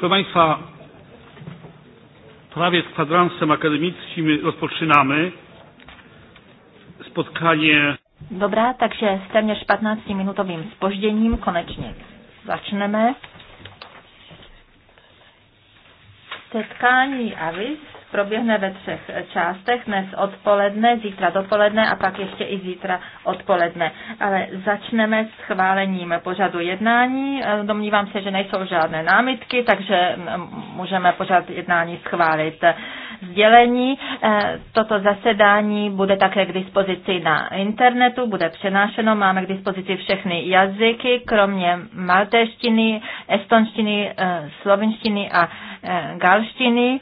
Proszę Państwa, prawie z kwadransem akademickim rozpoczynamy spotkanie. Dobrá, takže z téměř 15-minutovým koniecznie konečně začneme. Setkání więc proběhne ve třech částech, dnes odpoledne, zítra dopoledne a pak ještě i zítra odpoledne. Ale začneme s schválením pořadu jednání. Domnívám se, že nejsou žádné námitky, takže můžeme pořad jednání schválit. Sdělení. Eh, toto zasedání bude také k dispozici na internetu, bude přenášeno, máme k dispozici všechny jazyky, kromě maltéštiny, estonštiny, eh, slovenštiny a eh, galštiny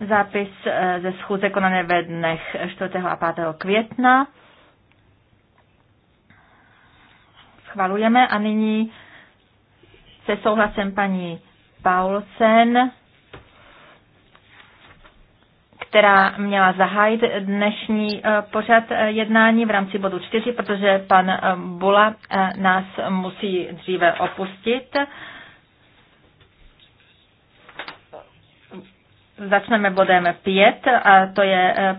Zápis eh, ze schůze konané ve dnech 4. a 5. května. Schvalujeme a nyní se souhlasem paní Paulsen, která měla zahájit dnešní eh, pořad eh, jednání v rámci bodu 4, protože pan Bula nás musí dříve opustit. Začneme bodem 5 a to je eh,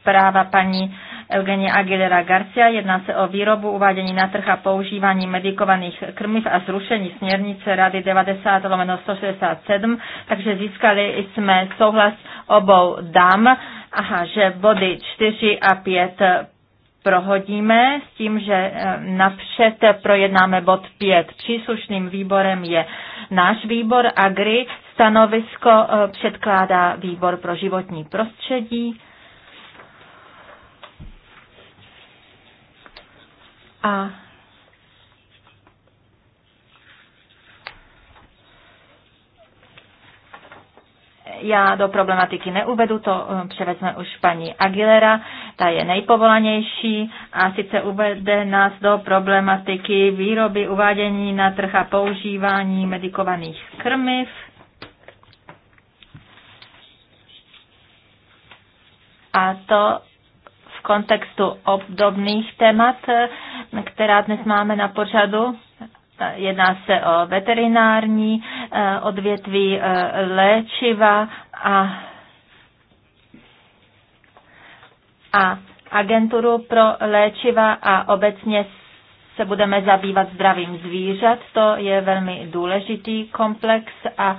zpráva paní Eugenie Aguilera Garcia. Jedná se o výrobu, uvádění na trh a používání medikovaných krmiv a zrušení směrnice Rady 90 167, takže získali jsme souhlas obou dám, aha, že body 4 a 5 prohodíme s tím, že eh, napřed projednáme bod 5. Příslušným výborem je náš výbor Agri Stanovisko eh, předkládá výbor pro životní prostředí. A já do problematiky neuvedu, to eh, převezme už paní Aguilera, ta je nejpovolanější a sice uvede nás do problematiky výroby, uvádění na trh a používání medikovaných krmiv. a to v kontextu obdobných témat, která dnes máme na pořadu. Jedná se o veterinární eh, odvětví eh, léčiva a, a agenturu pro léčiva a obecně se budeme zabývat zdravím zvířat. To je velmi důležitý komplex a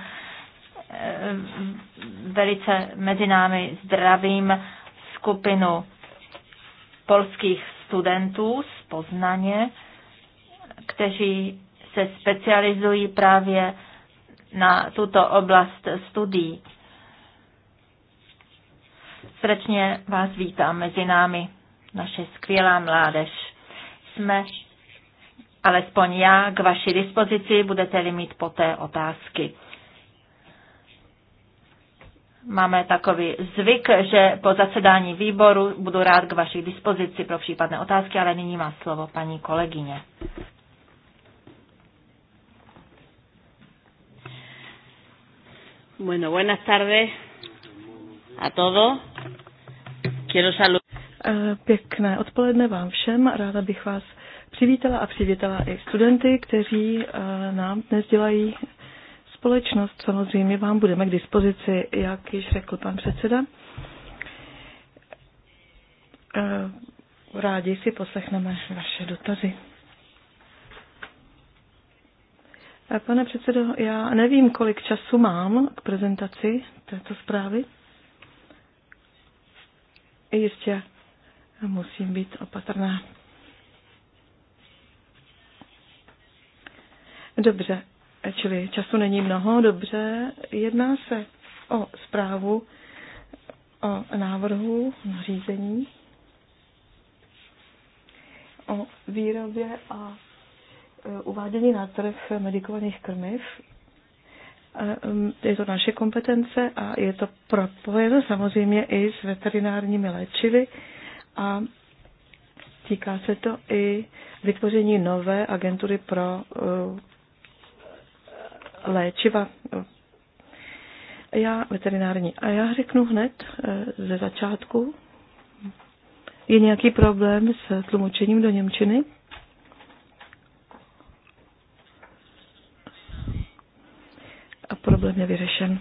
eh, velice mezi námi zdravým skupinu polských studentů z Poznaně, kteří se specializují právě na tuto oblast studií. Srdečně vás vítám mezi námi, naše skvělá mládež. Jsme, alespoň já, k vaší dispozici, budete-li mít poté otázky máme takový zvyk, že po zasedání výboru budu rád k vaší dispozici pro případné otázky, ale nyní má slovo paní kolegyně. Bueno, buenas tardes a todo. Quiero salud... Eh, pěkné odpoledne vám všem. Ráda bych vás přivítala a přivítala i studenty, kteří eh, nám dnes dělají společnost. Samozřejmě vám budeme k dispozici, jak již řekl pan předseda. Eh, rádi si poslechneme vaše dotazy. Eh, pane předsedo, já nevím, kolik času mám k prezentaci této zprávy. Jistě musím být opatrná. Dobře, Eh, čili času není mnoho, dobře. Jedná se o zprávu, o návrhu řízení, o výrobě a eh, uvádění na trh medikovaných krmiv. Eh, mm, je to naše kompetence a je to propojeno samozřejmě i s veterinárními léčivy a týká se to i vytvoření nové agentury pro léčiva. Já veterinární. A já řeknu hned eh, ze začátku, je nějaký problém s tlumočením do Němčiny? A problém je vyřešen.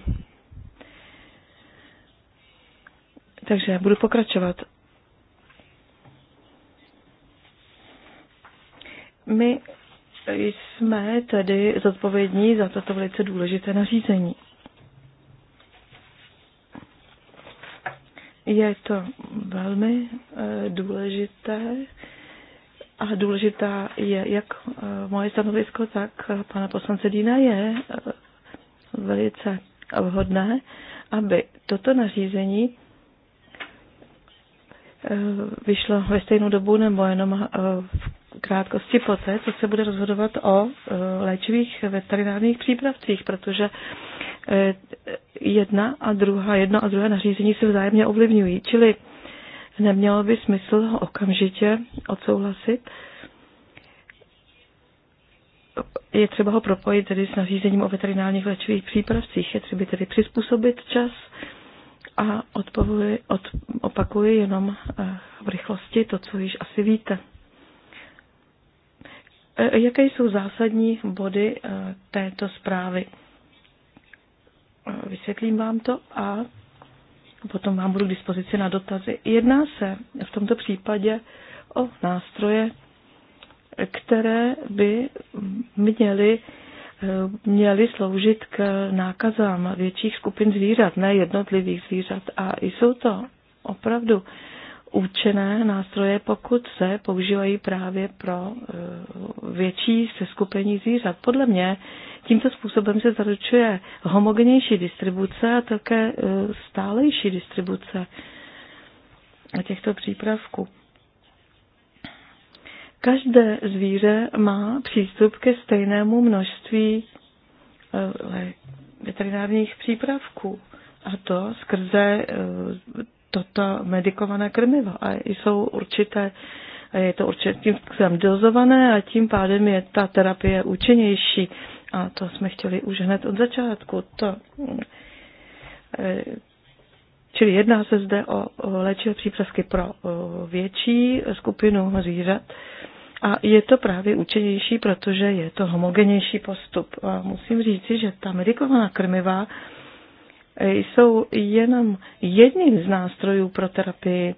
Takže budu pokračovat. My jsme tedy zodpovědní za toto velice důležité nařízení. Je to velmi eh, důležité a důležitá je jak eh, moje stanovisko, tak eh, pana poslance Dýna je velice vhodné, aby toto nařízení vyšlo ve stejnou dobu nebo jenom v krátkosti poté, co se bude rozhodovat o e, léčivých veterinárních přípravcích, protože e, jedna a druhá, jedno a druhé nařízení se vzájemně ovlivňují, čili nemělo by smysl ho okamžitě odsouhlasit. Je třeba ho propojit tedy s nařízením o veterinárních léčivých přípravcích, je třeba tedy přizpůsobit čas a odpovuji, od, opakuji jenom e, v rychlosti to, co již asi víte. Eh, jaké jsou zásadní body eh, této zprávy? Eh, vysvětlím vám to a potom vám budu k dispozici na dotazy. Jedná se v tomto případě o nástroje, které by měly, měly sloužit k nákazám větších skupin zvířat, ne jednotlivých zvířat. A jsou to opravdu určené nástroje, pokud se používají právě pro eh, větší seskupení zvířat. Podle mě tímto způsobem se zaručuje homogenější distribuce a také eh, stálejší distribuce těchto přípravků. Každé zvíře má přístup ke stejnému množství eh, veterinárních přípravků a to skrze toto medikované krmiva a jsou určité je to určitým způsobem dozované a tím pádem je ta terapie účinnější. A to jsme chtěli už hned od začátku. To, e, čili jedná se zde o léčivé přípravky pro větší skupinu zvířat. A je to právě účinnější, protože je to homogenější postup. A musím říci, že ta medikovaná krmiva E, jsou jenom jedním z nástrojů pro terapii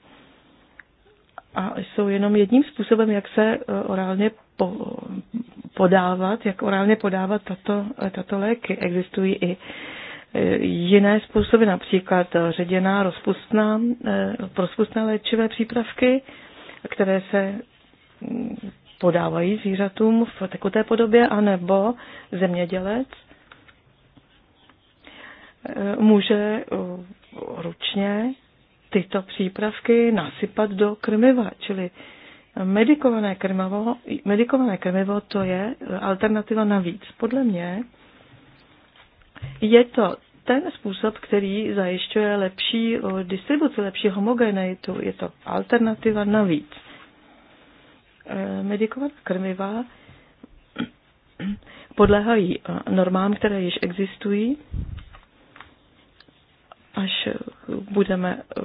a jsou jenom jedním způsobem, jak se e, orálně po, podávat, jak orálně podávat tato, e, tato léky. Existují i jiné způsoby, například ředěná, rozpustná, rozpustné léčivé přípravky, které se podávají zvířatům v tekuté podobě, anebo zemědělec může eh, ručně tyto přípravky nasypat do krmiva, čili medikované krmivo, medikované krmivo to je alternativa navíc. Podle mě je to ten způsob, který zajišťuje lepší eh, distribuci, lepší homogenitu. Je to alternativa navíc. Eh, medikovaná krmiva podléhají normám, které již existují až eh, budeme eh,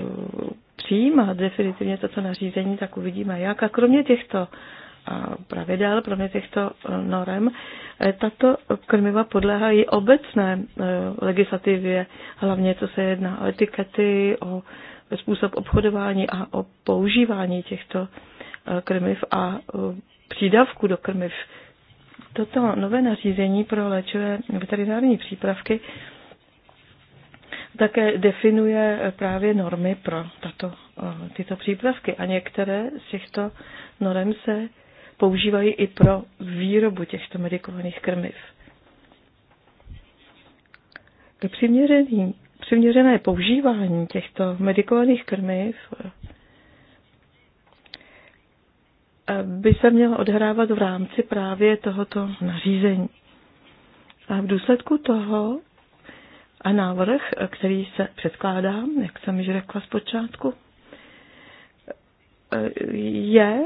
přijímat definitivně toto nařízení, tak uvidíme jak. A kromě těchto pravidel, kromě těchto eh, norem, tato krmiva podléhají obecné legislativě, hlavně co se jedná o etikety, o způsob obchodování a o používání těchto krmiv a přídavku do krmiv. Toto nové nařízení pro léčivé veterinární přípravky také definuje právě normy pro tato, eh, tyto přípravky a některé z těchto norm se používají i pro výrobu těchto medikovaných krmiv. Přiměřený, přiměřené používání těchto medikovaných krmiv eh, by se mělo odhrávat v rámci právě tohoto nařízení. A v důsledku toho a návrh, který se předkládá, jak jsem již řekla zpočátku, je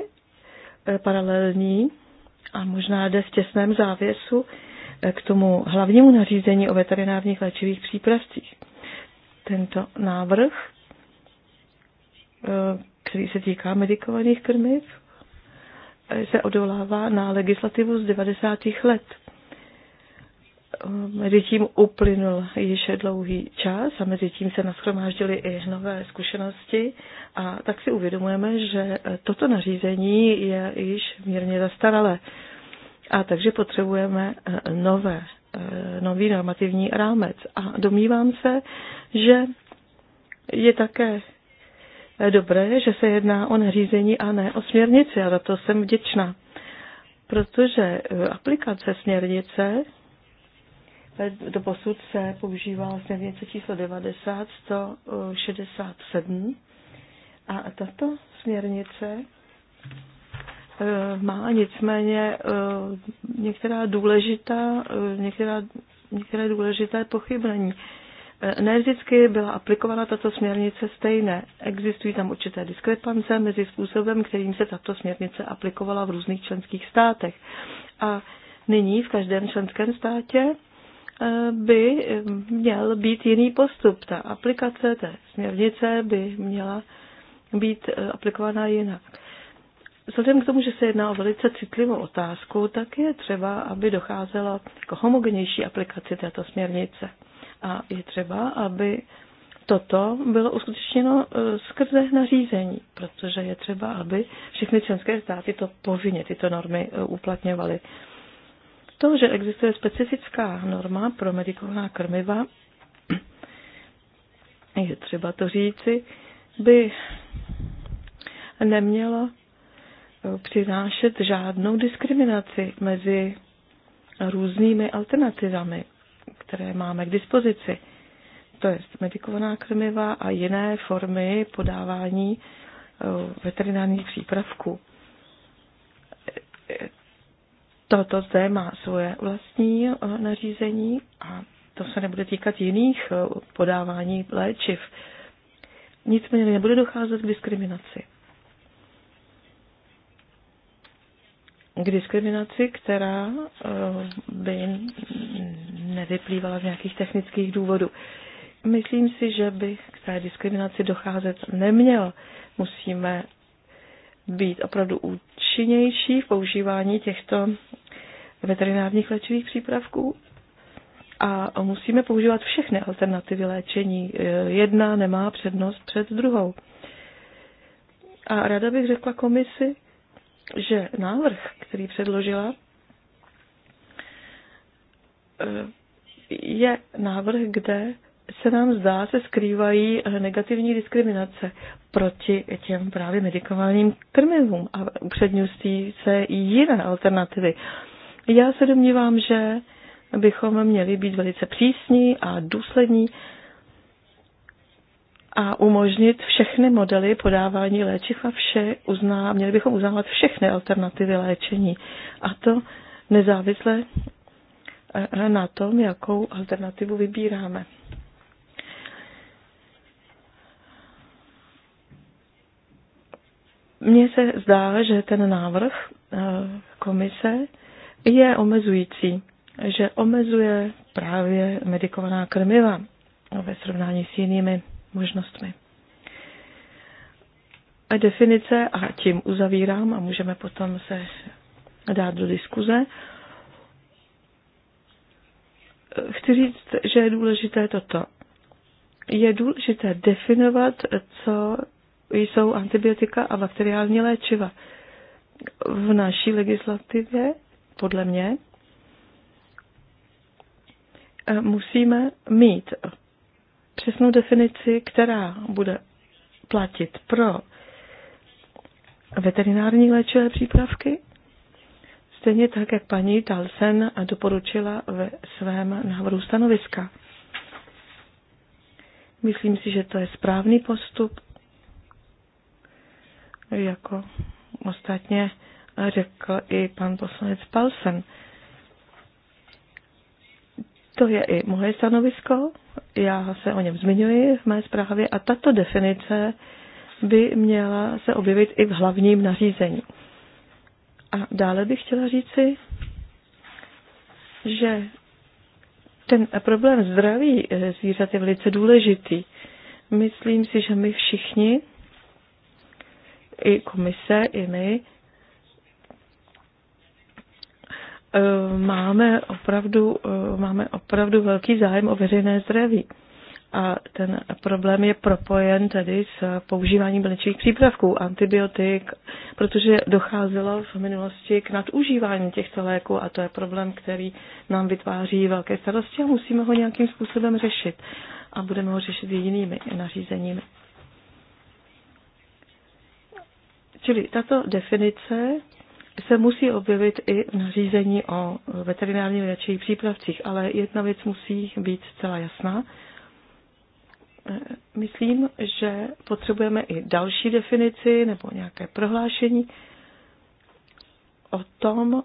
paralelní a možná jde v těsném závěsu k tomu hlavnímu nařízení o veterinárních léčivých přípravcích. Tento návrh, který se týká medikovaných krmiv, se odolává na legislativu z 90. let Eh, mezitím uplynul již dlouhý čas a mezitím se nashromáždily i nové zkušenosti a tak si uvědomujeme, že eh, toto nařízení je již mírně zastaralé. A takže potřebujeme eh, nové, nový normativní rámec. A domnívám se, že je také dobré, že se jedná o nařízení a ne o směrnici. A za to jsem vděčná. Protože aplikace směrnice do posud se používala vlastně směrnice číslo 90 167 eh, a tato směrnice eh, má nicméně eh, některá důležitá, některá, některé důležité pochybení. Ne vždycky byla aplikována tato směrnice stejné. Existují tam určité diskrepance mezi způsobem, kterým se tato směrnice aplikovala v různých členských státech. A nyní v každém členském státě Eh, by eh, měl být jiný postup. Ta aplikace té směrnice by měla být eh, aplikována jinak. Vzhledem k tomu, že se jedná o velice citlivou otázku, tak je třeba, aby docházela k homogenější aplikaci této směrnice. A je třeba, aby toto bylo uskutečněno skrze nařízení, protože je třeba, aby všechny členské státy to povinně tyto normy uplatňovaly. To, že existuje specifická norma pro mediková krmiva, je třeba to říci, by nemělo eh, přinášet žádnou diskriminaci mezi různými alternativami, které máme k dispozici. To je medikovaná krmiva a jiné formy podávání eh, veterinárních přípravků toto zde má svoje vlastní eh, nařízení a to se nebude týkat jiných eh, podávání léčiv. Nicméně nebude docházet k diskriminaci. K diskriminaci, která eh, by nevyplývala z nějakých technických důvodů. Myslím si, že by k té diskriminaci docházet neměl. Musíme být opravdu účinnější v používání těchto veterinárních léčivých přípravků a musíme používat všechny alternativy léčení. Jedna nemá přednost před druhou. A rada bych řekla komisi, že návrh, který předložila, je návrh, kde se nám zdá, se skrývají negativní diskriminace proti těm právě medikovaným krmivům a upředností se jiné alternativy. Já se domnívám, že bychom měli být velice přísní a důslední a umožnit všechny modely podávání léčiv a vše uzná, měli bychom uznávat všechny alternativy léčení. A to nezávisle na tom, jakou alternativu vybíráme. Mně se zdá, že ten návrh eh, komise je omezující, že omezuje právě medikovaná krmiva ve srovnání s jinými možnostmi. A definice, a tím uzavírám a můžeme potom se dát do diskuze. Chci říct, že je důležité toto. Je důležité definovat, co jsou antibiotika a bakteriální léčiva. V naší legislativě, podle mě, eh, musíme mít přesnou definici, která bude platit pro veterinární léčivé přípravky, stejně tak, jak paní Talsen doporučila ve svém návrhu stanoviska. Myslím si, že to je správný postup jako ostatně řekl i pan poslanec Palsen. To je i moje stanovisko, já se o něm zmiňuji v mé zprávě a tato definice by měla se objevit i v hlavním nařízení. A dále bych chtěla říci, že ten problém zdraví zvířat je velice důležitý. Myslím si, že my všichni i komise, i my, eh, máme opravdu, eh, máme opravdu velký zájem o veřejné zdraví. A ten problém je propojen tedy s používáním léčivých přípravků, antibiotik, protože docházelo v minulosti k nadužívání těchto léků a to je problém, který nám vytváří velké starosti a musíme ho nějakým způsobem řešit. A budeme ho řešit jinými nařízeními. Čili tato definice se musí objevit i v nařízení o veterinárně léčivých přípravcích, ale jedna věc musí být zcela jasná. Myslím, že potřebujeme i další definici nebo nějaké prohlášení o tom,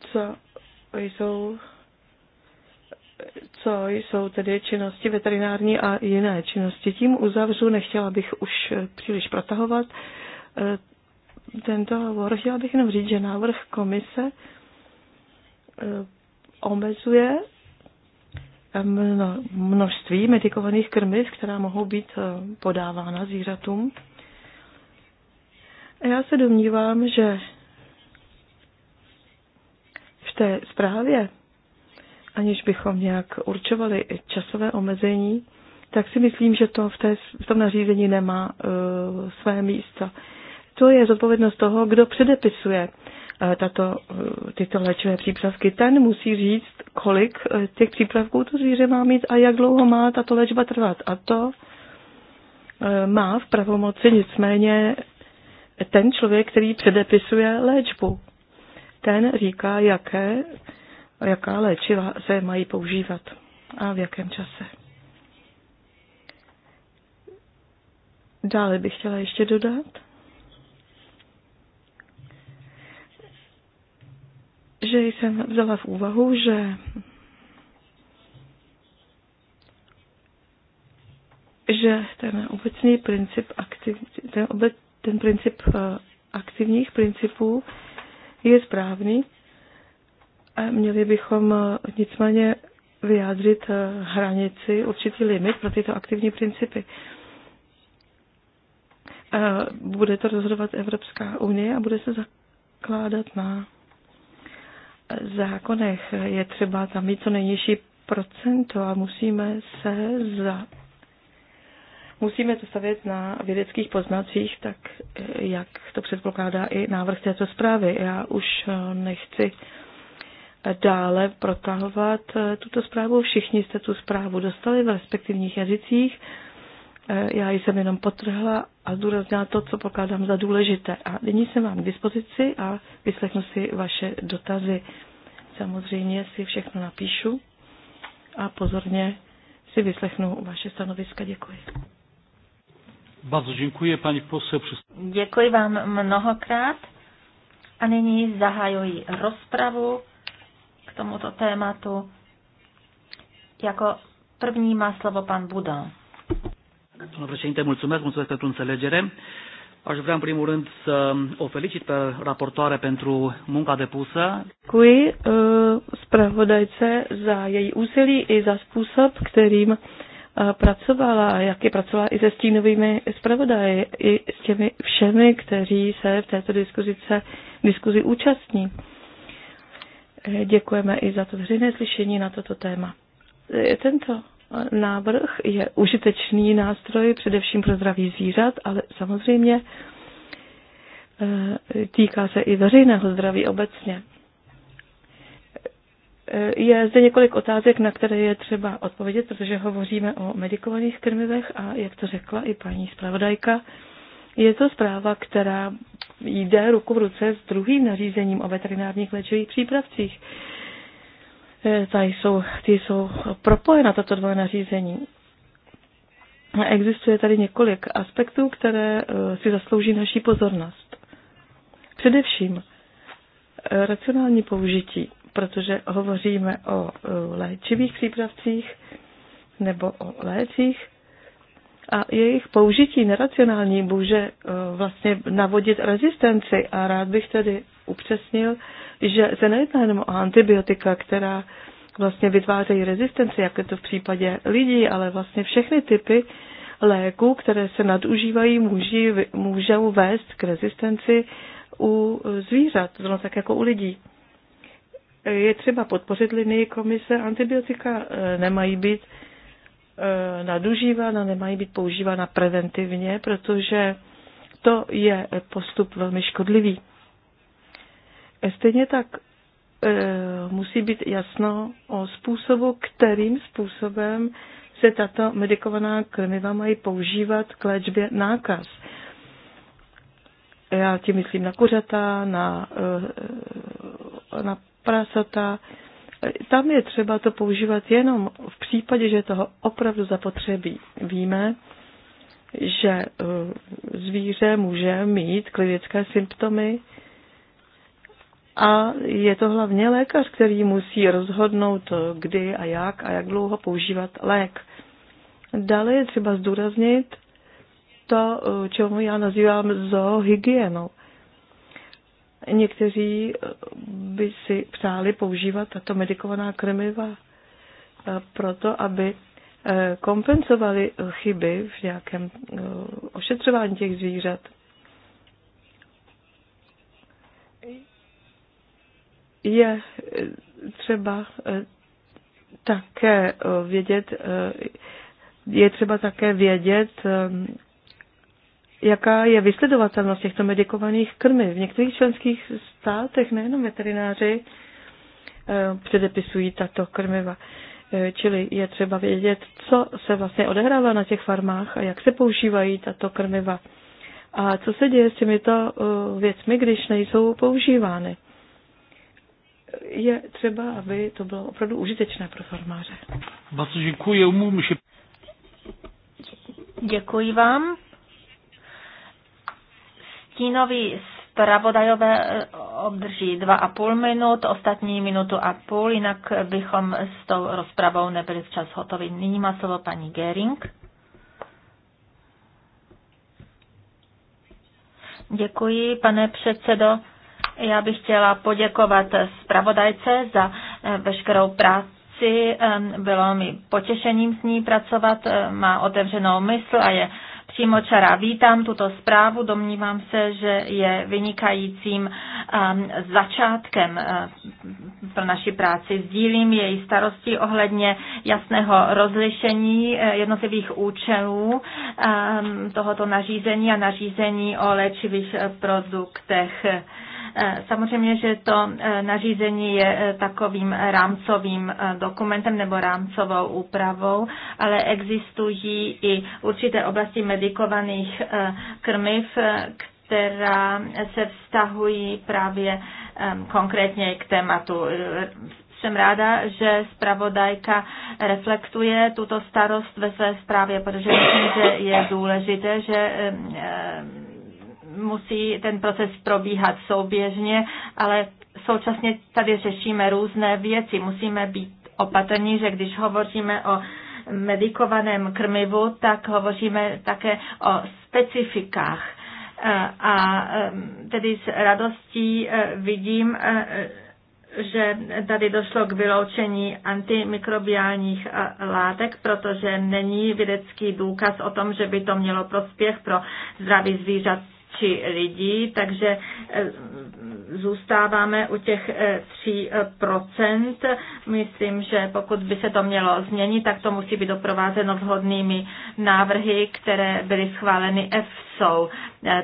co jsou co jsou tedy činnosti veterinární a jiné činnosti. Tím uzavřu, nechtěla bych už eh, příliš protahovat eh, tento hovor. Chtěla bych jenom říct, že návrh komise eh, omezuje množství medikovaných krmiv, která mohou být podávána zvířatům. A já se domnívám, že v té zprávě aniž bychom nějak určovali časové omezení, tak si myslím, že to v, té, v tom nařízení nemá uh, své místo. To je zodpovědnost toho, kdo předepisuje uh, tato, uh, tyto léčivé přípravky. Ten musí říct, kolik uh, těch přípravků to zvíře má mít a jak dlouho má tato léčba trvat. A to uh, má v pravomoci nicméně ten člověk, který předepisuje léčbu. Ten říká, jaké jaká léčiva se mají používat a v jakém čase. Dále bych chtěla ještě dodat, že jsem vzala v úvahu, že že ten obecný princip aktiv, ten, obec, ten princip eh, aktivních principů je správný, Měli bychom eh, nicméně vyjádřit eh, hranici, určitý limit pro tyto aktivní principy. Eh, bude to rozhodovat Evropská unie a bude se zakládat na zákonech. Je třeba tam mít co nejnižší procento a musíme se za musíme to stavět na vědeckých poznacích, tak jak to předpokládá i návrh této zprávy. Já už nechci dále protahovat eh, tuto zprávu. Všichni jste tu zprávu dostali v respektivních jazycích. Eh, já jsem jenom potrhla a zdůraznila to, co pokládám za důležité. A nyní jsem vám k dispozici a vyslechnu si vaše dotazy. Samozřejmě si všechno napíšu a pozorně si vyslechnu vaše stanoviska. Děkuji. Bardzo dziękuję pani poseł. Děkuji vám mnohokrát. A nyní zahajuji rozpravu tomuto tématu. Jako první má slovo pan Buda. Domnul președinte, mulțumesc, mulțumesc pentru înțelegere. Aș vrea în primul rând să o felicit pe raportoare pentru munca depusă. Cui spravodajce eh, za její úsilí i za způsob, kterým eh, pracovala a jak je pracovala i se stínovými zpravodaji, i s těmi všemi, kteří se v této diskuzice, diskuzi účastní. Děkujeme i za to veřejné slyšení na toto téma. Eh, tento eh, návrh je užitečný nástroj především pro zdraví zvířat, ale samozřejmě eh, týká se i veřejného zdraví obecně. Je zde několik otázek, na které je třeba odpovědět, protože hovoříme o medikovaných krmivech a jak to řekla i paní zpravodajka, je to zpráva, která jde ruku v ruce s druhým nařízením o veterinárních léčivých přípravcích. E, ta jsou, ty jsou propojena, tato dvoje nařízení. Existuje tady několik aspektů, které e, si zaslouží naší pozornost. Především e, racionální použití, protože hovoříme o léčivých přípravcích nebo o lécích, a jejich použití neracionální může eh, vlastně navodit rezistenci. A rád bych tedy upřesnil, že se nejedná jenom o antibiotika, která vlastně vytvářejí rezistenci, jak je to v případě lidí, ale vlastně všechny typy léků, které se nadužívají, můží, můžou vést k rezistenci u zvířat, zrovna tak jako u lidí. Je třeba podpořit linii komise, antibiotika eh, nemají být Eh, nadužívána, nemají být používána preventivně, protože to je postup velmi škodlivý. Eh, stejně tak eh, musí být jasno o způsobu, kterým způsobem se tato medikovaná krmiva mají používat k léčbě nákaz. Já tím myslím na kuřata, na, na prasata, tam je třeba to používat jenom v případě, že toho opravdu zapotřebí. Víme, že e, zvíře může mít klinické symptomy a je to hlavně lékař, který musí rozhodnout, e, kdy a jak a jak dlouho používat lék. Dále je třeba zdůraznit to, e, čemu já nazývám zoohygienou. Někteří eh, by si přáli používat tato medikovaná krmiva eh, proto, aby eh, kompenzovali chyby v nějakém ošetřování těch zvířat. Je třeba také vědět, je třeba také vědět, jaká je vysledovatelnost těchto medikovaných krmiv. V některých členských státech nejenom veterináři eh, předepisují tato krmiva. Eh, čili je třeba vědět, co se vlastně odehrává na těch farmách a jak se používají tato krmiva. A co se děje s těmito eh, věcmi, když nejsou používány. Je třeba, aby to bylo opravdu užitečné pro farmáře. děkuji, Děkuji vám. Stínový spravodajové eh, obdrží dva a půl minut, ostatní minutu a půl, jinak bychom s tou rozpravou nebyli včas hotovi. Nyní má slovo paní Gering. Děkuji, pane předsedo. Já bych chtěla poděkovat zpravodajce za eh, veškerou práci. Bylo mi potěšením s ní pracovat. Má otevřenou mysl a je přímočará. Vítám tuto zprávu, domnívám se, že je vynikajícím um, začátkem uh, pro naši práci. Sdílím její starosti ohledně jasného rozlišení uh, jednotlivých účelů um, tohoto nařízení a nařízení o léčivých produktech. Eh, samozřejmě, že to eh, nařízení je eh, takovým rámcovým dokumentem nebo rámcovou úpravou, ale existují i určité oblasti medikovaných krmiv, která se vztahují právě konkrétně k tématu jsem ráda, že zpravodajka reflektuje tuto starost ve své zprávě, protože myslím, že je důležité, že musí ten proces probíhat souběžně, ale současně tady řešíme různé věci. Musíme být opatrní, že když hovoříme o medikovaném krmivu, tak hovoříme také o specifikách. A tedy s radostí e, vidím, e, že tady došlo k vyloučení antimikrobiálních e, látek, protože není vědecký důkaz o tom, že by to mělo prospěch pro zdraví zvířat či lidí, takže eh, zůstáváme u těch 3%. Eh, eh, Myslím, že pokud by se to mělo změnit, tak to musí být doprovázeno vhodnými návrhy, které byly schváleny EFSO,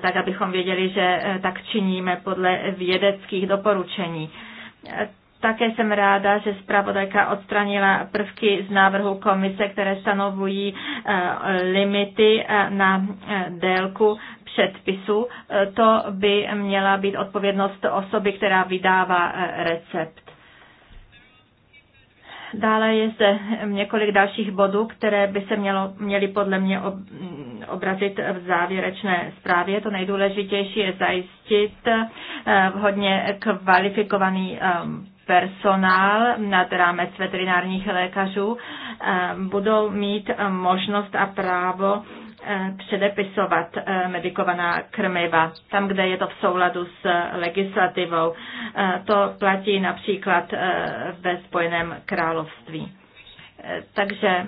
tak abychom věděli, že tak činíme podle vědeckých doporučení. Také jsem ráda, že zpravodajka odstranila prvky z návrhu komise, které stanovují limity na délku předpisu, eh, to by měla být odpovědnost osoby, která vydává eh, recept. Dále je zde několik dalších bodů, které by se mělo, měly podle mě ob, mm, obrazit v závěrečné zprávě. To nejdůležitější je zajistit eh, hodně kvalifikovaný personál nad rámec veterinárních lékařů budou mít možnost a právo Eh, předepisovat eh, medikovaná krmiva tam, kde je to v souladu s legislativou. Eh, to platí například ve Spojeném království. Takže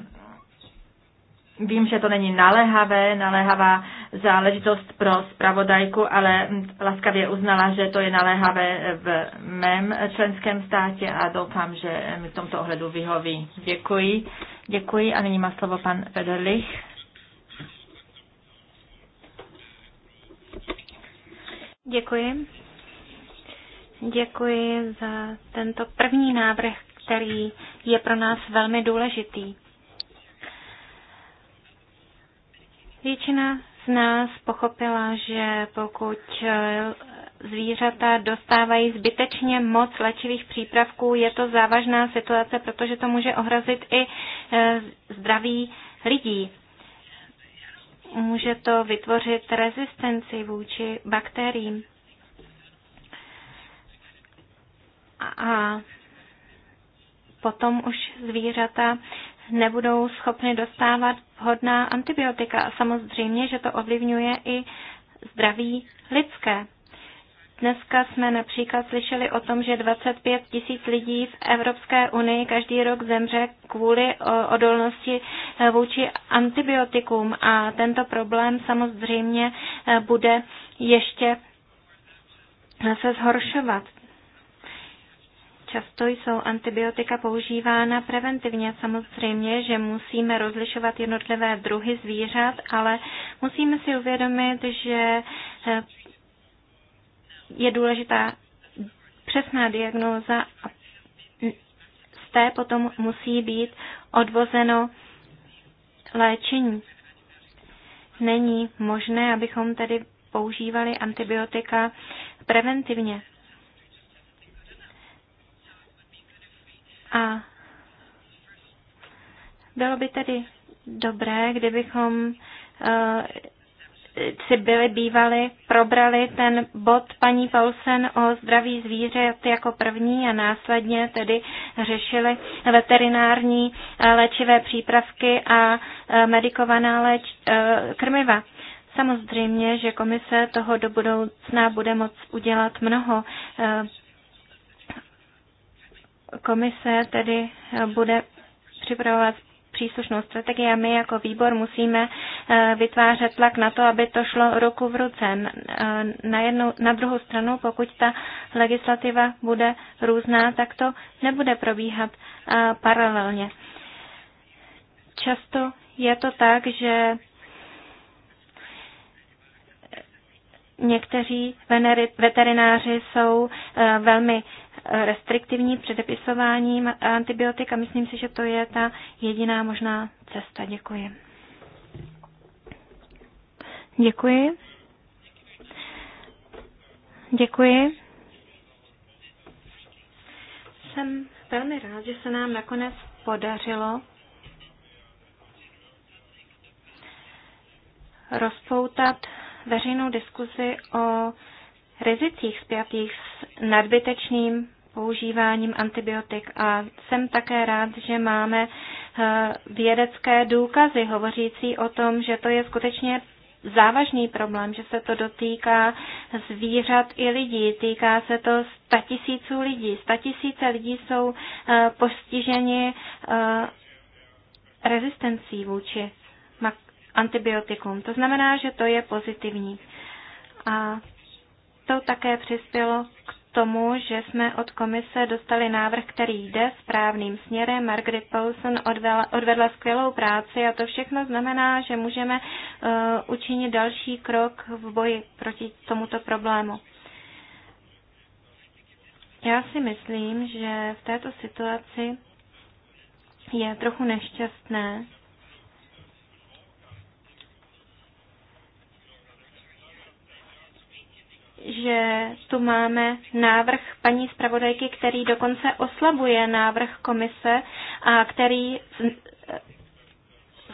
Vím, že to není naléhavé, naléhavá záležitost pro spravodajku, ale laskavě uznala, že to je naléhavé v mém členském státě a doufám, že mi v tomto ohledu vyhoví. Děkuji. Děkuji a nyní má slovo pan Federlich. Děkuji. Děkuji za tento první návrh, který je pro nás velmi důležitý. Většina z nás pochopila, že pokud zvířata dostávají zbytečně moc léčivých přípravků, je to závažná situace, protože to může ohrozit i eh, zdraví lidí. Může to vytvořit rezistenci vůči bakteriím. A potom už zvířata nebudou schopny dostávat vhodná antibiotika. A samozřejmě, že to ovlivňuje i zdraví lidské. Dneska jsme například slyšeli o tom, že 25 tisíc lidí v Evropské unii každý rok zemře kvůli odolnosti eh, vůči antibiotikům a tento problém samozřejmě eh, bude ještě eh, se zhoršovat. Často jsou antibiotika používána preventivně. Samozřejmě, že musíme rozlišovat jednotlivé druhy zvířat, ale musíme si uvědomit, že je důležitá přesná diagnóza a z té potom musí být odvozeno léčení. Není možné, abychom tedy používali antibiotika preventivně. A bylo by tedy dobré, kdybychom eh, si byli bývali, probrali ten bod paní Paulsen o zdraví zvířat jako první a následně tedy řešili veterinární eh, léčivé přípravky a eh, medikovaná léč, eh, krmiva. Samozřejmě, že komise toho do budoucna bude moc udělat mnoho. Komise tedy bude připravovat příslušnou strategii a my jako výbor musíme eh, vytvářet tlak na to, aby to šlo ruku v ruce. Eh, na, jednu, na druhou stranu, pokud ta legislativa bude různá, tak to nebude probíhat eh, paralelně. Často je to tak, že někteří veterináři jsou velmi restriktivní předepisování antibiotik a myslím si, že to je ta jediná možná cesta. Děkuji. Děkuji. Děkuji. Jsem velmi rád, že se nám nakonec podařilo rozpoutat veřejnou diskuzi o rizicích spjatých s nadbytečným používáním antibiotik. A jsem také rád, že máme eh, vědecké důkazy hovořící o tom, že to je skutečně závažný problém, že se to dotýká zvířat i lidí. Týká se to statisíců lidí. Statisíce lidí jsou eh, postiženi eh, rezistencí vůči antibiotikům. To znamená, že to je pozitivní. A to také přispělo k tomu, že jsme od komise dostali návrh, který jde správným směrem. Margaret Paulson odvedla, odvedla skvělou práci a to všechno znamená, že můžeme uh, učinit další krok v boji proti tomuto problému. Já si myslím, že v této situaci je trochu nešťastné, že tu máme návrh paní zpravodajky, který dokonce oslabuje návrh komise a který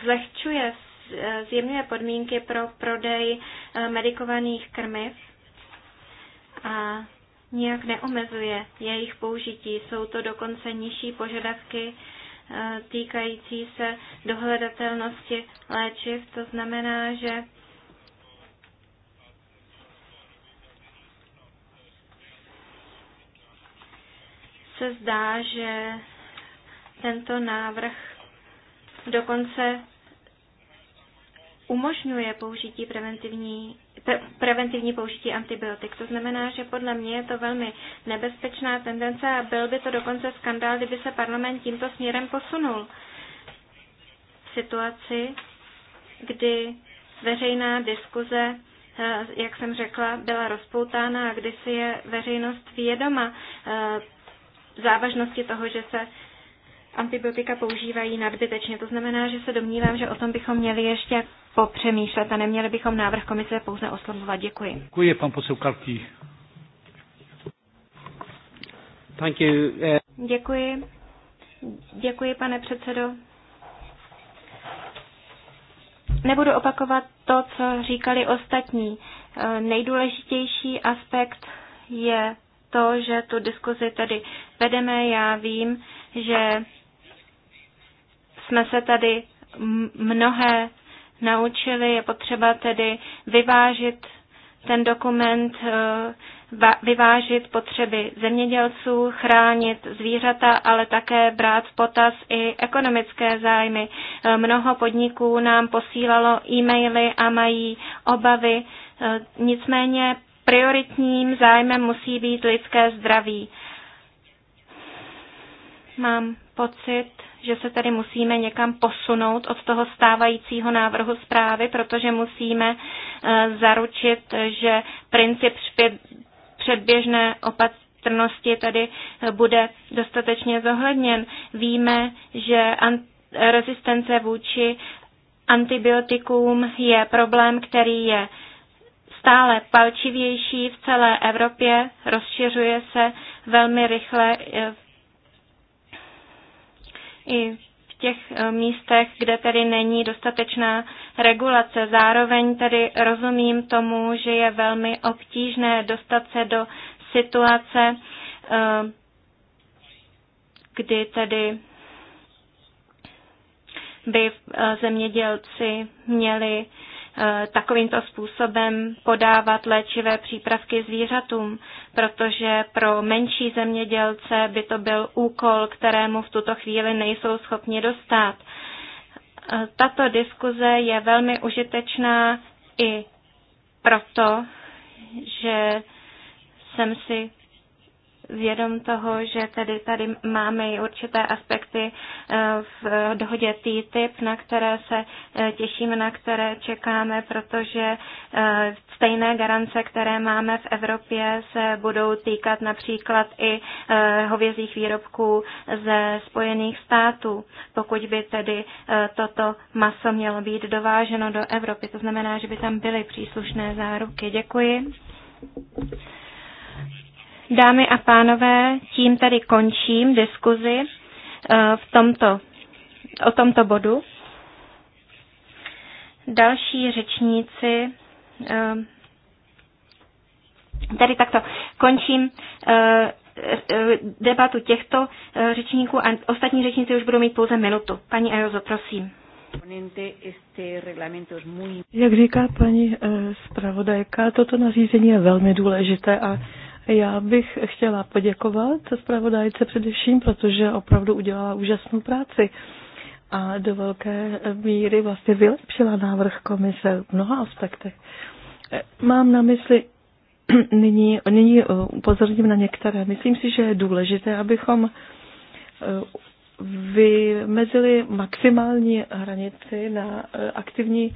zlehčuje, zjemňuje podmínky pro prodej eh, medikovaných krmiv a nijak neomezuje jejich použití. Jsou to dokonce nižší požadavky eh, týkající se dohledatelnosti léčiv. To znamená, že se zdá, že tento návrh dokonce umožňuje použití preventivní, pre, preventivní použití antibiotik. To znamená, že podle mě je to velmi nebezpečná tendence a byl by to dokonce skandál, kdyby se parlament tímto směrem posunul. V situaci, kdy veřejná diskuze, eh, jak jsem řekla, byla rozpoutána a kdy si je veřejnost vědoma eh, závažnosti toho, že se antibiotika používají nadbytečně. To znamená, že se domnívám, že o tom bychom měli ještě popřemýšlet a neměli bychom návrh komise pouze oslovovat. Děkuji. Děkuji, pan posel Kartí. Thank you. Eh. Děkuji. Děkuji, pane předsedo. Nebudu opakovat to, co říkali ostatní. Eh, nejdůležitější aspekt je to, že tu diskuzi tedy vedeme. Já vím, že jsme se tady mnohé naučili. Je potřeba tedy vyvážit ten dokument, e, vyvážit potřeby zemědělců, chránit zvířata, ale také brát v potaz i ekonomické zájmy. E, mnoho podniků nám posílalo e-maily a mají obavy. E, nicméně prioritním zájmem musí být lidské zdraví. Mám pocit, že se tady musíme někam posunout od toho stávajícího návrhu zprávy, protože musíme eh, zaručit, že princip předběžné opatrnosti tady eh, bude dostatečně zohledněn. Víme, že rezistence vůči antibiotikům je problém, který je stále palčivější v celé Evropě, rozšiřuje se velmi rychle v eh, i v těch e, místech, kde tedy není dostatečná regulace. Zároveň tedy rozumím tomu, že je velmi obtížné dostat se do situace, e, kdy tedy by e, zemědělci měli Eh, takovýmto způsobem podávat léčivé přípravky zvířatům, protože pro menší zemědělce by to byl úkol, kterému v tuto chvíli nejsou schopni dostat. Eh, tato diskuze je velmi užitečná i proto, že jsem si vědom toho, že tady tady máme i určité aspekty eh, v dohodě TTIP, na které se eh, těšíme, na které čekáme, protože eh, stejné garance, které máme v Evropě, se budou týkat například i hovězích výrobků ze Spojených států, pokud by tedy toto maso mělo být dováženo do Evropy. To znamená, že by tam byly příslušné záruky. Děkuji. Dámy a pánové, tím tady končím diskuzi eh, v tomto, o tomto bodu. Další řečníci eh, Tady takto končím eh, debatu těchto řečníků a ostatní řečníci už budou mít pouze minutu. Paní Ajozo, prosím. Jak říká paní zpravodajka, toto nařízení je velmi důležité a já bych chtěla poděkovat zpravodajce především, protože opravdu udělala úžasnou práci a do velké míry vlastně vylepšila návrh komise v mnoha aspektech. Mám na mysli nyní, nyní eh, upozorním na některé. Myslím si, že je důležité, abychom eh, vymezili maximální hranici na eh, aktivní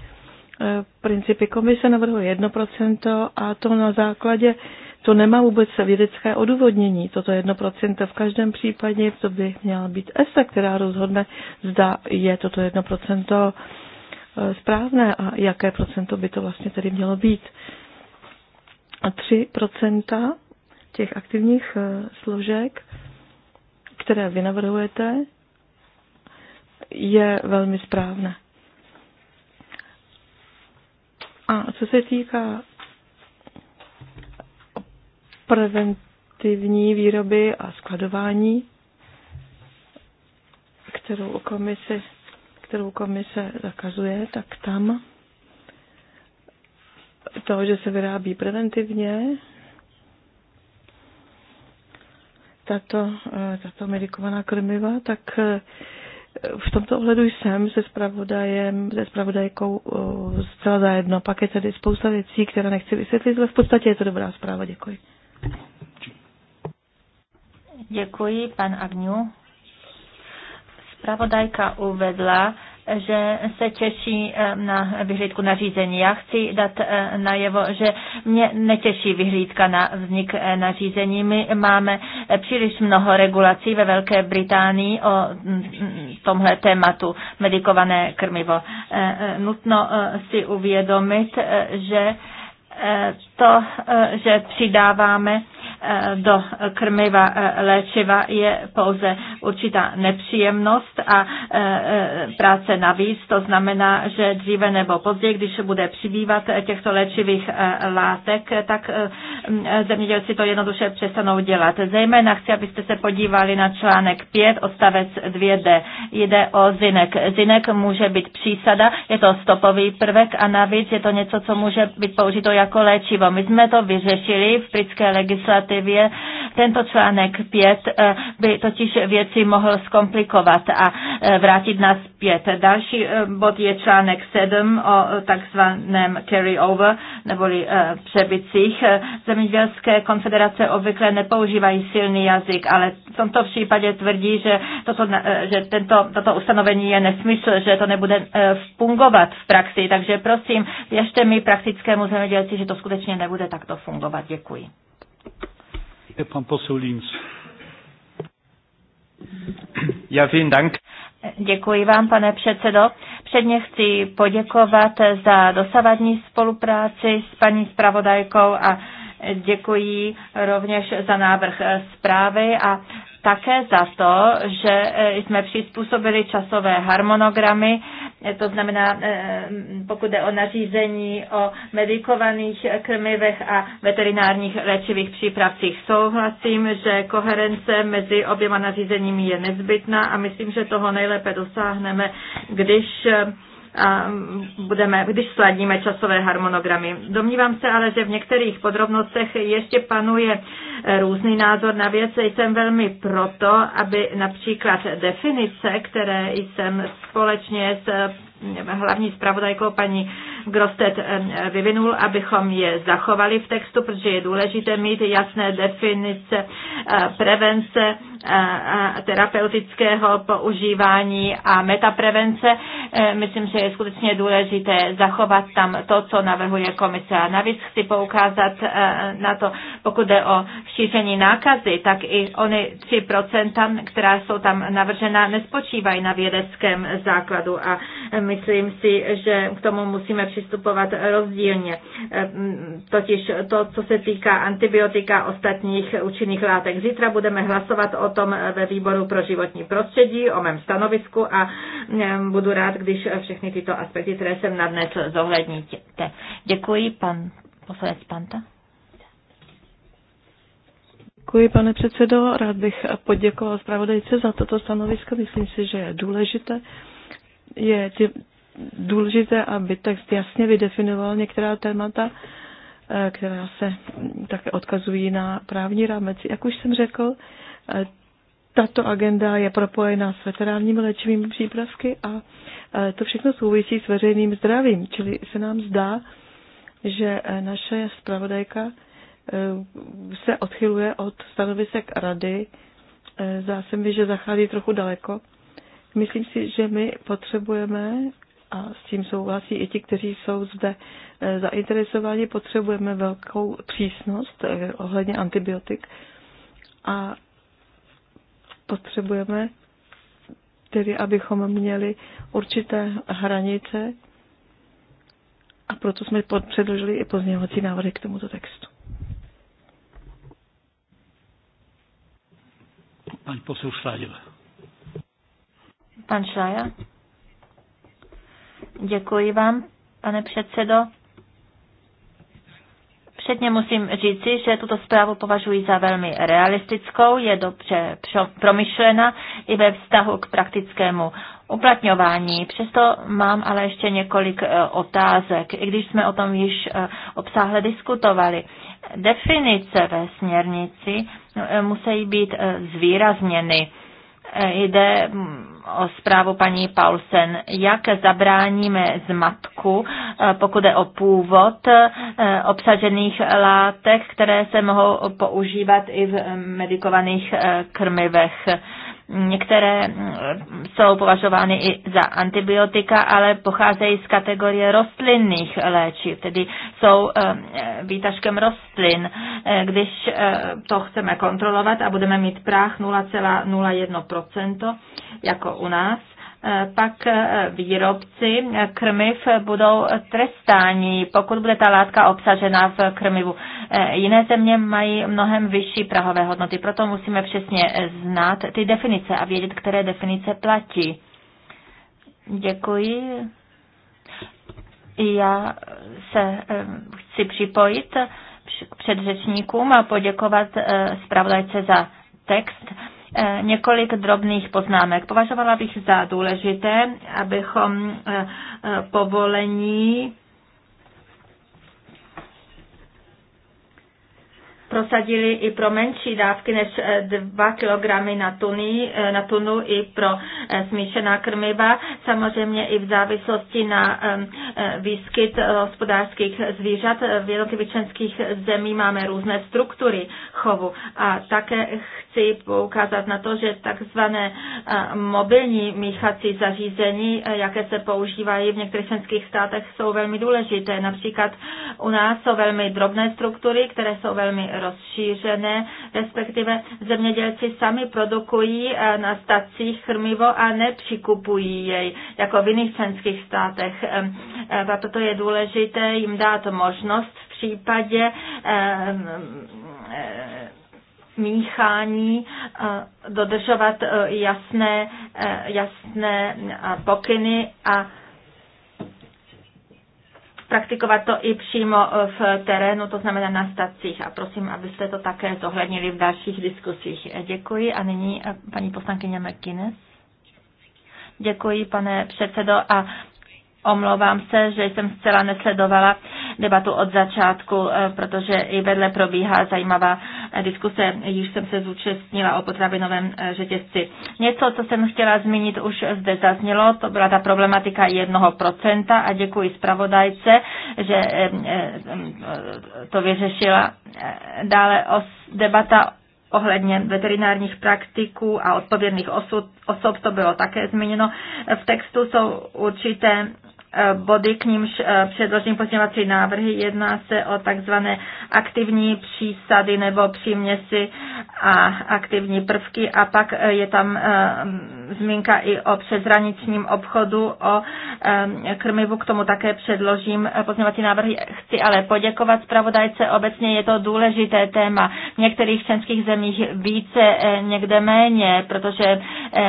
principy. Komise navrhuje 1% a to na základě to nemá vůbec vědecké odůvodnění. Toto 1% v každém případě to by měla být ESA, která rozhodne, zda je toto 1% eh, správné a jaké procento by to vlastně tedy mělo být. A 3% těch aktivních eh, složek, které vy navrhujete, je velmi správné. A co se týká preventivní výroby a skladování, kterou komise, kterou komise zakazuje, tak tam to, že se vyrábí preventivně, tato, tato medikovaná krmiva, tak eh, v tomto ohledu jsem se spravodajem, se spravodajkou eh, zcela zajedno. Pak je tady spousta věcí, které nechci vysvětlit, ale v podstatě je to dobrá zpráva. Děkuji. Děkuji, pan Agňu. Spravodajka uvedla, že se těší eh, na vyhlídku nařízení. Já chci dát eh, najevo, že mě netěší vyhlídka na vznik eh, nařízení. My máme příliš mnoho regulací ve Velké Británii o mm, mm, tomhle tématu medikované krmivo. Nutno si uvědomit, že Eh, to, eh, že přidáváme Eh, do krmiva eh, léčiva je pouze určitá nepříjemnost a eh, práce navíc. To znamená, že dříve nebo později, když bude přibývat těchto léčivých látek, tak zemědělci to jednoduše přestanou dělat. Zejména chci, abyste se podívali na článek 5, odstavec 2D. Jde o zinek. Zinek může být přísada, je to stopový prvek a navíc je to něco, co může být použito jako léčivo. My jsme to vyřešili v britské legislativě legislativě. Tento článek 5 eh, by totiž věci mohl zkomplikovat a eh, vrátit nás zpět. Další eh, bod je článek 7 o takzvaném carry-over, neboli přebycích. Zemědělské konfederace obvykle nepoužívají silný jazyk, ale v tomto případě tvrdí, že, toto, že tento, toto ustanovení je nesmysl, že to nebude fungovat v praxi. Takže prosím, věřte mi praktickému zemědělci, že to skutečně nebude takto fungovat. Děkuji. Herr pan posel Linz. Já vielen Dank. Děkuji vám, pane předsedo. Předně chci poděkovat za dosavadní spolupráci s paní zpravodajkou a děkuji rovněž za návrh zprávy a také za to, že e, jsme přizpůsobili časové harmonogramy, e, to znamená, e, pokud jde o nařízení o medikovaných krmivech a veterinárních léčivých přípravcích. Souhlasím, že koherence mezi oběma nařízeními je nezbytná a myslím, že toho nejlépe dosáhneme, když a budeme, když sladíme časové harmonogramy. Domnívám se ale, že v některých podrobnostech ještě panuje e, různý názor na věc. Jsem velmi proto, aby například definice, které jsem společně s hlavní zpravodajkou paní Grostet eh, vyvinul, abychom je zachovali v textu, protože je důležité mít jasné definice eh, prevence eh, terapeutického používání a metaprevence. Myslím, že je skutečně důležité zachovat tam to, co navrhuje komise. A navíc chci poukázat na to, pokud jde o šíření nákazy, tak i ony 3%, která jsou tam navržena, nespočívají na vědeckém základu. A Myslím si, že k tomu musíme přistupovat rozdílně. Eh, totiž to, co se týká antibiotika ostatních účinných látek. Zítra budeme hlasovat o tom ve výboru pro životní prostředí, o mém stanovisku a eh, budu rád, když všechny tyto aspekty, které jsem nadnesl, zohledníte. Děkuji, pan poslanec Panta. Děkuji, pane předsedo. Rád bych poděkoval zpravodajce za toto stanovisko. Myslím si, že je důležité je důležité, aby text jasně vydefinoval některá témata, eh, která se také odkazují na právní rámec. Jak už jsem řekl, eh, tato agenda je propojená s veterálními léčivými přípravky a eh, to všechno souvisí s veřejným zdravím. Čili se nám zdá, že naše zpravodajka se odchyluje od stanovisek rady. Zdá se mi, že zachází trochu daleko Myslím si, že my potřebujeme, a s tím souhlasí i ti, kteří jsou zde eh, zainteresováni, potřebujeme velkou přísnost eh, ohledně antibiotik a potřebujeme tedy, abychom měli určité hranice a proto jsme předložili i pozměňovací návrhy k tomuto textu. Pani Szlajewa. Pan Šaja. Děkuji vám, pane předsedo. Předně musím říci, že tuto zprávu považuji za velmi realistickou, je dobře promyšlena i ve vztahu k praktickému uplatňování. Přesto mám ale ještě několik e, otázek, i když jsme o tom již e, obsáhle diskutovali. Definice ve směrnici no, e, musí být zvýrazněny Eh, jde mm, o zprávu paní Paulsen, jak zabráníme zmatku, eh, pokud je o původ eh, obsažených látek, které se mohou používat i v medikovaných krmivech. Některé mm, jsou považovány i za antibiotika, ale pocházejí z kategorie rostlinných léčiv, tedy jsou eh, výtažkem rostlin. Eh, když eh, to chceme kontrolovat a budeme mít práh 0,01%, jako u nás, Eh, pak eh, výrobci eh, krmiv budou trestáni, pokud bude ta látka obsažena v krmivu. Jiné země mají mnohem vyšší prahové hodnoty, proto musíme přesně znát ty definice a vědět, které definice platí. Děkuji. Já se chci připojit k předřečníkům a poděkovat zpravodajce za text Eh, několik drobných poznámek. Považovala bych za důležité, abychom eh, eh, povolení prosadili i pro menší dávky než 2 eh, kg na, tuny, eh, na tunu i pro eh, smíšená krmiva, samozřejmě i v závislosti na výskyt hospodářských zvířat. V jednotlivých členských zemí máme různé struktury chovu a také chci poukázat na to, že takzvané mobilní míchací zařízení, jaké se používají v některých členských státech, jsou velmi důležité. Například u nás jsou velmi drobné struktury, které jsou velmi rozšířené, respektive zemědělci sami produkují eh, na stacích krmivo a nepřikupují jej, jako v jiných členských státech. Eh, a toto je důležité jim dát možnost v případě eh, míchání dodržovat jasné, jasné pokyny a praktikovat to i přímo eh, v terénu, to znamená na stacích. A prosím, abyste to také zohlednili v dalších diskusích. Děkuji a nyní eh, paní poslankyně McInnes. Děkuji, pane předsedo, a Omlouvám se, že jsem zcela nesledovala debatu od začátku, eh, protože i vedle probíhá zajímavá eh, diskuse, již jsem se zúčastnila o potravinovém eh, řetězci. Něco, co jsem chtěla zmínit, už zde zaznělo, to byla ta problematika jednoho procenta a děkuji zpravodajce, že mm, to vyřešila. Dále debata ohledně veterinárních praktiků a odpovědných osud, osob, to bylo také zmíněno. V textu jsou určité Eh, body, k nímž eh, předložím pozměňovací návrhy. Jedná se o takzvané aktivní přísady nebo příměsi a aktivní prvky a pak eh, je tam zmínka i o přezraničním obchodu, o krmivu, k tomu také předložím pozměňovací návrhy. Chci ale poděkovat zpravodajce, obecně je to důležité téma. V některých členských zemích více, někde méně, protože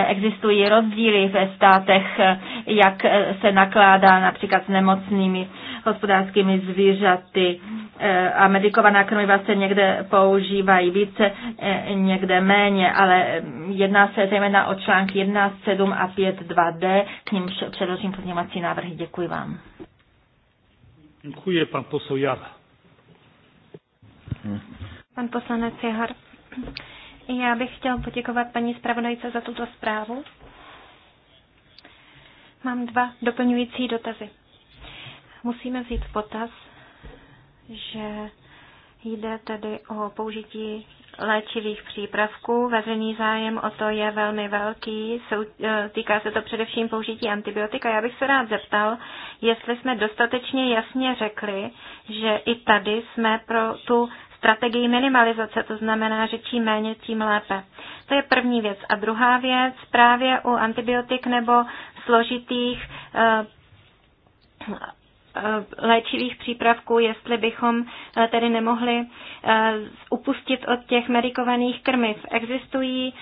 existují rozdíly ve státech, jak se nakládá nakládá například s nemocnými hospodářskými zvířaty eh, a medikovaná krmiva se někde používají více, eh, někde méně, ale mm, jedná se zejména o články 1, 7 a 5, 2D, k ním předložím pozměňovací návrhy. Děkuji vám. Děkuji, pan posel Jara. Hm. Pan poslanec Jahar. Já bych chtěl poděkovat paní zpravodajce za tuto zprávu. Mám dva doplňující dotazy. Musíme vzít v potaz, že jde tedy o použití léčivých přípravků. Veřejný zájem o to je velmi velký. E, týká se to především použití antibiotika. Já bych se rád zeptal, jestli jsme dostatečně jasně řekli, že i tady jsme pro tu strategii minimalizace, to znamená, že čím méně, tím lépe. To je první věc. A druhá věc, právě u antibiotik nebo složitých eh, eh, léčivých přípravků, jestli bychom eh, tedy nemohli upustit od těch medikovaných krmiv. Existují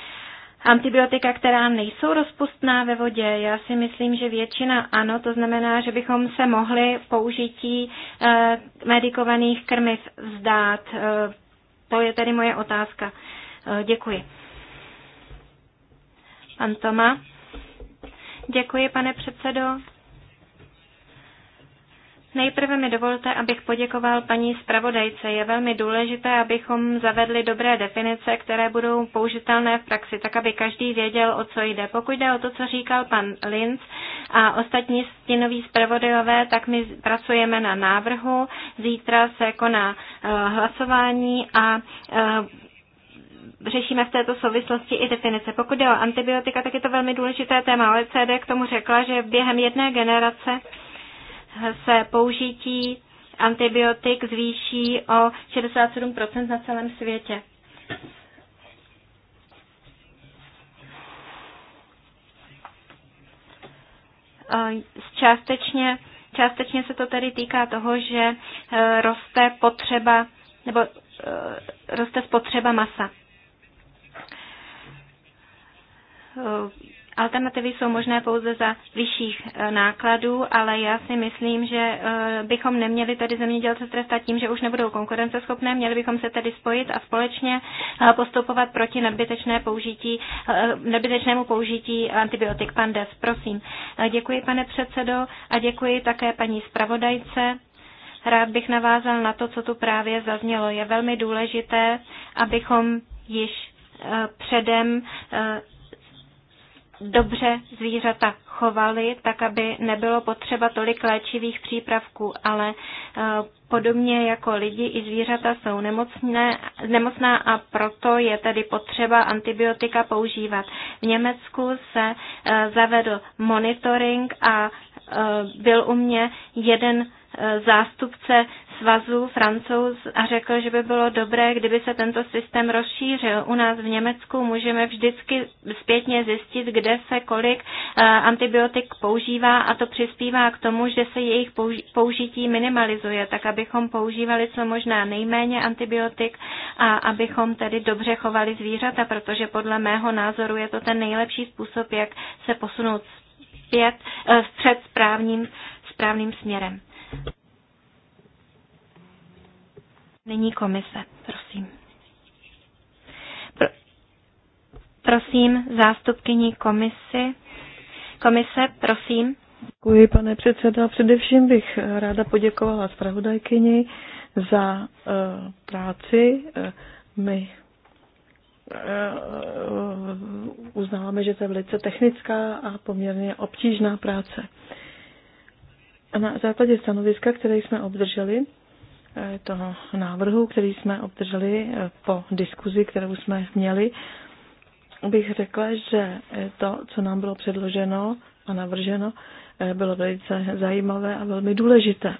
antibiotika, která nejsou rozpustná ve vodě? Já si myslím, že většina ano, to znamená, že bychom se mohli použití eh, medikovaných krmiv vzdát. Eh, to je tedy moje otázka. Eh, děkuji. Pan Toma. Děkuji, pane předsedo. Nejprve mi dovolte, abych poděkoval paní zpravodajce. Je velmi důležité, abychom zavedli dobré definice, které budou použitelné v praxi, tak aby každý věděl, o co jde. Pokud jde o to, co říkal pan Linz a ostatní stinoví zpravodajové, tak my pracujeme na návrhu. Zítra se koná eh, hlasování a eh, řešíme v této souvislosti i definice. Pokud jde o antibiotika, tak je to velmi důležité téma. OECD k tomu řekla, že během jedné generace se použití antibiotik zvýší o 67% na celém světě. Částečně, částečně se to tedy týká toho, že e, roste potřeba nebo e, roste spotřeba masa e, Alternativy jsou možné pouze za vyšších eh, nákladů, ale já si myslím, že eh, bychom neměli tady zemědělce trestat tím, že už nebudou konkurenceschopné, měli bychom se tedy spojit a společně eh, postupovat proti nadbytečné použití, nadbytečnému použití antibiotik. Pandes. prosím. Děkuji, pane předsedo, a děkuji také paní zpravodajce. Rád bych navázal na to, co tu právě zaznělo. Je velmi důležité, abychom již předem dobře zvířata chovali, tak aby nebylo potřeba tolik léčivých přípravků, ale eh, podobně jako lidi i zvířata jsou nemocné, nemocná a proto je tedy potřeba antibiotika používat. V Německu se eh, zavedl monitoring a eh, byl u mě jeden zástupce svazu francouz a řekl, že by bylo dobré, kdyby se tento systém rozšířil. U nás v Německu můžeme vždycky zpětně zjistit, kde se kolik eh, antibiotik používá a to přispívá k tomu, že se jejich použití minimalizuje, tak abychom používali co možná nejméně antibiotik a abychom tedy dobře chovali zvířata, protože podle mého názoru je to ten nejlepší způsob, jak se posunout zpět, eh, vstřed správným, správným směrem. Nyní komise, prosím. Pr- prosím, zástupkyní komisi. Komise, prosím. Děkuji, pane předseda. Především bych ráda poděkovala zpravodajkyni za uh, práci. Uh, my eh, uznáváme, že to je velice technická a poměrně obtížná práce. A na základě stanoviska, které jsme obdrželi, Eh, toho návrhu, který jsme obdrželi eh, po diskuzi, kterou jsme měli, bych řekla, že eh, to, co nám bylo předloženo a navrženo, bylo velice zajímavé a velmi důležité.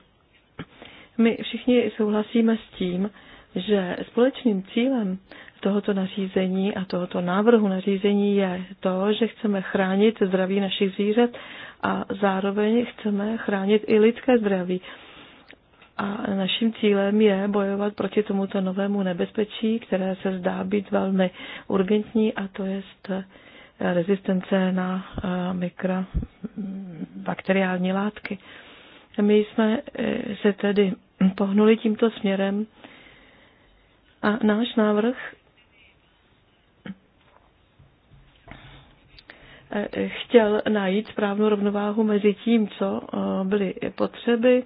My všichni souhlasíme s tím, že společným cílem tohoto nařízení a tohoto návrhu nařízení je to, že chceme chránit zdraví našich zvířat a zároveň chceme chránit i lidské zdraví. A naším cílem je bojovat proti tomuto novému nebezpečí, které se zdá být velmi urgentní, a to je eh, rezistence na eh, mikrobakteriální látky. My jsme eh, se tedy pohnuli tímto směrem a náš návrh chtěl najít správnou rovnováhu mezi tím, co byly potřeby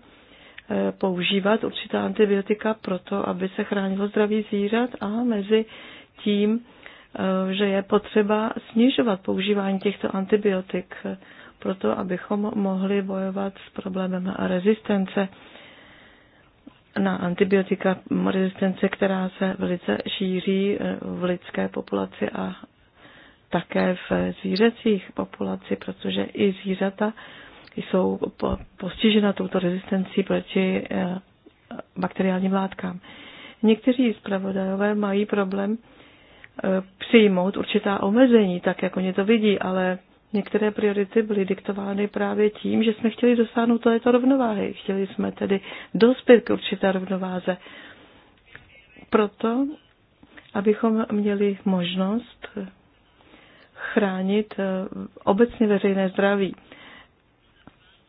Eh, používat určitá antibiotika proto, aby se chránilo zdraví zvířat a mezi tím, eh, že je potřeba snižovat používání těchto antibiotik eh, proto, abychom mohli bojovat s problémem rezistence na antibiotika, rezistence, která se velice šíří v lidské populaci a také v zvířecích populaci, protože i zvířata jsou postižena touto rezistencí proti eh, bakteriálním látkám. Někteří zpravodajové mají problém eh, přijmout určitá omezení, tak jako oni to vidí, ale některé priority byly diktovány právě tím, že jsme chtěli dosáhnout této rovnováhy. Chtěli jsme tedy dospět k určité rovnováze. Proto, abychom měli možnost chránit eh, obecně veřejné zdraví.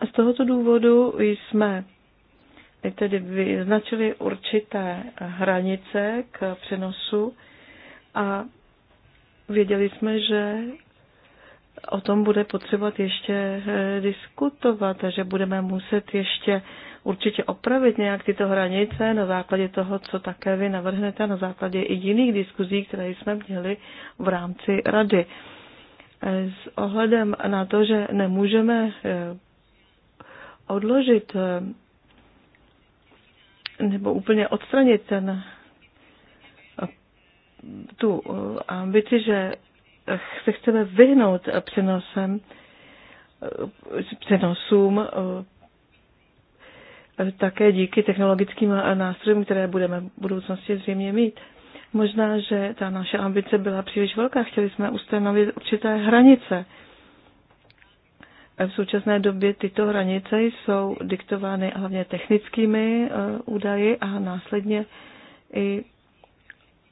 Z tohoto důvodu jsme tedy vyznačili určité hranice k přenosu a věděli jsme, že o tom bude potřebovat ještě eh, diskutovat a že budeme muset ještě určitě opravit nějak tyto hranice na základě toho, co také vy navrhnete, na základě i jiných diskuzí, které jsme měli v rámci rady. Eh, s ohledem na to, že nemůžeme eh, odložit eh, nebo úplně odstranit ten, eh, tu eh, ambici, že se chceme vyhnout přenosem, přenosům také díky technologickým nástrojům, které budeme v budoucnosti zřejmě mít. Možná, že ta naše ambice byla příliš velká, chtěli jsme ustanovit určité hranice v současné době tyto hranice jsou diktovány hlavně technickými eh, údaji a následně i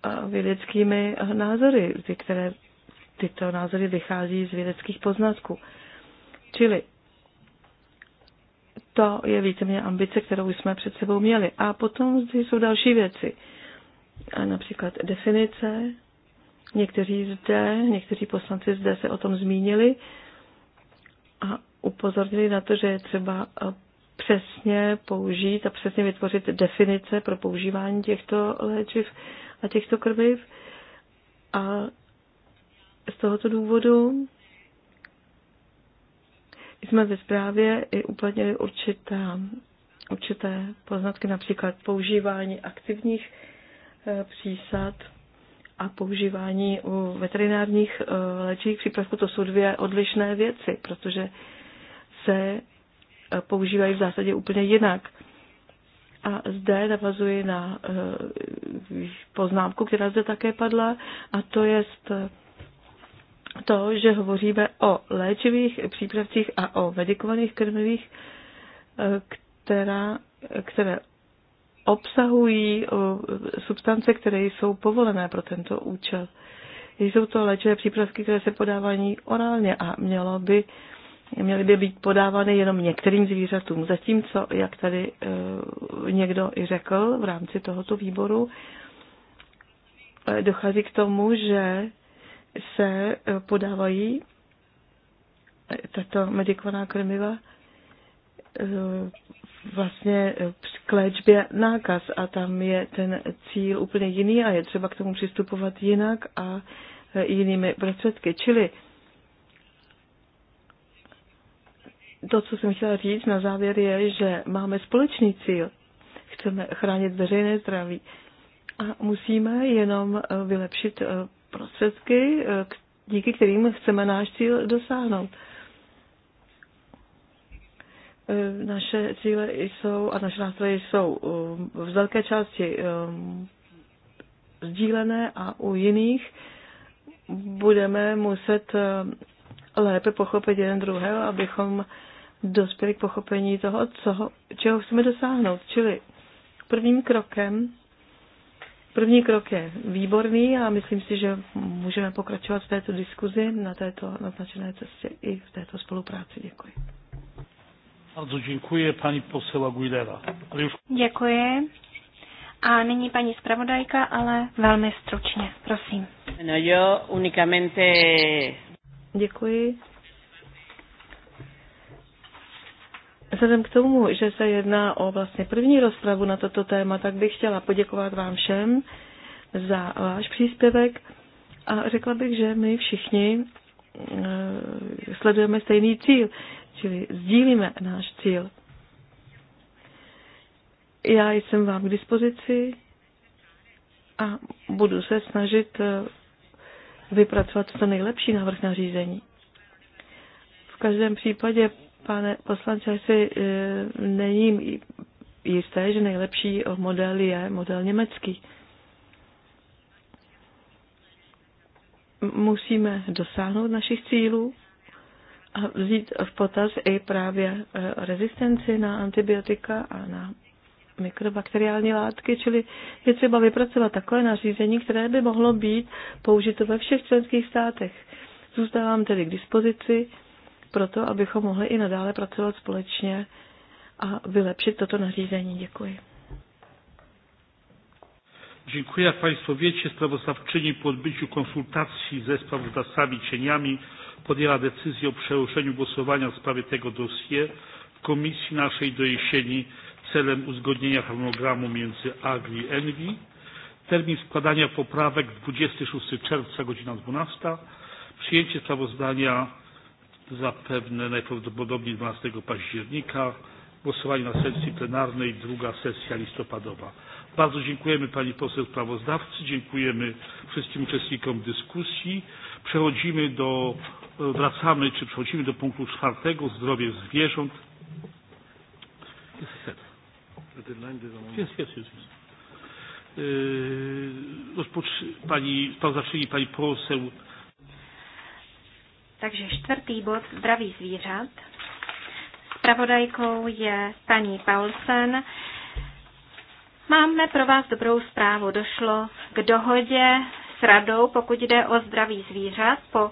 eh, vědeckými názory, které tyto názory vychází z vědeckých poznatků. Čili to je víceméně ambice, kterou jsme před sebou měli. A potom zde jsou další věci. A například definice. Někteří zde, někteří poslanci zde se o tom zmínili a upozornili na to, že je třeba eh, přesně použít a přesně vytvořit definice pro používání těchto léčiv a těchto krviv. A z tohoto důvodu jsme ve zprávě i uplatnili určitá, určité poznatky, například používání aktivních eh, přísad a používání u veterinárních eh, léčivých přípravků, to jsou dvě odlišné věci, protože se eh, používají v zásadě úplně jinak. A zde navazuji na eh, poznámku, která zde také padla, a to je to, že hovoříme o léčivých přípravcích a o medikovaných krmivých, která, které obsahují substance, které jsou povolené pro tento účel. Jsou to léčivé přípravky, které se podávají orálně a mělo by, měly by být podávány jenom některým zvířatům. Zatímco, jak tady e, někdo i řekl v rámci tohoto výboru, e, dochází k tomu, že se e, podávají tato medikovaná krmiva Eh, vlastně eh, k léčbě nákaz a tam je ten cíl úplně jiný a je třeba k tomu přistupovat jinak a eh, jinými prostředky. Čili to, co jsem chtěla říct na závěr, je, že máme společný cíl. Chceme chránit veřejné zdraví a musíme jenom vylepšit prostředky, díky kterým chceme náš cíl dosáhnout. E, naše cíle jsou a naše nástroje jsou e, v velké části e, sdílené a u jiných budeme muset lépe pochopit jeden druhého, abychom dospěli k pochopení toho, co, čeho chceme dosáhnout. Čili prvním krokem, první krok je výborný a myslím si, že můžeme pokračovat v této diskuzi na této naznačené cestě i v této spolupráci. Děkuji. Bardzo dziękuję pani poseł Aguilera. Děkuji. A nyní paní zpravodajka, ale velmi stručně, prosím. No, yo únicamente... Děkuji. Vzhledem k tomu, že se jedná o vlastně první rozpravu na toto téma, tak bych chtěla poděkovat vám všem za váš příspěvek a řekla bych, že my všichni eh, sledujeme stejný cíl čili sdílíme náš cíl. Já jsem vám k dispozici a budu se snažit eh, vypracovat to nejlepší návrh na řízení. V každém případě, pane poslanče, si e, eh, není jisté, že nejlepší model je model německý. Musíme dosáhnout našich cílů vzít v potaz i právě e, rezistenci na antibiotika a na mikrobakteriální látky, čili je třeba vypracovat takové nařízení, které by mohlo být použito ve všech členských státech. Zůstávám tedy k dispozici pro to, abychom mohli i nadále pracovat společně a vylepšit toto nařízení. Děkuji. Dziękuję. Jak Państwo wiecie, sprawozdawczyni po odbyciu konsultacji ze sprawozdawcami cieniami podjęła decyzję o przełożeniu głosowania w sprawie tego dossier w komisji naszej do jesieni celem uzgodnienia harmonogramu między agri i envi. termin składania poprawek 26. czerwca godzina 12. przyjęcie sprawozdania zapewne najprawdopodobniej 12. października głosowanie na sesji plenarnej druga sesja listopadowa. Bardzo dziękujemy pani poseł sprawozdawcy, dziękujemy wszystkim uczestnikom dyskusji. Przechodzimy do wracamy czy przechodzimy do punktu czwartego zdrowie zwierząt. Pani, to zaczęli pani poseł. Takže čtvrtý bod zdraví zvířat. Spravodajkou je paní Paulsen. Máme pro vás dobrou zprávu. Došlo k dohodě s radou, pokud jde o zdraví zvířat. Po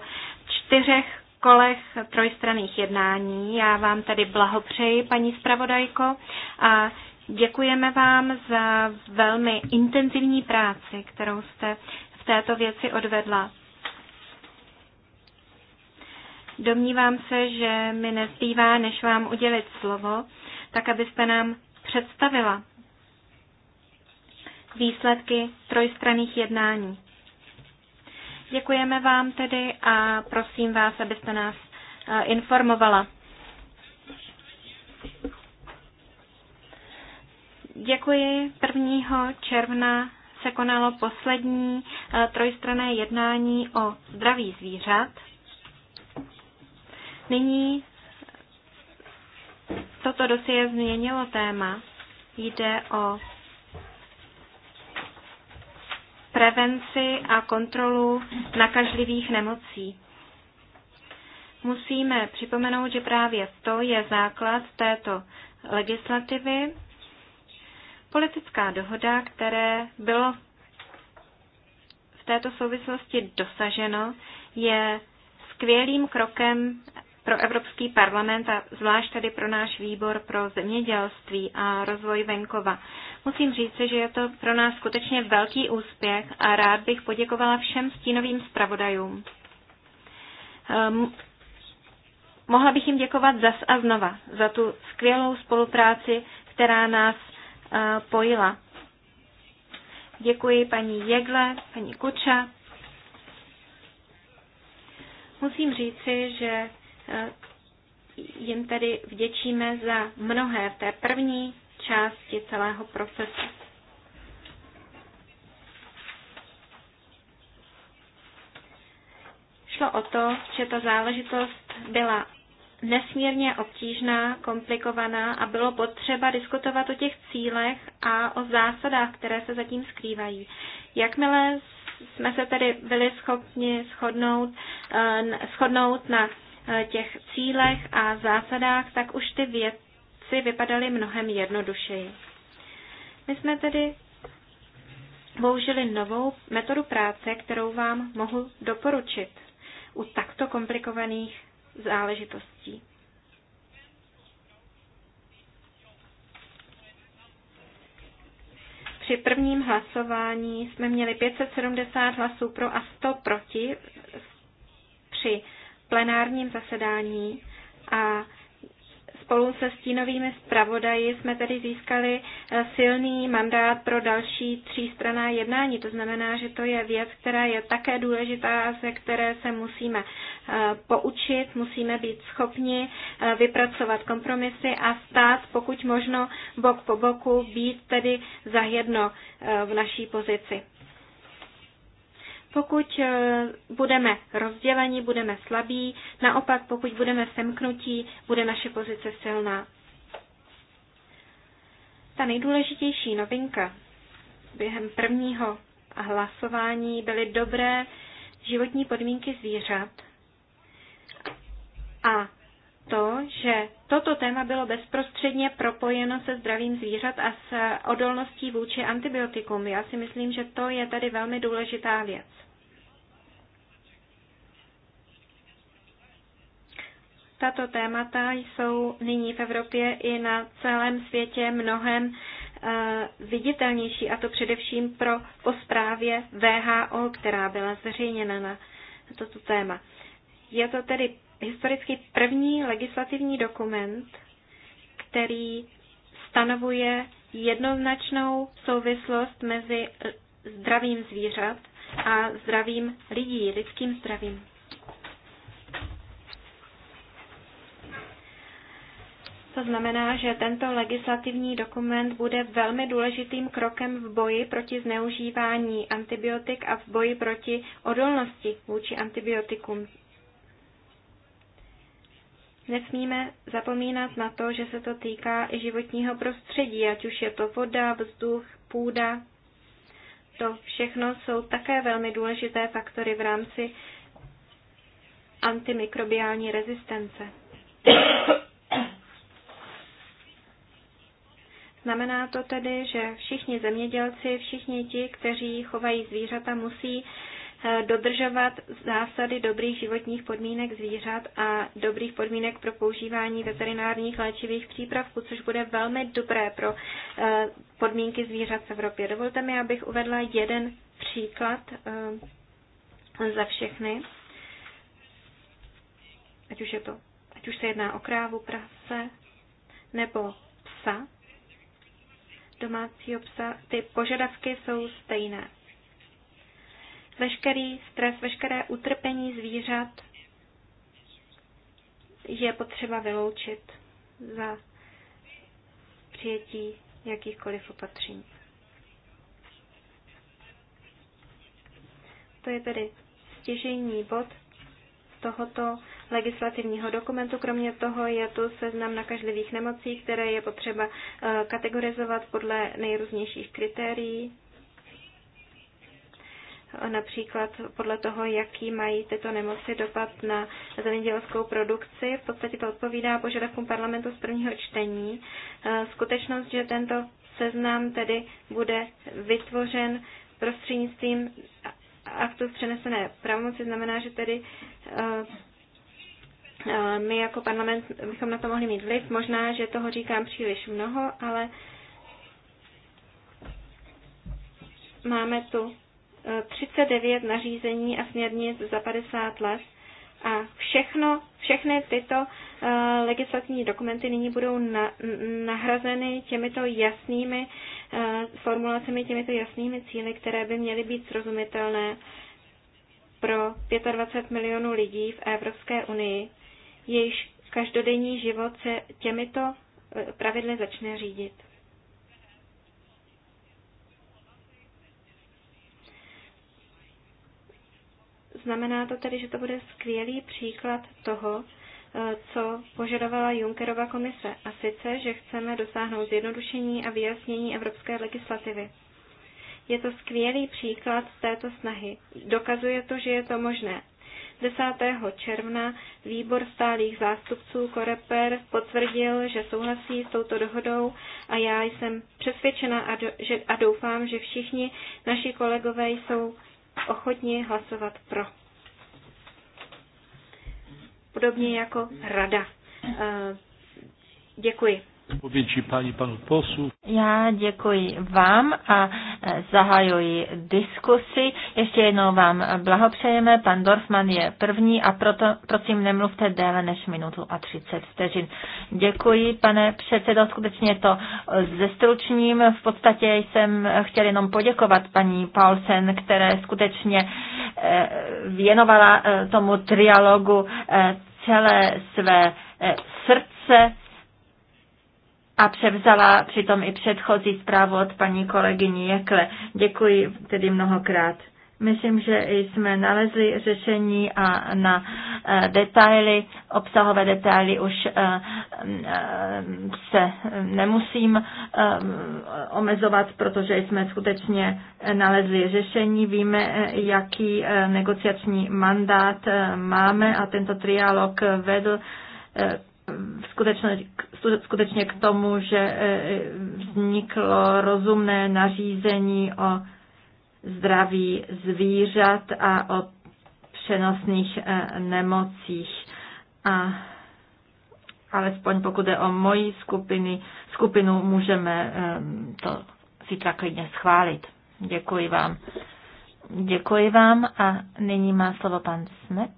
čtyřech kolech trojstranných jednání. Já vám tady blahopřeji, paní zpravodajko, a děkujeme vám za velmi intenzivní práci, kterou jste v této věci odvedla. Domnívám se, že mi nezbývá, než vám udělit slovo, tak abyste nám představila výsledky trojstranných jednání. Děkujeme vám tedy a prosím vás, abyste nás eh, informovala. Děkuji. 1. června se konalo poslední eh, trojstrané jednání o zdraví zvířat. Nyní toto dosie změnilo téma. Jde o prevenci a kontrolu nakažlivých nemocí. Musíme připomenout, že právě to je základ této legislativy. Politická dohoda, které bylo v této souvislosti dosaženo, je skvělým krokem pro Evropský parlament a zvlášť tady pro náš výbor pro zemědělství a rozvoj venkova. Musím říct, že je to pro nás skutečně velký úspěch a rád bych poděkovala všem stínovým zpravodajům. Um, mohla bych jim děkovat zas a znova za tu skvělou spolupráci, která nás uh, pojila. Děkuji paní Jegle, paní Kuča. Musím říci, že Eh, jim tedy vděčíme za mnohé v té první části celého procesu. Šlo o to, že ta záležitost byla nesmírně obtížná, komplikovaná a bylo potřeba diskutovat o těch cílech a o zásadách, které se zatím skrývají. Jakmile jsme se tedy byli schopni shodnout, eh, shodnout na Eh, těch cílech a zásadách, tak už ty věci vypadaly mnohem jednodušeji. My jsme tedy použili novou metodu práce, kterou vám mohu doporučit u takto komplikovaných záležitostí. Při prvním hlasování jsme měli 570 hlasů pro a 100 proti. Při plenárním zasedání a spolu se stínovými zpravodaji jsme tedy získali eh, silný mandát pro další třístraná jednání. To znamená, že to je věc, která je také důležitá ze které se musíme eh, poučit, musíme být schopni eh, vypracovat kompromisy a stát pokud možno bok po boku, být tedy zahjedno v naší pozici. Pokud eh, budeme rozděleni, budeme slabí, naopak pokud budeme semknutí, bude naše pozice silná. Ta nejdůležitější novinka během prvního hlasování byly dobré životní podmínky zvířat to, že toto téma bylo bezprostředně propojeno se zdravím zvířat a s odolností vůči antibiotikům. Já si myslím, že to je tady velmi důležitá věc. Tato témata jsou nyní v Evropě i na celém světě mnohem eh, viditelnější, a to především pro, po zprávě VHO, která byla zveřejněna na toto téma. Je to tedy historicky první legislativní dokument, který stanovuje jednoznačnou souvislost mezi eh, zdravím zvířat a zdravím lidí, lidským zdravím. To znamená, že tento legislativní dokument bude velmi důležitým krokem v boji proti zneužívání antibiotik a v boji proti odolnosti vůči antibiotikům. Nesmíme zapomínat na to, že se to týká i životního prostředí, ať už je to voda, vzduch, půda. To všechno jsou také velmi důležité faktory v rámci antimikrobiální rezistence. Znamená to tedy, že všichni zemědělci, všichni ti, kteří chovají zvířata, musí Eh, dodržovat zásady dobrých životních podmínek zvířat a dobrých podmínek pro používání veterinárních léčivých přípravků, což bude velmi dobré pro eh, podmínky zvířat v Evropě. Dovolte mi, abych uvedla jeden příklad eh, za všechny. Ať už, je to, ať už se jedná o krávu, prase nebo psa, domácího psa, ty požadavky jsou stejné Veškerý stres, veškeré utrpení zvířat je potřeba vyloučit za přijetí jakýchkoliv opatření. To je tedy stěžejní bod tohoto legislativního dokumentu. Kromě toho je tu seznam nakažlivých nemocí, které je potřeba eh, kategorizovat podle nejrůznějších kritérií například podle toho, jaký mají tyto nemoci dopad na zemědělskou produkci. V podstatě to odpovídá požadavkům parlamentu z prvního čtení. E, skutečnost, že tento seznam tedy bude vytvořen prostřednictvím aktu v přenesené pravomoci, znamená, že tedy e, e, my jako parlament bychom na to mohli mít vliv. Možná, že toho říkám příliš mnoho, ale máme tu 39 nařízení a směrnic za 50 let a všechno, všechny tyto eh, legislativní dokumenty nyní budou na, nahrazeny těmito jasnými eh, formulacemi, těmito jasnými cíly, které by měly být srozumitelné pro 25 milionů lidí v Evropské unii, jejichž každodenní život se těmito eh, pravidly začne řídit. Znamená to tedy, že to bude skvělý příklad toho, eh, co požadovala Junckerova komise, a sice, že chceme dosáhnout zjednodušení a vyjasnění evropské legislativy. Je to skvělý příklad této snahy. Dokazuje to, že je to možné. 10. června výbor stálých zástupců Koreper potvrdil, že souhlasí s touto dohodou a já jsem přesvědčena a doufám, že všichni naši kolegové jsou ochotni hlasovat pro. Podobně jako rada. Eh, děkuji. Odpovědi paní panu posu. Já děkuji vám a e, zahajuji diskusi. Ještě jednou vám blahopřejeme. Pan Dorfman je první a proto prosím nemluvte déle než minutu a 30 vteřin. Děkuji, pane předsedo, skutečně to e, stručním. V podstatě jsem chtěl jenom poděkovat paní Paulsen, které skutečně e, věnovala tomu trialogu celé své srdce a převzala přitom i předchozí zprávu od paní kolegyně Jekle. Děkuji tedy mnohokrát. Myslím, že jsme nalezli řešení a na eh, detaily, obsahové detaily už eh, eh, se nemusím omezovat, protože jsme skutečně nalezli řešení. Víme, jaký negociační mandát máme a tento trialog vedl skutečně, skutečně k tomu, že e, vzniklo rozumné nařízení o zdraví zvířat a o přenosných e, nemocích. A alespoň pokud je o moji skupiny, skupinu, můžeme e, to zítra klidně schválit. Děkuji vám. Děkuji vám a nyní má slovo pan Smet.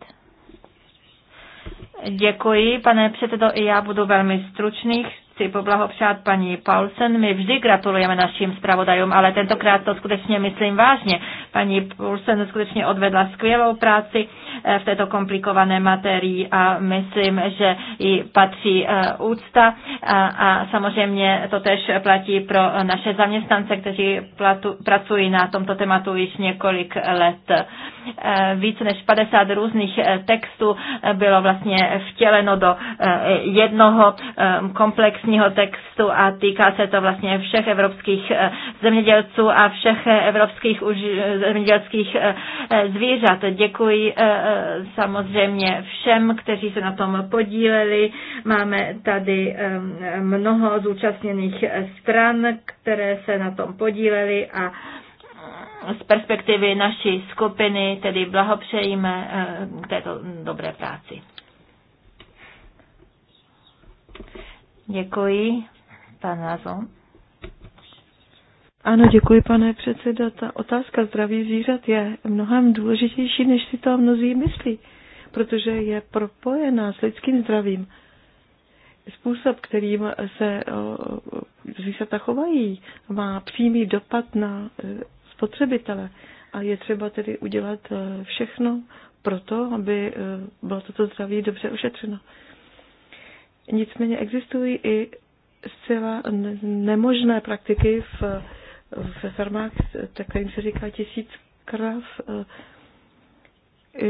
Děkuji, pane předsedo, i já budu velmi stručný. Chci poblahopřát paní Paulsen. My vždy gratulujeme našim zpravodajům, ale tentokrát to skutečně myslím vážně. Paní Poulsen skutečně odvedla skvělou práci eh, v této komplikované materii a myslím, že ji patří eh, úcta a, a samozřejmě to tež platí pro naše zaměstnance, kteří platu, pracují na tomto tématu již několik let. Eh, víc než 50 různých textů bylo vlastně vtěleno do jednoho komplexního textu a týká se to vlastně všech evropských zemědělců a všech evropských už, zemědělských eh, eh, zvířat. Děkuji eh, samozřejmě všem, kteří se na tom podíleli. Máme tady mnoho zúčastněných stran, které se na tom podíleli a z perspektivy naší skupiny tedy blahopřejíme k této dobré práci. Děkuji, pan Razon. Ano, děkuji, pane předseda. Ta otázka zdraví zvířat je mnohem důležitější, než si to mnozí myslí, protože je propojená s lidským zdravím. Způsob, kterým se zvířata chovají, má přímý dopad na e, spotřebitele a je třeba tedy udělat e, všechno pro to, aby e, bylo toto zdraví dobře ošetřeno. Nicméně existují i zcela nemožné praktiky v ve farmách, tak jim se říká tisíc krav, e,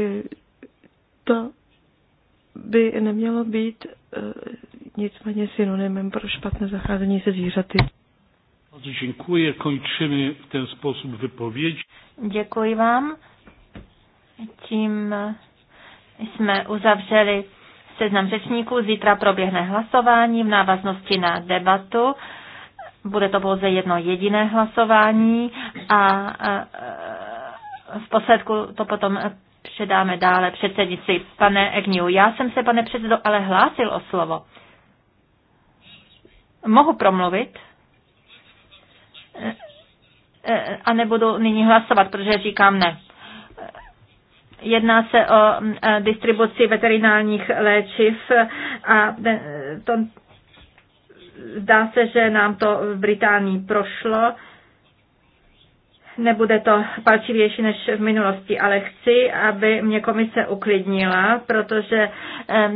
to by nemělo být e, nicméně synonymem pro špatné zacházení se zvířaty. Děkuji. Končíme v ten způsob vypověď. Děkuji vám. Tím jsme uzavřeli seznam řečníků. Zítra proběhne hlasování v návaznosti na debatu. Bude to pouze jedno jediné hlasování a v posledku to potom předáme dále předsednici. Pane Egniu, já jsem se, pane předsedo, ale hlásil o slovo. Mohu promluvit? E, e, a nebudu nyní hlasovat, protože říkám ne. Jedná se o e, distribuci veterinálních léčiv a to Zdá se, že nám to v Británii prošlo. Nebude to palčivější než v minulosti, ale chci, aby mě komise uklidnila, protože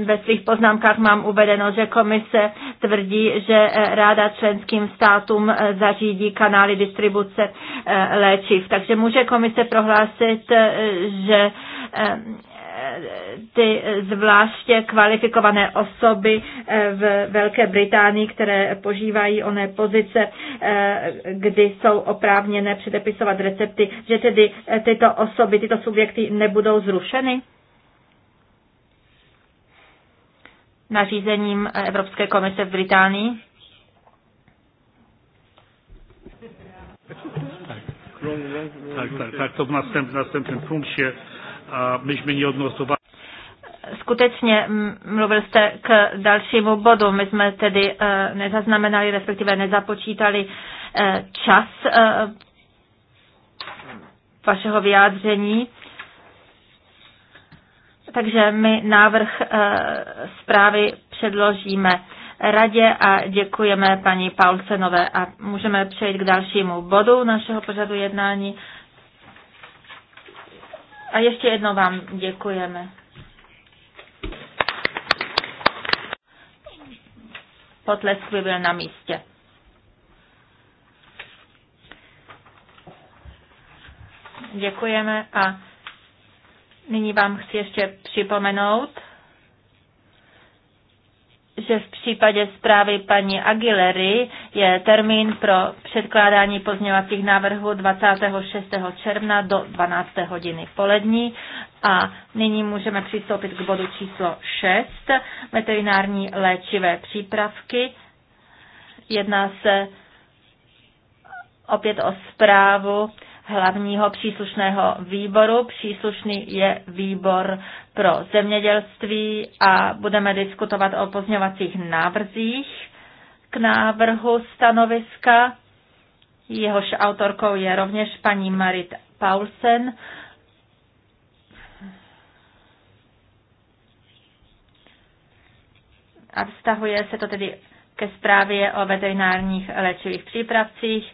ve svých poznámkách mám uvedeno, že komise tvrdí, že e, ráda členským státům e, zařídí kanály distribuce e, léčiv. Takže může komise prohlásit, že ty zvláště kvalifikované osoby eh, v Velké Británii, které požívají oné pozice, eh, kdy jsou oprávněné předepisovat recepty, že tedy eh, tyto osoby, tyto subjekty nebudou zrušeny? nařízením Evropské komise v Británii? Tak, tak, tak to v następném, następném punkcie. Skutečně mluvil jste k dalšímu bodu. My jsme tedy e, nezaznamenali, respektive nezapočítali e, čas e, vašeho vyjádření. Takže my návrh zprávy předložíme radě a děkujeme paní Paulsenové a můžeme přejít k dalšímu bodu našeho pořadu jednání a ještě jedno, vám děkujeme. Potlesk by byl na místě. Děkujeme a nyní vám chci ještě připomenout, že v případě zprávy paní Aguilery je termín pro předkládání pozměňovacích návrhů 26. června do 12. hodiny polední. A nyní můžeme přistoupit k bodu číslo 6, veterinární léčivé přípravky. Jedná se opět o zprávu hlavního příslušného výboru. Příslušný je výbor pro zemědělství a budeme diskutovat o pozňovacích návrzích k návrhu stanoviska. Jehož autorkou je rovněž paní Marit Paulsen. A vztahuje se to tedy ke zprávě o veterinárních léčivých přípravcích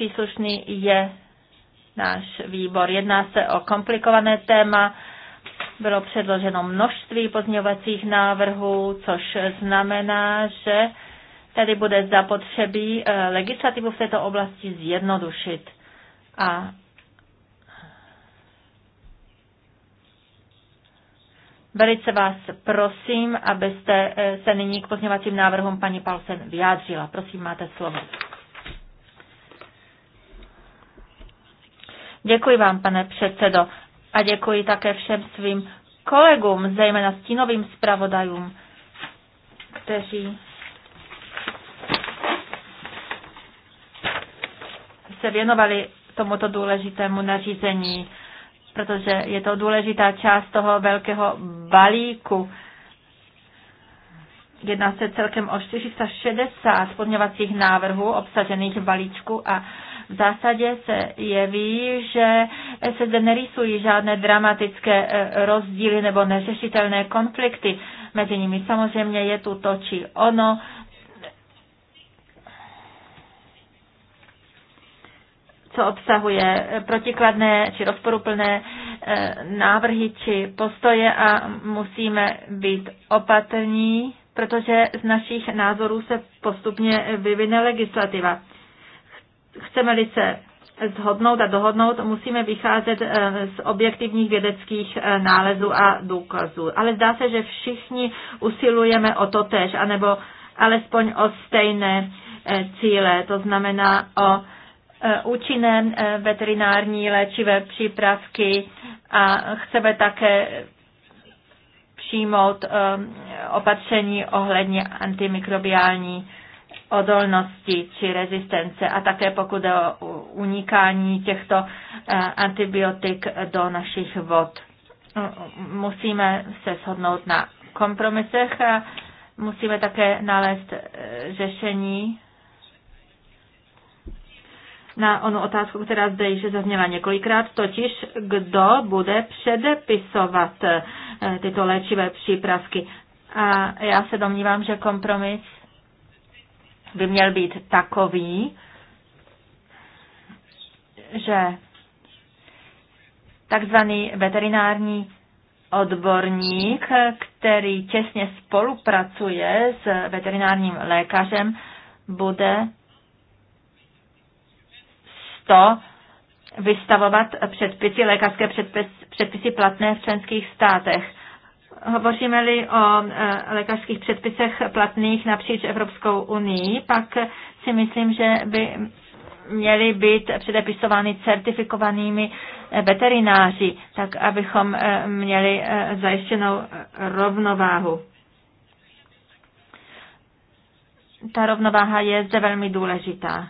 příslušný je náš výbor. Jedná se o komplikované téma. Bylo předloženo množství pozměňovacích návrhů, což znamená, že tady bude zapotřebí eh, legislativu v této oblasti zjednodušit. A Velice vás prosím, abyste eh, se nyní k pozměňovacím návrhům paní Palsen vyjádřila. Prosím, máte slovo. Děkuji vám, pane předsedo, a děkuji také všem svým kolegům, zejména stínovým zpravodajům, kteří se věnovali tomuto důležitému nařízení, protože je to důležitá část toho velkého balíku. Jedná se celkem o 460 podměvacích návrhů obsažených v balíčku a v zásadě se jeví, že se zde nerýsují žádné dramatické eh, rozdíly nebo neřešitelné konflikty mezi nimi. Samozřejmě je tu to či ono, co obsahuje eh, protikladné či rozporuplné eh, návrhy či postoje a musíme být opatrní, protože z našich názorů se postupně vyvine legislativa chceme-li se zhodnout a dohodnout, musíme vycházet eh, z objektivních vědeckých eh, nálezů a důkazů. Ale zdá se, že všichni usilujeme o to tež, anebo alespoň o stejné eh, cíle, to znamená o účinné veterinární léčivé přípravky a chceme také přijmout opatření ohledně antimikrobiální odolnosti či rezistence a také pokud je o unikání těchto eh, antibiotik do našich vod. Musíme se shodnout na kompromisech a musíme také nalézt eh, řešení na onu otázku, která zde již zazněla několikrát, totiž kdo bude předepisovat eh, tyto léčivé přípravky. A já se domnívám, že kompromis by měl být takový, že takzvaný veterinární odborník, který těsně spolupracuje s veterinárním lékařem, bude to vystavovat předpisy, lékařské předpisy platné v členských státech. Hovoříme-li o e, lékařských předpisech platných napříč Evropskou unii, pak si myslím, že by měly být předepisovány certifikovanými e, veterináři, tak abychom e, měli zajištěnou rovnováhu. Ta rovnováha je zde velmi důležitá.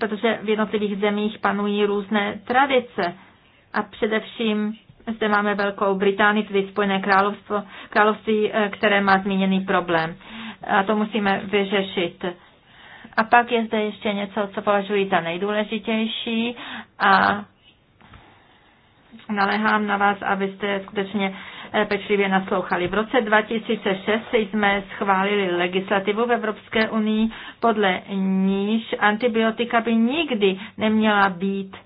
Protože v jednotlivých zemích panují různé tradice a především zde máme Velkou Británii, tedy Spojené královstvo, království, eh, které má zmíněný problém. A to musíme vyřešit. A pak je zde ještě něco, co považuji za nejdůležitější a naléhám na vás, abyste skutečně eh, pečlivě naslouchali. V roce 2006 jsme schválili legislativu v Evropské unii, podle níž antibiotika by nikdy neměla být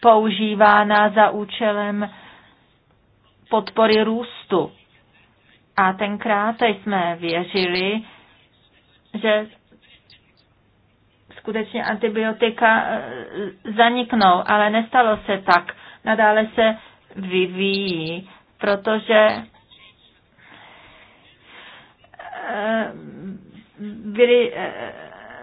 používána za účelem podpory růstu. A tenkrát jsme věřili, že skutečně antibiotika eh, zaniknou, ale nestalo se tak. Nadále se vyvíjí, protože byly, eh, eh,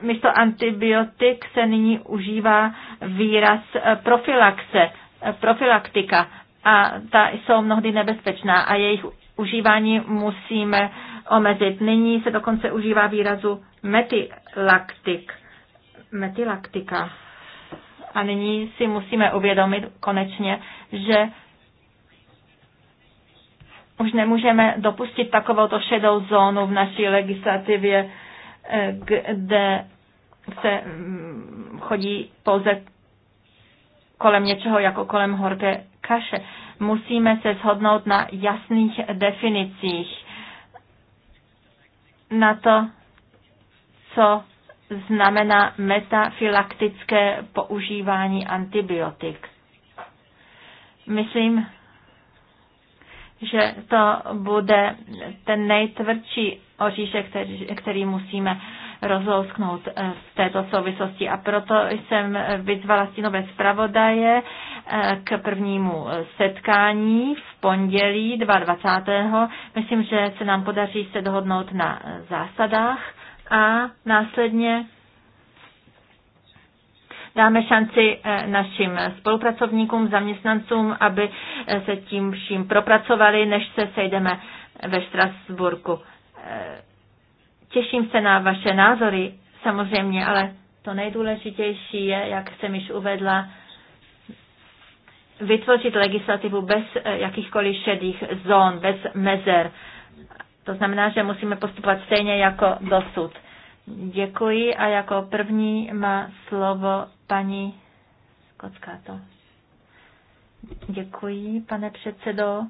místo antibiotik se nyní užívá výraz eh, profilaxe, eh, profilaktika a ta jsou mnohdy nebezpečná a jejich užívání musíme omezit. Nyní se dokonce užívá výrazu metylaktik, metylaktika. A nyní si musíme uvědomit konečně, že už nemůžeme dopustit takovouto šedou zónu v naší legislativě, eh, kde se mm, chodí pouze kolem něčeho jako kolem horké kaše. Musíme se shodnout na jasných definicích, na to, co znamená metafilaktické používání antibiotik. Myslím, že to bude ten nejtvrdší oříšek, který, který musíme rozlousknout eh, v této souvislosti. A proto jsem vyzvala stínové zpravodaje eh, k prvnímu eh, setkání v pondělí 22. Myslím, že se nám podaří se dohodnout na zásadách a následně dáme šanci našim spolupracovníkům, zaměstnancům, aby se tím vším propracovali, než se sejdeme ve Štrasburku. Těším se na vaše názory, samozřejmě, ale to nejdůležitější je, jak jsem již uvedla, vytvořit legislativu bez eh, jakýchkoliv šedých zón, bez mezer. To znamená, že musíme postupovat stejně jako dosud. Děkuji a jako první má slovo paní Skockáto. Děkuji, pane předsedo.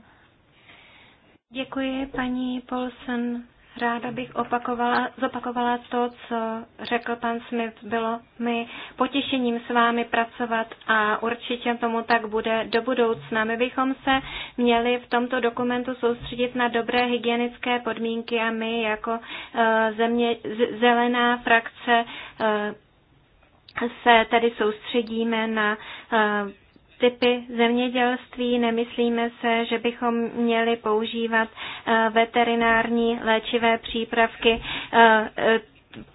Děkuji, paní Polsen, Ráda bych opakovala, zopakovala to, co řekl pan Smith. Bylo mi potěšením s vámi pracovat a určitě tomu tak bude do budoucna. My bychom se měli v tomto dokumentu soustředit na dobré hygienické podmínky a my jako eh, země, zelená frakce eh, se tedy soustředíme na eh, typy zemědělství. Nemyslíme se, že bychom měli používat eh, veterinární léčivé přípravky eh, eh,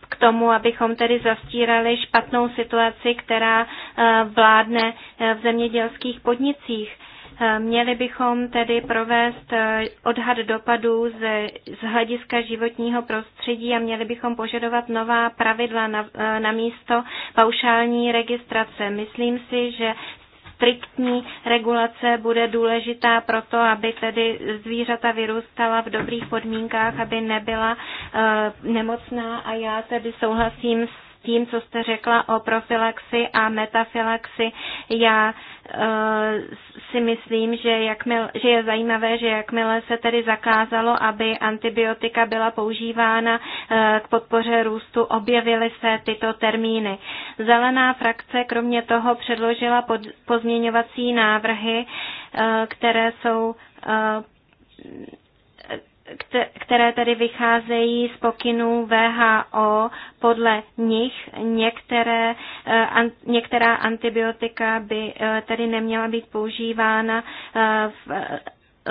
k tomu, abychom tedy zastírali špatnou situaci, která vládne v zemědělských podnicích. Měli bychom tedy provést odhad dopadů z, z hlediska životního prostředí a měli bychom požadovat nová pravidla na, na místo paušální registrace. Myslím si, že striktní regulace bude důležitá pro to, aby tedy zvířata vyrůstala v dobrých podmínkách, aby nebyla eh, nemocná a já tedy souhlasím s tím, co jste řekla o profilaxi a metafilaxi. Já e, si myslím, že, jakmile, že je zajímavé, že jakmile se tedy zakázalo, aby antibiotika byla používána e, k podpoře růstu, objevily se tyto termíny. Zelená frakce kromě toho předložila pod, pozměňovací návrhy, e, které jsou které tedy vycházejí z pokynů VHO, podle nich některé, eh, některá antibiotika by eh, tedy neměla být používána eh, v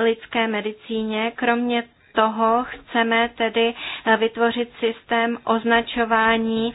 lidské medicíně. Kromě toho chceme tedy vytvořit systém označování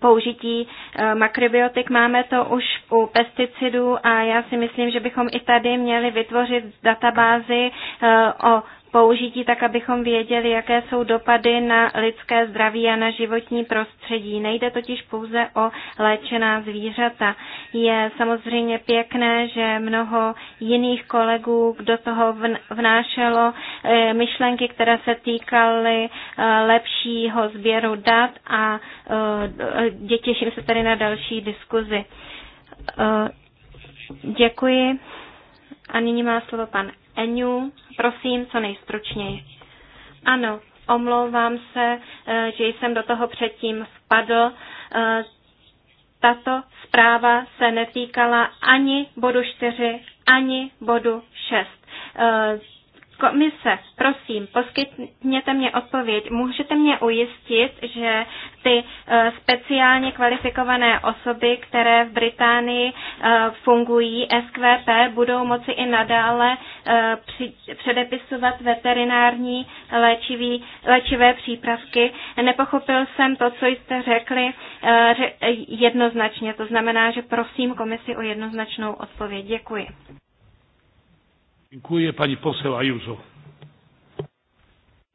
použití eh, makrobiotik. Máme to už u pesticidů a já si myslím, že bychom i tady měli vytvořit databázi eh, o použití tak, abychom věděli, jaké jsou dopady na lidské zdraví a na životní prostředí. Nejde totiž pouze o léčená zvířata. Je samozřejmě pěkné, že mnoho jiných kolegů do toho vnášelo eh, myšlenky, které se týkaly eh, lepšího sběru dat a eh, těším se tady na další diskuzi. Děkuji. A nyní má slovo pan Eňu, prosím, co nejstručněji. Ano, omlouvám se, eh, že jsem do toho předtím vpadl. Eh, tato zpráva se netýkala ani bodu 4, ani bodu 6. Komise, prosím, poskytněte mě odpověď. Můžete mě ujistit, že ty eh, speciálně kvalifikované osoby, které v Británii eh, fungují, SQP, budou moci i nadále eh, předepisovat veterinární léčivý, léčivé přípravky. Nepochopil jsem to, co jste řekli jednoznačně. To znamená, že prosím komisi o jednoznačnou odpověď. Děkuji. Děkuji, paní posel Ajuzo.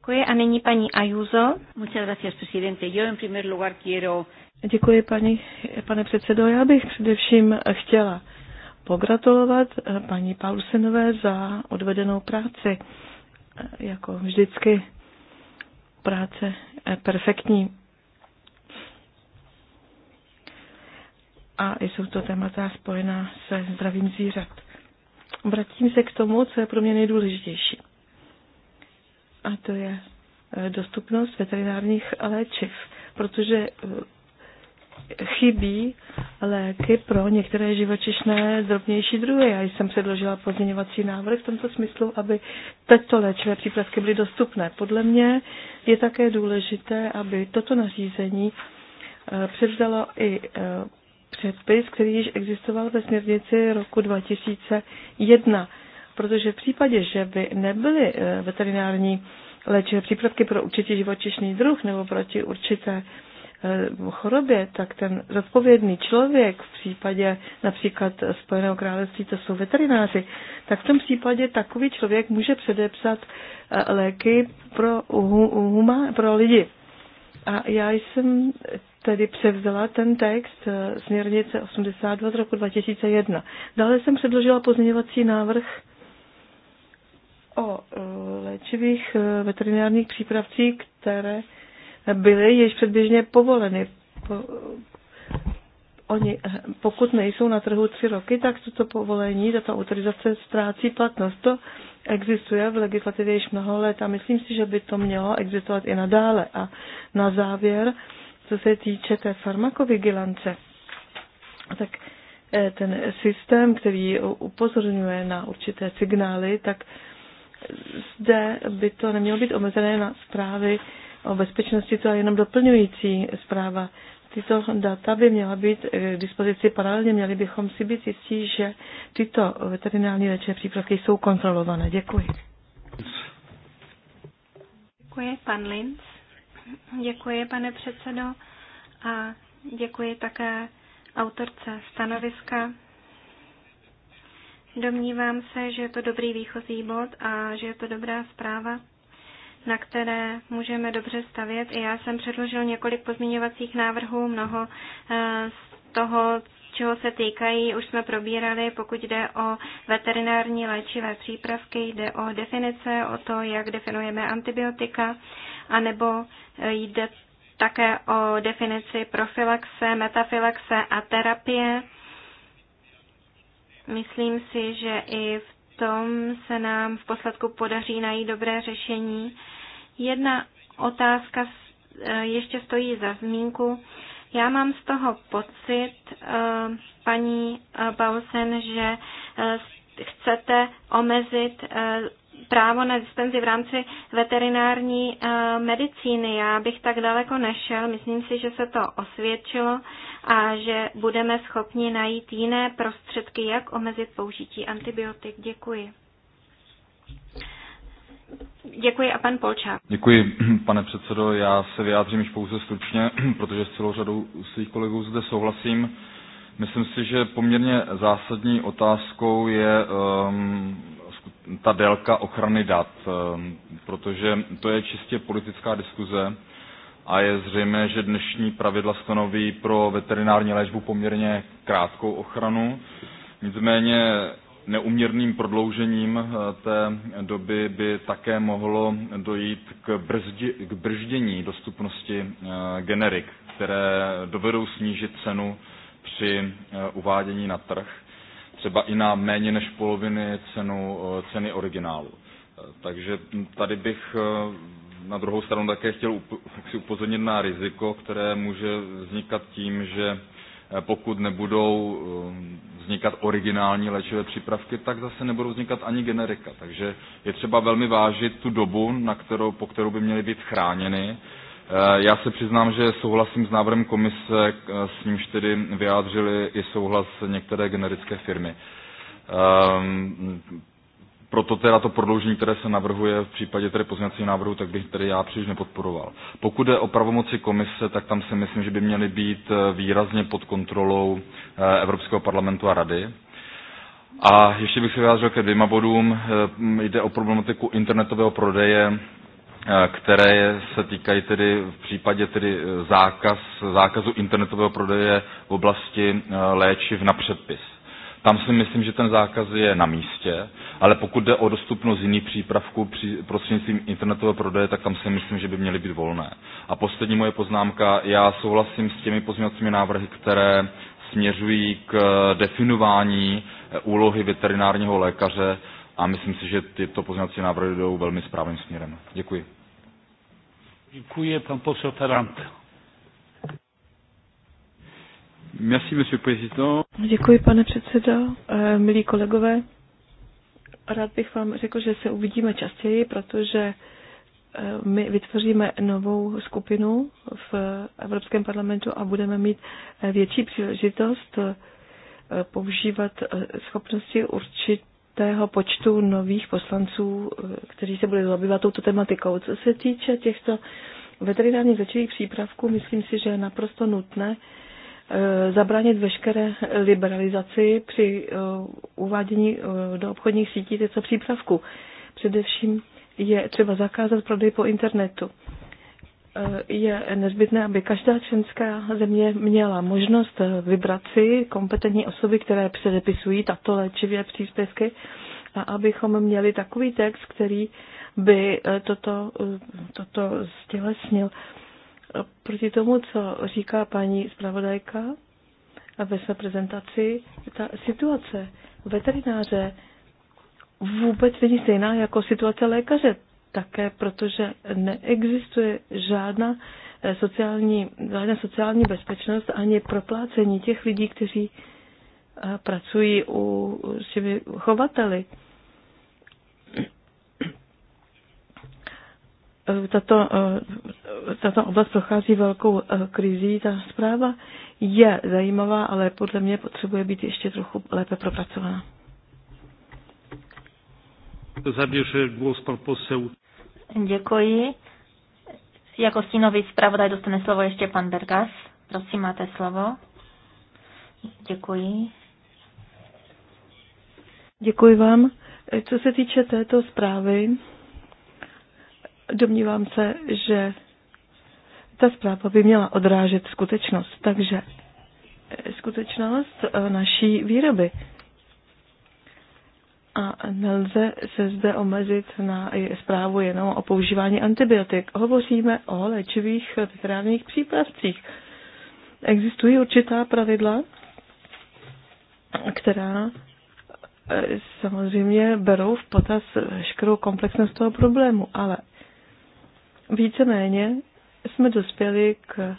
Děkuji a nyní paní Ajuzo. Muchas gracias, presidente. Yo en primer lugar quiero... Děkuji, paní, pane předsedo. Já bych především chtěla pogratulovat eh, paní Paulsenové za odvedenou práci. Eh, jako vždycky práce eh, perfektní. A jsou to témata spojená se zdravím zvířat vracím se k tomu, co je pro mě nejdůležitější. A to je eh, dostupnost veterinárních léčiv, protože eh, chybí léky pro některé živočišné drobnější druhy. Já jsem předložila pozměňovací návrh v tomto smyslu, aby tyto léčivé přípravky byly dostupné. Podle mě je také důležité, aby toto nařízení eh, převzalo i předpis, který již existoval ve směrnici roku 2001. Protože v případě, že by nebyly eh, veterinární léčivé přípravky pro určitý živočišný druh nebo proti určité eh, chorobě, tak ten zodpovědný člověk v případě například Spojeného království, to jsou veterináři, tak v tom případě takový člověk může předepsat eh, léky pro, huma, pro lidi. A já jsem tedy převzala ten text eh, směrnice 82 z roku 2001. Dále jsem předložila pozměňovací návrh o eh, léčivých eh, veterinárních přípravcích, které byly již předběžně povoleny. Oni, pokud nejsou na trhu tři roky, tak toto povolení, tato autorizace ztrácí platnost. To existuje v legislativě již mnoho let a myslím si, že by to mělo existovat i nadále. A na závěr co se týče té farmakovigilance, tak eh, ten systém, který upozorňuje na určité signály, tak zde by to nemělo být omezené na zprávy o bezpečnosti, to je jenom doplňující zpráva. Tyto data by měla být eh, k dispozici paralelně, měli bychom si být jistí, že tyto veterinární léčivé přípravky jsou kontrolované. Děkuji. Děkuji, pan Linz. Děkuji, pane předsedo, a děkuji také autorce stanoviska. Domnívám se, že je to dobrý výchozí bod a že je to dobrá zpráva, na které můžeme dobře stavět. I já jsem předložil několik pozměňovacích návrhů, mnoho eh, z toho, čeho se týkají, už jsme probírali, pokud jde o veterinární léčivé přípravky, jde o definice, o to, jak definujeme antibiotika anebo jde také o definici profilaxe, metafilaxe a terapie. Myslím si, že i v tom se nám v posledku podaří najít dobré řešení. Jedna otázka ještě stojí za zmínku. Já mám z toho pocit, eh, paní Bausen, eh, že eh, chcete omezit právo na dispenzi v rámci veterinární eh, medicíny. Já bych tak daleko nešel, myslím si, že se to osvědčilo a že budeme schopni najít jiné prostředky, jak omezit použití antibiotik. Děkuji. Děkuji a pan Polčák. Děkuji, pane předsedo. Já se vyjádřím již pouze stručně, protože s celou řadou svých kolegů zde souhlasím. Myslím si, že poměrně zásadní otázkou je um, ta délka ochrany dat, ehm, protože to je čistě politická diskuze a je zřejmé, že dnešní pravidla stanoví pro veterinární léčbu poměrně krátkou ochranu. Nicméně neuměrným prodloužením eh, té doby by také mohlo dojít k, brzdi, k brždění dostupnosti eh, generik, které dovedou snížit cenu při eh, uvádění na trh třeba i na méně než poloviny cenu, eh, ceny originálu. Eh, takže tady bych eh, na druhou stranu také chtěl upozornit na riziko, které může vznikat tím, že pokud nebudou vznikat originální léčivé přípravky, tak zase nebudou vznikat ani generika. Takže je třeba velmi vážit tu dobu, na kterou, po kterou by měly být chráněny Eh, já se přiznám, že souhlasím s návrhem komise, eh, s nímž tedy vyjádřili i souhlas některé generické firmy. Ehm, proto teda to prodloužení, které se navrhuje v případě tedy pozměňovacího návrhu, tak bych tedy já příliš nepodporoval. Pokud jde o pravomoci komise, tak tam si myslím, že by měly být eh, výrazně pod kontrolou Evropského parlamentu a rady. A ještě bych se vyjádřil ke dvěma bodům. Jde o problematiku internetového prodeje Eh, které se týkají tedy v případě tedy eh, zákaz, zákazu internetového prodeje v oblasti eh, léčiv na předpis. Tam si myslím, že ten zákaz je na místě, ale pokud jde o dostupnost jiných přípravků při, prostřednictvím internetového prodeje, tak tam si myslím, že by měly být volné. A poslední moje poznámka, já souhlasím s těmi pozměňovacími návrhy, které směřují k definování úlohy veterinárního lékaře a myslím si, že tyto pozměňovací návrhy jdou velmi správným směrem. Děkuji. Děkuji, pan posel Tarant. Merci, monsieur président. Děkuji, pane předsedo. Eh, milí kolegové, rád bych vám řekl, že se uvidíme častěji, protože eh, my vytvoříme novou skupinu v Evropském parlamentu a budeme mít eh, větší příležitost používat schopnosti určit určitého počtu nových poslanců, eh, kteří se budou zabývat touto tematikou. Co se týče těchto veterinárních léčivých přípravků, myslím si, že je naprosto nutné eh, zabránit veškeré liberalizaci při eh, uvádění do obchodních sítí těchto přípravků. Především je třeba zakázat prodej po internetu je nezbytné, aby každá členská země měla možnost vybrat si kompetentní osoby, které předepisují tato léčivě příspěvky a abychom měli takový text, který by eh, toto, eh, toto stělesnil. Proti tomu, co říká paní zpravodajka ve své prezentaci, ta situace veterináře vůbec není stejná jako situace lékaře také protože neexistuje žádná eh, sociální, žádná sociální bezpečnost ani proplácení těch lidí, kteří eh, pracují u, těmi chovateli. Eh, tato, tato oblast prochází velkou krizí. Ta zpráva je zajímavá, ale podle mě potřebuje být ještě trochu lépe propracovaná. Zabierze głos pan poseł Děkuji. Jako stínový zpravodaj dostane slovo ještě pan Bergas. Prosím, máte slovo. Děkuji. Děkuji vám. Co se týče této zprávy, domnívám se, že ta zpráva by měla odrážet skutečnost, takže skutečnost naší výroby a nelze se zde omezit na zprávu jenom o používání antibiotik. Hovoříme o léčivých veterinárních přípravcích. Existují určitá pravidla, která eh, samozřejmě berou v potaz veškerou komplexnost toho problému, ale víceméně jsme dospěli k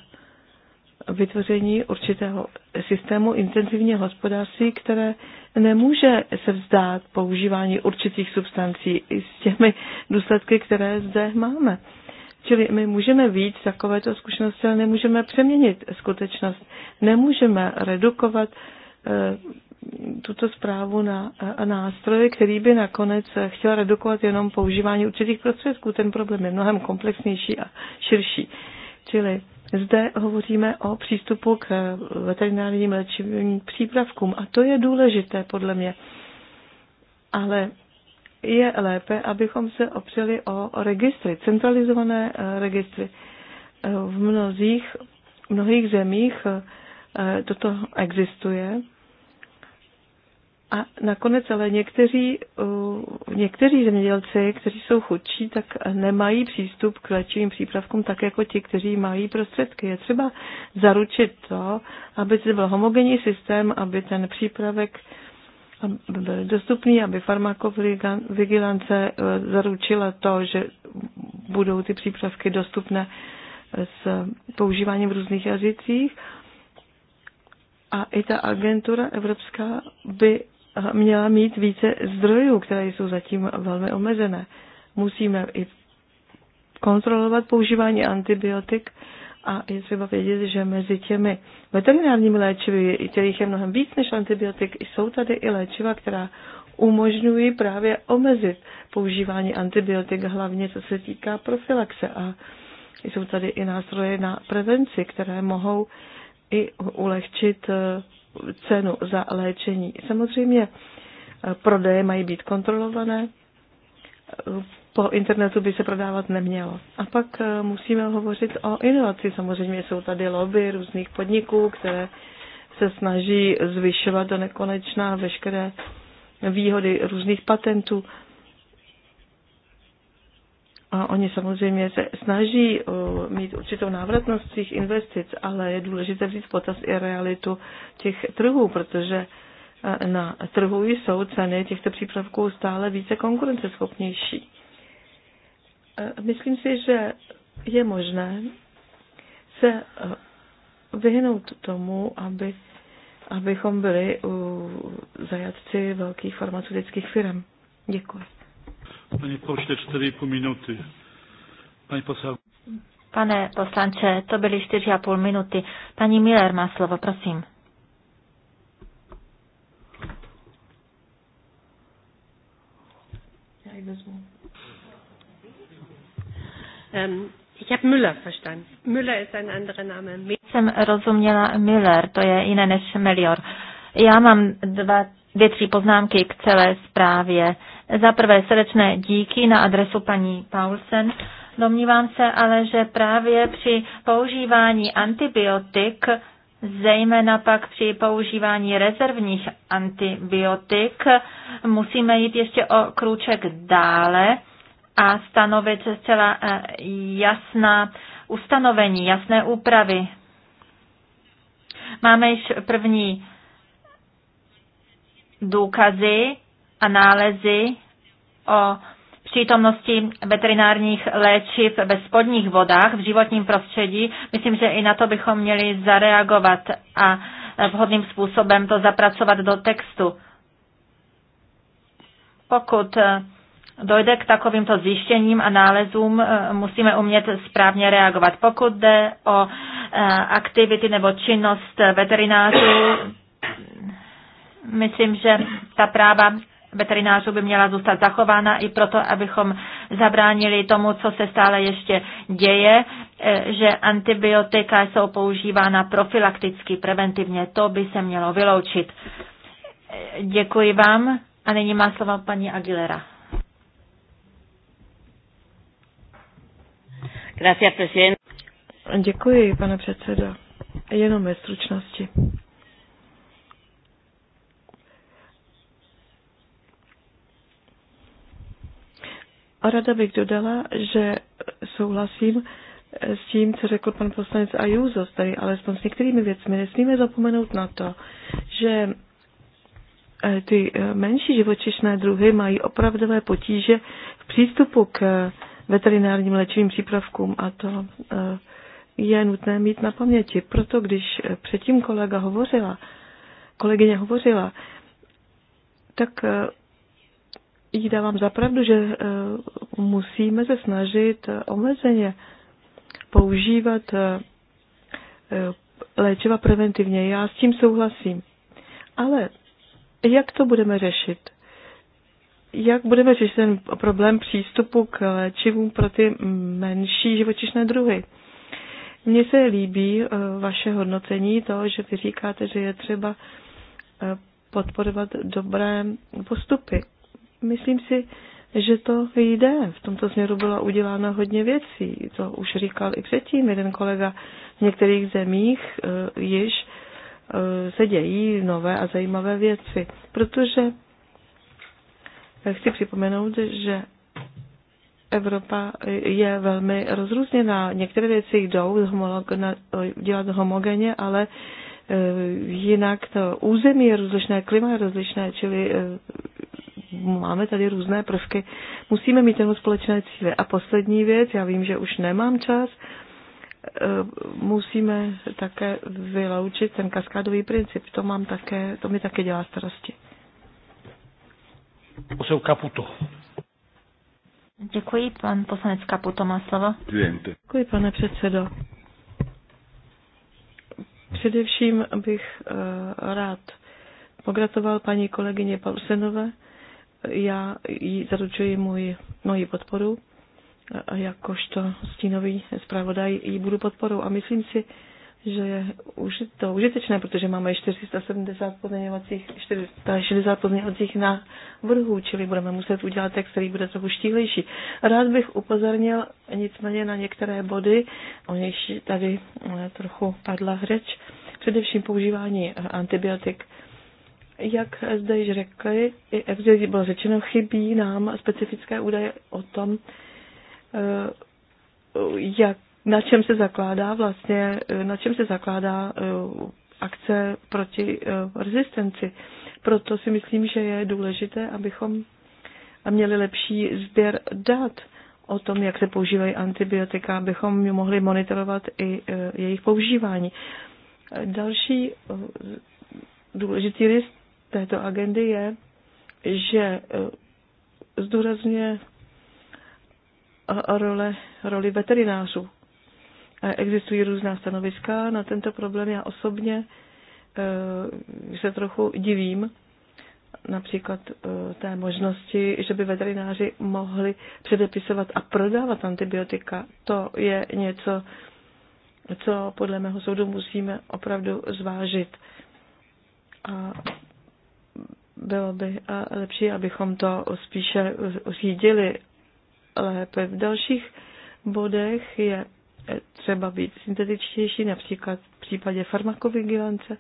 vytvoření určitého systému intenzivního hospodářství, které nemůže se vzdát používání určitých substancí i s těmi důsledky, které zde máme. Čili my můžeme víc takovéto zkušenosti, ale nemůžeme přeměnit skutečnost. Nemůžeme redukovat eh, tuto zprávu na eh, nástroje, který by nakonec chtěl redukovat jenom používání určitých prostředků. Ten problém je mnohem komplexnější a širší. Čili zde hovoříme o přístupu k veterinárním léčivým přípravkům a to je důležité podle mě. Ale je lépe, abychom se opřeli o registry, centralizované eh, registry. Eh, v mnozích, mnohých zemích eh, toto existuje a nakonec ale někteří, eh, někteří zemědělci, kteří jsou chudší, tak nemají přístup k léčivým přípravkům tak jako ti, kteří mají prostředky. Je třeba zaručit to, aby to byl homogenní systém, aby ten přípravek byl dostupný, aby farmakovigilance eh, zaručila to, že budou ty přípravky dostupné eh, s používáním v různých jazycích. A i ta agentura evropská by měla mít více zdrojů, které jsou zatím velmi omezené. Musíme i kontrolovat používání antibiotik a je třeba vědět, že mezi těmi veterinárními léčivy, kterých je mnohem víc než antibiotik, jsou tady i léčiva, která umožňují právě omezit používání antibiotik, hlavně co se týká profilaxe. A jsou tady i nástroje na prevenci, které mohou i ulehčit eh, cenu za léčení. Samozřejmě eh, prodeje mají být kontrolované, eh, po internetu by se prodávat nemělo. A pak eh, musíme hovořit o inovaci. Samozřejmě jsou tady lobby různých podniků, které se snaží zvyšovat do nekonečná veškeré výhody různých patentů. A oni samozřejmě se snaží eh, mít určitou návratnost svých investic, ale je důležité vzít v potaz i realitu těch trhů, protože eh, na trhu jsou ceny těchto přípravků stále více konkurenceschopnější. Eh, myslím si, že je možné se vyhnout tomu, aby, abychom byli zajatci velkých farmaceutických firm. Děkuji. Pane pošle, 4,5 minuty. Pane posel. Pane poslanče, to byly 4,5 minuty. Paní Miller má slovo, prosím. Já ji vezmu. Um, ich habe Müller verstanden. Müller ist ein anderer Name. Jsem rozuměla Müller, to je jiné než Melior. Já mám dva, dvě, tři poznámky k celé zprávě. Za prvé srdečné díky na adresu paní Paulsen. Domnívám se ale, že právě při používání antibiotik, zejména pak při používání rezervních antibiotik, musíme jít ještě o krůček dále a stanovit zcela eh, jasná ustanovení, jasné úpravy. Máme již první důkazy, a nálezy o přítomnosti veterinárních léčiv ve spodních vodách v životním prostředí. Myslím, že i na to bychom měli zareagovat a vhodným způsobem to zapracovat do textu. Pokud eh, dojde k takovýmto zjištěním a nálezům, eh, musíme umět správně reagovat. Pokud jde o eh, aktivity nebo činnost veterinářů, myslím, že ta práva veterinářů by měla zůstat zachována i proto, abychom zabránili tomu, co se stále ještě děje, e, že antibiotika jsou používána profilakticky, preventivně. To by se mělo vyloučit. E, děkuji vám a nyní má slova paní Aguilera. Děkuji, pane předsedo. Jenom ve stručnosti. A rada bych dodala, že souhlasím s tím, co řekl pan poslanec Ajuzo, tady alespoň s některými věcmi. Nesmíme zapomenout na to, že eh, ty eh, menší živočišné druhy mají opravdové potíže v přístupu k veterinárním léčivým přípravkům a to eh, je nutné mít na paměti. Proto když předtím kolega hovořila, kolegyně hovořila, tak jí dávám zapravdu, že eh, musíme se snažit eh, omezeně používat eh, léčiva preventivně. Já s tím souhlasím. Ale jak to budeme řešit? Jak budeme řešit ten problém přístupu k léčivům pro ty menší živočišné druhy? Mně se líbí vaše hodnocení, to, že vy říkáte, že je třeba podporovat dobré postupy. Myslím si, že to jde. V tomto směru byla udělána hodně věcí. To už říkal i předtím jeden kolega. V některých zemích uh, již eh, se dějí nové a zajímavé věci, protože eh, chci připomenout, že Evropa je velmi rozrůzněná. Některé věci jdou dělat homogenně, ale jinak to území je rozlišné, klima je rozlišné, čili máme tady různé prvky. Musíme mít jeho společné cíle. A poslední věc, já vím, že už nemám čas, eh, musíme také vyloučit ten kaskádový princip. To, mám také, to mi také dělá starosti. Posel Kaputo. Děkuji, pan poslanec Kaputo má slovo. Děkuji, pane předsedo. Především bych eh, rád pogratoval paní kolegyně Pausenové já jí zaručuji můj, moji podporu, jakožto stínový zpravodaj jí budu podporou a myslím si, že je už to užitečné, protože máme 470 pozměňovacích, 460 pozměňovacích na vrhu, čili budeme muset udělat text, který bude trochu štíhlejší. Rád bych upozornil nicméně na některé body, o nichž tady eh, trochu padla řeč, především používání antibiotik jak zde již řekli, i zde bylo řečeno, chybí nám specifické údaje o tom, eh, jak, na čem se zakládá vlastně, eh, na čem se zakládá eh, akce proti rezistenci. Proto si myslím, že je důležité, abychom měli lepší sběr dat o tom, jak se používají antibiotika, abychom mohli monitorovat i jejich používání. Další důležitý list této agendy je, že eh, zdůrazně eh, role, roli veterinářů. Existují různá stanoviska na tento problém. Já osobně eh, se trochu divím, například té možnosti, že by veterináři mohli předepisovat a prodávat antibiotika. To je něco, co podle mého soudu musíme opravdu zvážit. A bylo by lepší, abychom to spíše řídili lépe. V dalších bodech je třeba být syntetičtější, například v případě farmakovigilance.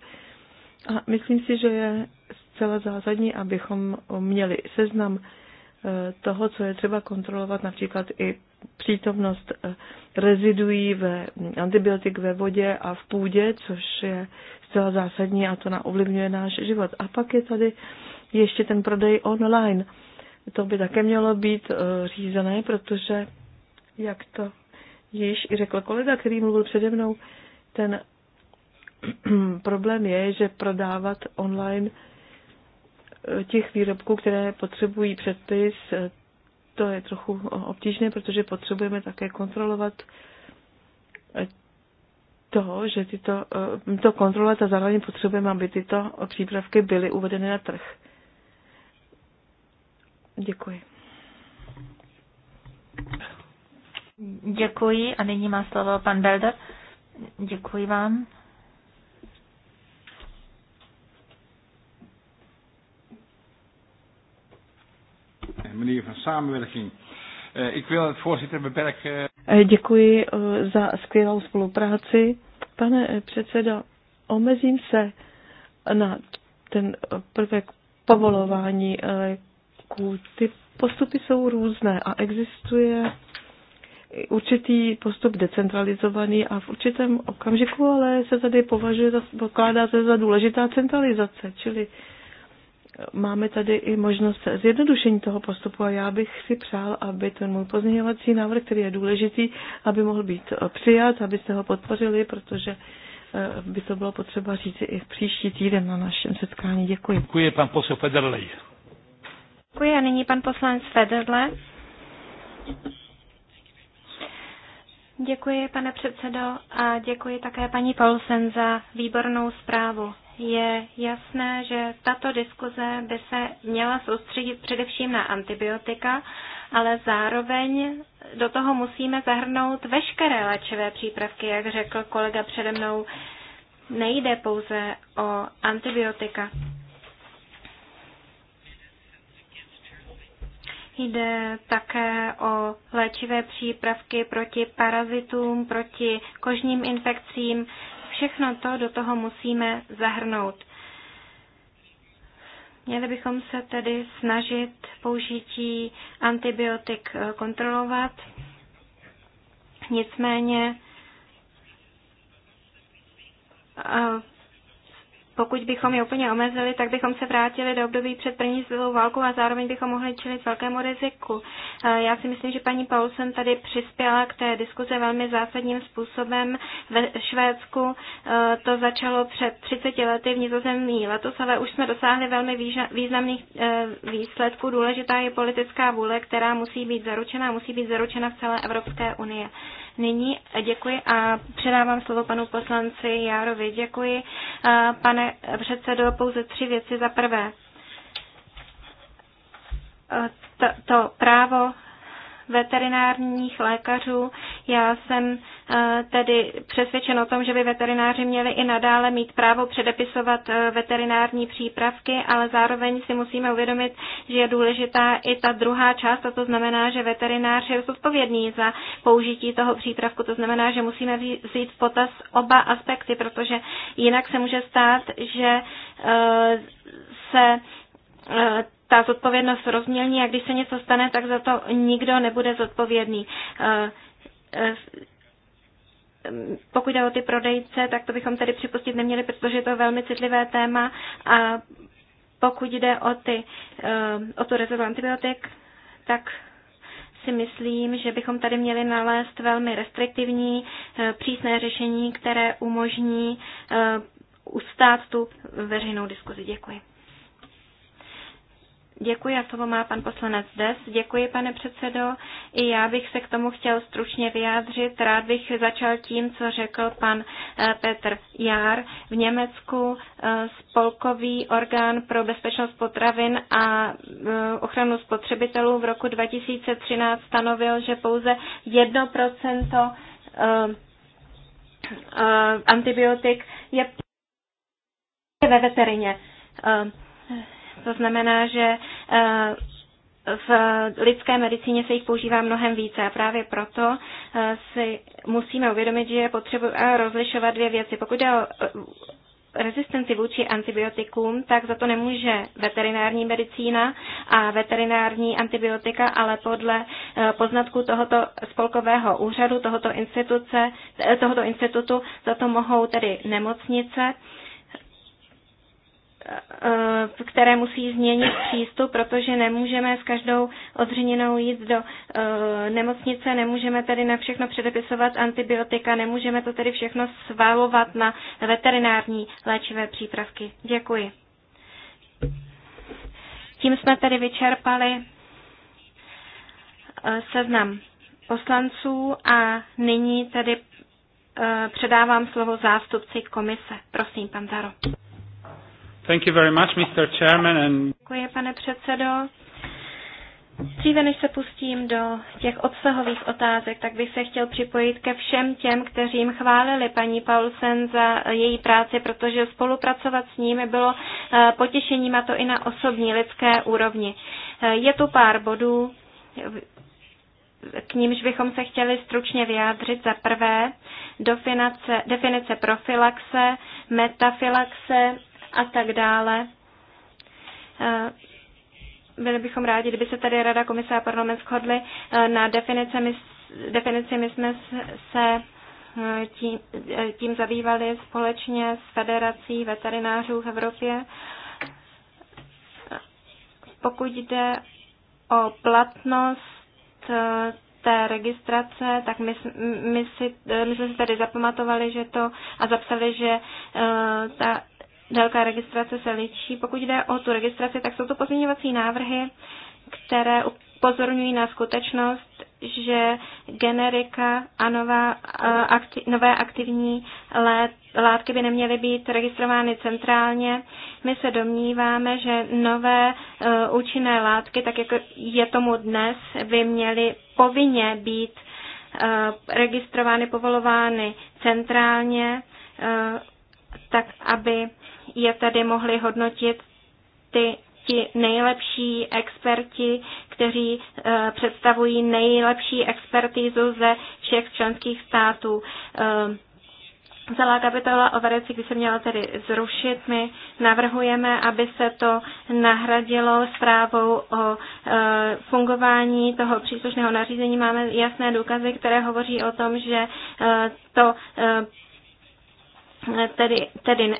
A myslím si, že je zcela zásadní, abychom měli seznam eh, toho, co je třeba kontrolovat, například i přítomnost eh, reziduí ve antibiotik ve vodě a v půdě, což je zcela zásadní a to na, ovlivňuje náš život. A pak je tady ještě ten prodej online. To by také mělo být uh, řízené, protože, jak to již i řekl kolega, který mluvil přede mnou, ten problém je, že prodávat online eh, těch výrobků, které potřebují předpis, eh, to je trochu obtížné, protože potřebujeme také kontrolovat to, že tyto, eh, to kontrolovat a zároveň potřebujeme, aby tyto přípravky byly uvedeny na trh. Děkuji. Děkuji a nyní má slovo pan Belder. Děkuji vám. Manier van samenwerking. Eh, ik wil het voorzitter beperken. Eh, děkuji eh, za skvělou spolupráci. Pane eh, předsedo, omezím se na ten prvek povolování léků. Ty postupy jsou různé a existuje určitý postup decentralizovaný a v určitém okamžiku ale se tady považuje za, pokládá se za důležitá centralizace, čili máme tady i možnost zjednodušení toho postupu a já bych si přál, aby ten můj pozměňovací návrh, který je důležitý, aby mohl být přijat, abyste ho podpořili, protože eh, by to bylo potřeba říci i příští týden na našem setkání. Děkuji. Děkuji, pan posel Federlej. Děkuji a nyní pan poslanec Federle. Děkuji, pane předsedo, a děkuji také paní Paulsen za výbornou zprávu je jasné, že tato diskuze by se měla soustředit především na antibiotika, ale zároveň do toho musíme zahrnout veškeré léčivé přípravky, jak řekl kolega přede mnou. Nejde pouze o antibiotika. Jde také o léčivé přípravky proti parazitům, proti kožním infekcím, všechno to do toho musíme zahrnout. Měli bychom se tedy snažit použití antibiotik eh, kontrolovat. Nicméně eh, pokud bychom je úplně omezili, tak bychom se vrátili do období před první světovou válkou a zároveň bychom mohli čelit velkému riziku. Eh, já si myslím, že paní Paulsen tady přispěla k té diskuze velmi zásadním způsobem. Ve Švédsku eh, to začalo před 30 lety v Nizozemí letos, ale už jsme dosáhli velmi významných eh, výsledků. Důležitá je politická vůle, která musí být zaručena, musí být zaručena v celé Evropské unii. Nyní děkuji a předávám slovo panu poslanci Járovi. Děkuji, pane předsedo, pouze tři věci. Za prvé, to, to právo veterinárních lékařů. Já jsem eh, tedy přesvědčen o tom, že by veterináři měli i nadále mít právo předepisovat eh, veterinární přípravky, ale zároveň si musíme uvědomit, že je důležitá i ta druhá část, a to znamená, že veterinář je zodpovědný za použití toho přípravku. To znamená, že musíme vzít v potaz oba aspekty, protože jinak se může stát, že eh, se ta zodpovědnost rozmělní a když se něco stane, tak za to nikdo nebude zodpovědný. Eh, eh, pokud jde o ty prodejce, tak to bychom tedy připustit neměli, protože je to velmi citlivé téma. A pokud jde o, ty, eh, o tu rezervu antibiotik, tak si myslím, že bychom tady měli nalézt velmi restriktivní, přísné řešení, které umožní ustát tu veřejnou diskuzi. Děkuji. Děkuji a slovo má pan poslanec Des. Děkuji, pane předsedo. I já bych se k tomu chtěl stručně vyjádřit. Rád bych začal tím, co řekl pan eh, Petr Jár. V Německu eh, spolkový orgán pro bezpečnost potravin a eh, ochranu spotřebitelů v roku 2013 stanovil, že pouze 1% antibiotik je ve veterině. To znamená, že eh, v lidské medicíně se jich používá mnohem více a právě proto eh, si musíme uvědomit, že je potřeba rozlišovat dvě věci. Pokud jde o eh, rezistenci vůči antibiotikům, tak za to nemůže veterinární medicína a veterinární antibiotika, ale podle poznatku tohoto spolkového úřadu, tohoto, instituce, tohoto institutu, za to mohou tedy nemocnice Eh, které musí změnit přístup, protože nemůžeme s každou odřeninou jít do eh, nemocnice, nemůžeme tedy na všechno předepisovat antibiotika, nemůžeme to tedy všechno svalovat na veterinární léčivé přípravky. Děkuji. Tím jsme tedy vyčerpali eh, seznam poslanců a nyní tedy předávám slovo zástupci komise. Prosím, pan Zaro. Thank you very much, Mr. Chairman. And... Děkuji, pane předsedo. Dříve než se pustím do těch obsahových otázek, tak bych se chtěl připojit ke všem těm, kteří jim chválili paní Paulsen za její práci, protože spolupracovat s nimi bylo eh, potěšením a to i na osobní lidské úrovni. Eh, je tu pár bodů, eh, k nímž bychom se chtěli stručně vyjádřit. Za prvé, definice profilaxe, metafilaxe, a tak dále. Eh, byli bychom rádi, kdyby se tady Rada, Komise a Parlament shodly eh, na definici. My, definici my jsme se eh, tím, tím zabývali společně s Federací veterinářů v Evropě. Pokud jde o platnost té registrace, tak my, my, si, my jsme si tady zapamatovali, že to a zapsali, že ta délka registrace se liší. Pokud jde o tu registraci, tak jsou to pozměňovací návrhy, které upozorňují na skutečnost, že generika a nová, akti, nové aktivní látky by neměly být registrovány centrálně. My se domníváme, že nové uh, účinné látky, tak jako je tomu dnes, by měly povinně být uh, registrovány, povolovány centrálně, uh, tak aby je tady mohli hodnotit ty, ti nejlepší experti, kteří e, představují nejlepší expertízu ze všech členských států. E, Celá kapitola o vedoucích by se měla tedy zrušit. My navrhujeme, aby se to nahradilo zprávou o e, fungování toho příslušného nařízení. Máme jasné důkazy, které hovoří o tom, že e, to e, tedy, tedy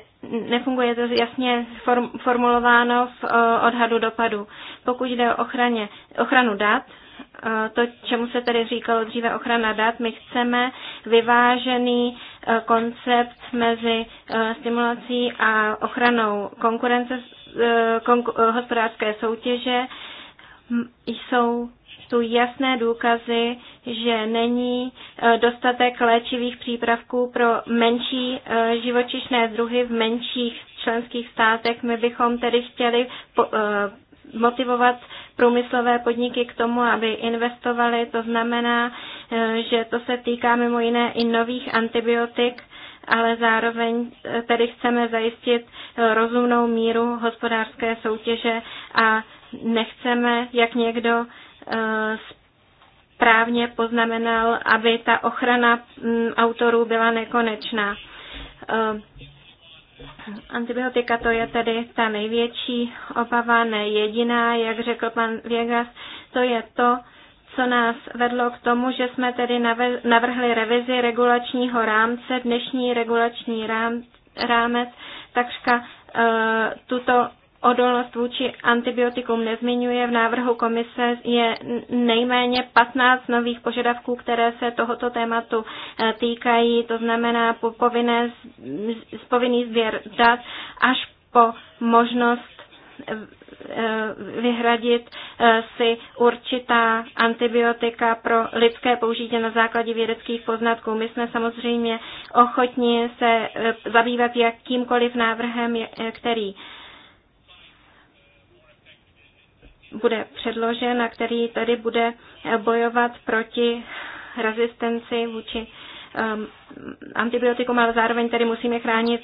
nefunguje to jasně form, formulováno v eh, odhadu dopadu. Pokud jde o ochraně, ochranu dat, eh, to, čemu se tedy říkalo dříve ochrana dat, my chceme vyvážený eh, koncept mezi stimulací a ochranou konkurence, konku, hospodářské soutěže. Jsou jsou jasné důkazy, že není e, dostatek léčivých přípravků pro menší e, živočišné druhy v menších členských státech. My bychom tedy chtěli e, motivovat průmyslové podniky k tomu, aby investovali. To znamená, že to se týká mimo jiné i nových antibiotik, ale zároveň tedy chceme zajistit rozumnou míru hospodářské soutěže a nechceme, jak někdo správně poznamenal, aby ta ochrana mm, autorů byla nekonečná. Eh, antibiotika to je tedy ta největší obava, ne jediná, jak řekl pan Věgas, to je to, co nás vedlo k tomu, že jsme tedy navrhli revizi regulačního rámce. Dnešní regulační rámec takřka eh, tuto odolnost vůči antibiotikům nezmiňuje. V návrhu komise je nejméně 15 nových požadavků, které se tohoto tématu eh, týkají, to znamená povinné, povinný sběr dat až po možnost eh, eh, vyhradit si určitá antibiotika pro lidské použití na základě vědeckých poznatků. My jsme samozřejmě ochotni se zabývat jakýmkoliv návrhem, který bude předložen a který tady bude bojovat proti rezistenci vůči Ehm, antibiotikum, ale zároveň tedy musíme chránit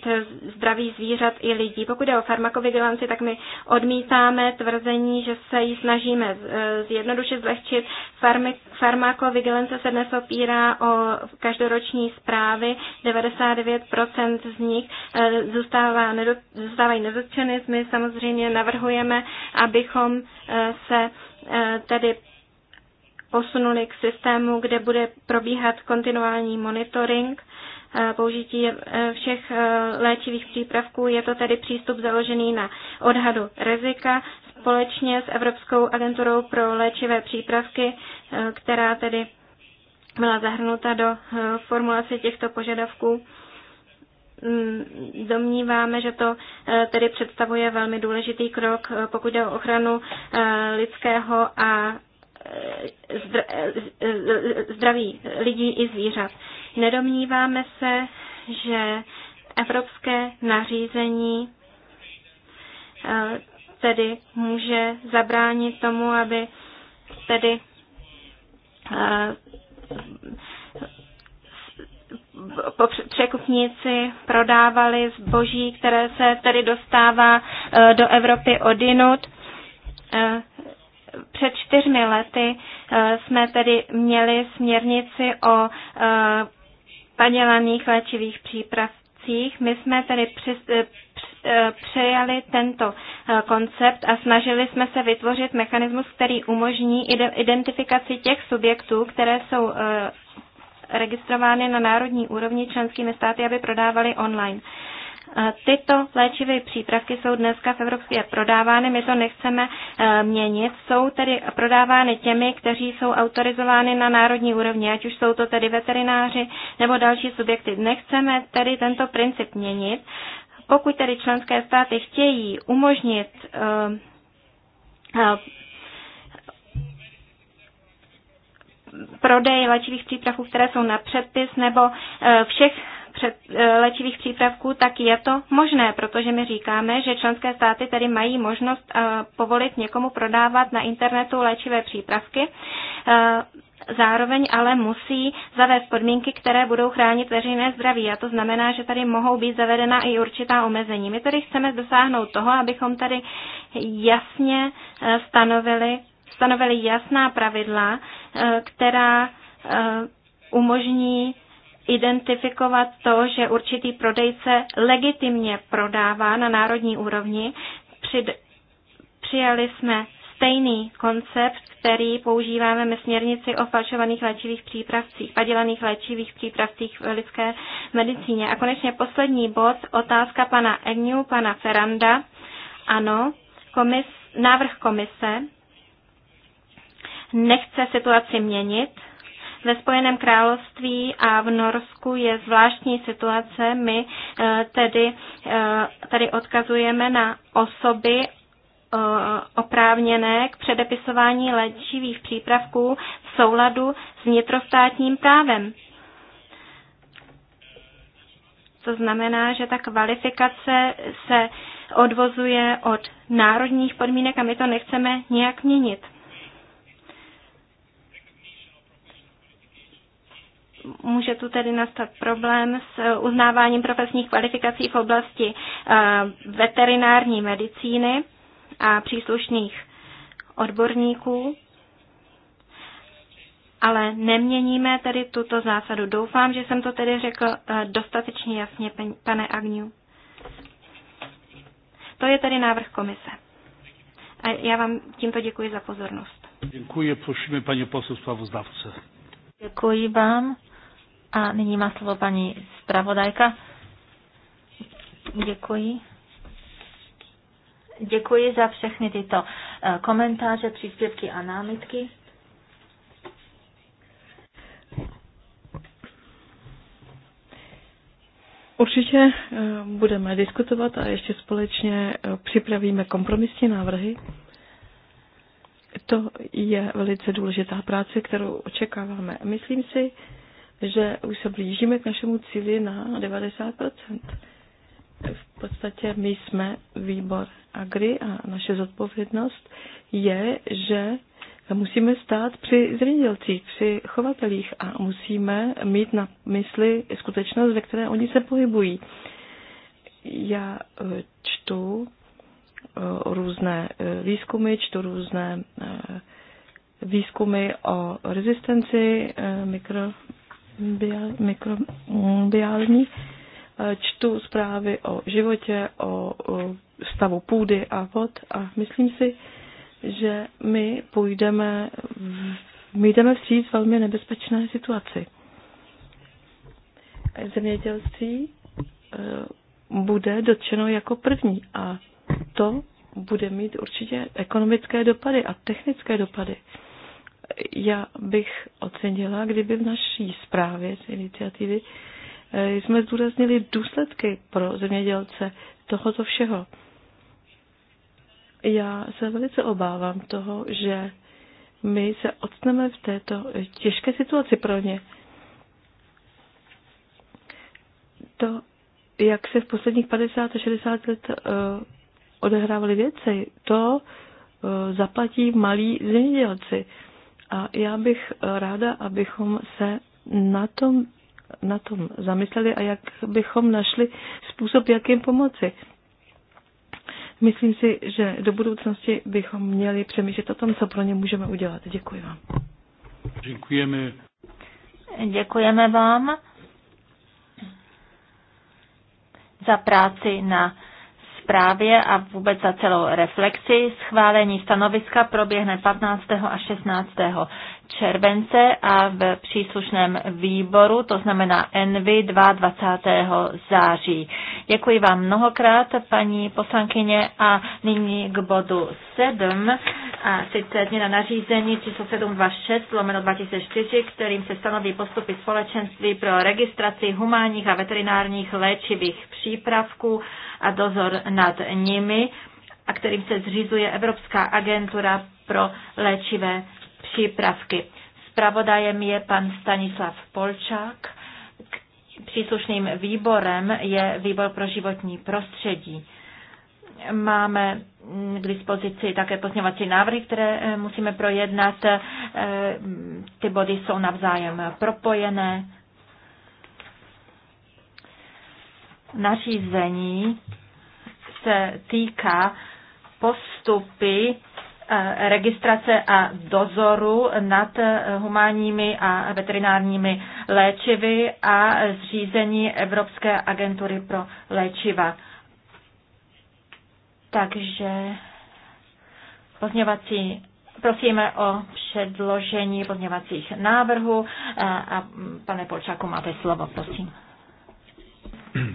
zdraví zvířat i lidí. Pokud je o farmakovigilanci, tak my odmítáme tvrzení, že se ji snažíme eh, zjednodušit, zlehčit. Farmakovigilance se dnes opírá o každoroční zprávy. 99% z nich eh, zůstává, zůstávají nedotčeny. My samozřejmě navrhujeme, abychom eh, se tedy posunuli k systému, kde bude probíhat kontinuální monitoring eh, použití eh, všech eh, léčivých přípravků. Je to tedy přístup založený na odhadu rizika společně s Evropskou agenturou pro léčivé přípravky, která tedy byla zahrnuta do formulace těchto požadavků. Mm, domníváme, že to tedy představuje velmi důležitý krok, pokud jde o ochranu lidského a zdraví lidí i zvířat. Nedomníváme se, že evropské nařízení eh, tedy může zabránit tomu, aby tedy eh, překupníci prodávali zboží, které se tedy dostává eh, do Evropy odinut před čtyřmi lety eh, jsme tedy měli směrnici o eh, padělaných léčivých přípravcích. My jsme tedy při, eh, přejali tento koncept a snažili jsme se vytvořit mechanismus, který umožní identifikaci těch subjektů, které jsou registrovány na národní úrovni členskými státy, aby prodávali online. Tyto léčivé přípravky jsou dneska v Evropské prodávány, my to nechceme eh, měnit. Jsou tedy prodávány těmi, kteří jsou autorizovány na národní úrovni, ať už jsou to tedy veterináři nebo další subjekty. Nechceme tedy tento princip měnit. Pokud tedy členské státy chtějí umožnit eh, eh, prodej léčivých přípravků, které jsou na předpis, nebo všech před, eh, léčivých přípravků, tak je to možné, protože my říkáme, že členské státy tedy mají možnost eh, povolit někomu prodávat na internetu léčivé přípravky. Eh, zároveň ale musí zavést podmínky, které budou chránit veřejné zdraví. A to znamená, že tady mohou být zavedena i určitá omezení. My tedy chceme dosáhnout toho, abychom tady jasně stanovili, stanovili jasná pravidla, která umožní identifikovat to, že určitý prodejce legitimně prodává na národní úrovni. Přid, přijali jsme stejný koncept, který používáme ve směrnici o falšovaných léčivých přípravcích, padělaných léčivých přípravcích v lidské medicíně. A konečně poslední bod, otázka pana Egnu, pana Feranda. Ano, komis, návrh komise nechce situaci měnit, ve Spojeném království a v Norsku je zvláštní situace. My eh, tedy eh, tady odkazujeme na osoby eh, oprávněné k předepisování léčivých přípravků v souladu s vnitrostátním právem. To znamená, že ta kvalifikace se odvozuje od národních podmínek a my to nechceme nějak měnit. může tu tedy nastat problém s eh, uznáváním profesních kvalifikací v oblasti eh, veterinární medicíny a příslušných odborníků ale neměníme tedy tuto zásadu. Doufám, že jsem to tedy řekl eh, dostatečně jasně, pane Agňu. To je tedy návrh komise. A já vám tímto děkuji za pozornost. Děkuji, prosíme paní poslu zpravodavce. Děkuji vám. A nyní má slovo paní zpravodajka. Děkuji. Děkuji za všechny tyto eh, komentáře, příspěvky a námitky. Určitě eh, budeme diskutovat a ještě společně eh, připravíme kompromisní návrhy. To je velice důležitá práce, kterou očekáváme. Myslím si, že už se blížíme k našemu cíli na 90%. V podstatě my jsme výbor Agri a naše zodpovědnost je, že musíme stát při zemědělcích, při chovatelích a musíme mít na mysli skutečnost, ve které oni se pohybují. Já eh, čtu eh, různé eh, výzkumy, čtu různé výzkumy o rezistenci mikro, mikrobiální. Mm, eh, čtu zprávy o životě, o stavu půdy a vod a myslím si, že my půjdeme, my jdeme vstříc velmi nebezpečné situaci. Zemědělství eh, bude dotčeno jako první a to bude mít určitě ekonomické dopady a technické dopady já bych ocenila, kdyby v naší zprávě z iniciativy eh, jsme zdůraznili důsledky pro zemědělce tohoto všeho. Já se velice obávám toho, že my se odstneme v této těžké situaci pro ně. To, jak se v posledních 50 a 60 let eh, odehrávaly věci, to eh, zaplatí malí zemědělci. Uh, a já bych eh, ráda, abychom se na tom, na tom zamysleli a jak bychom našli způsob, jak jim pomoci. Myslím si, že do budoucnosti bychom měli přemýšlet o tom, co pro ně můžeme udělat. Děkuji vám. Děkujeme. Děkujeme vám za práci na zprávě a vůbec za celou reflexi. Schválení stanoviska proběhne 15. a 16 července a v příslušném výboru, to znamená Envy 22. září. Děkuji vám mnohokrát, paní poslankyně, a nyní k bodu 7, a sice na nařízení číslo 726 lomeno 2004, kterým se stanoví postupy společenství pro registraci humánních a veterinárních léčivých přípravků a dozor nad nimi a kterým se zřizuje Evropská agentura pro léčivé přípravky. Spravodajem je pan Stanislav Polčák. Příslušným výborem je výbor pro životní prostředí. Máme k dispozici také pozněvací návrhy, které eh, musíme projednat. Eh, ty body jsou navzájem propojené. Nařízení se týká postupy Eh, registrace a dozoru nad eh, humánními a veterinárními léčivy a zřízení Evropské agentury pro léčiva. Takže pozměvací Prosíme o předložení pozměvacích návrhů eh, a mm, pane Polčáku, máte slovo, prosím.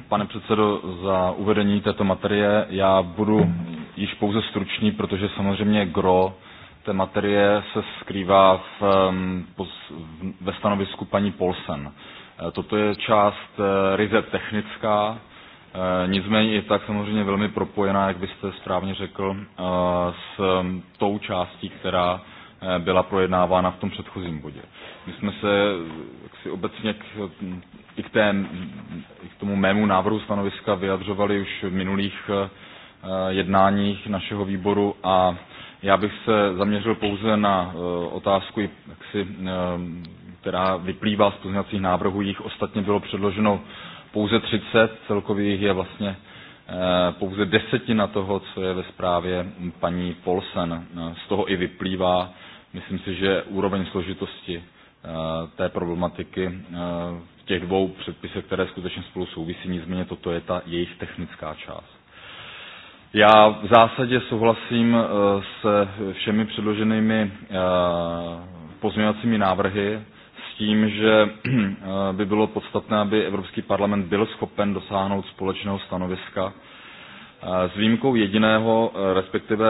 Pane předsedo, za uvedení této materie já budu již pouze stručný, protože samozřejmě gro té materie se skrývá v, ve stanovisku paní Polsen. E, toto je část e, ryze technická, e, nicméně je tak samozřejmě velmi propojená, jak byste správně řekl, s tou částí, která byla projednávána v tom předchozím bodě. My jsme se si obecně k, i, k té, i k tomu mému návrhu stanoviska vyjadřovali už v minulých Eh, jednáních našeho výboru a já bych se zaměřil pouze na eh, otázku, jaksi, eh, která vyplývá z pozměňovacích návrhů. Jich ostatně bylo předloženo pouze 30, celkově jich je vlastně pouze desetina toho, co je ve zprávě paní Polsen. Z toho i vyplývá, myslím si, že úroveň složitosti té problematiky v těch dvou předpisech, které skutečně spolu souvisí, nicméně toto je ta jejich technická část. Já v zásadě souhlasím eh, se všemi předloženými eh, pozměňovacími návrhy s tím, že eh, by bylo podstatné, aby Evropský parlament byl schopen dosáhnout společného stanoviska s výjimkou jediného, respektive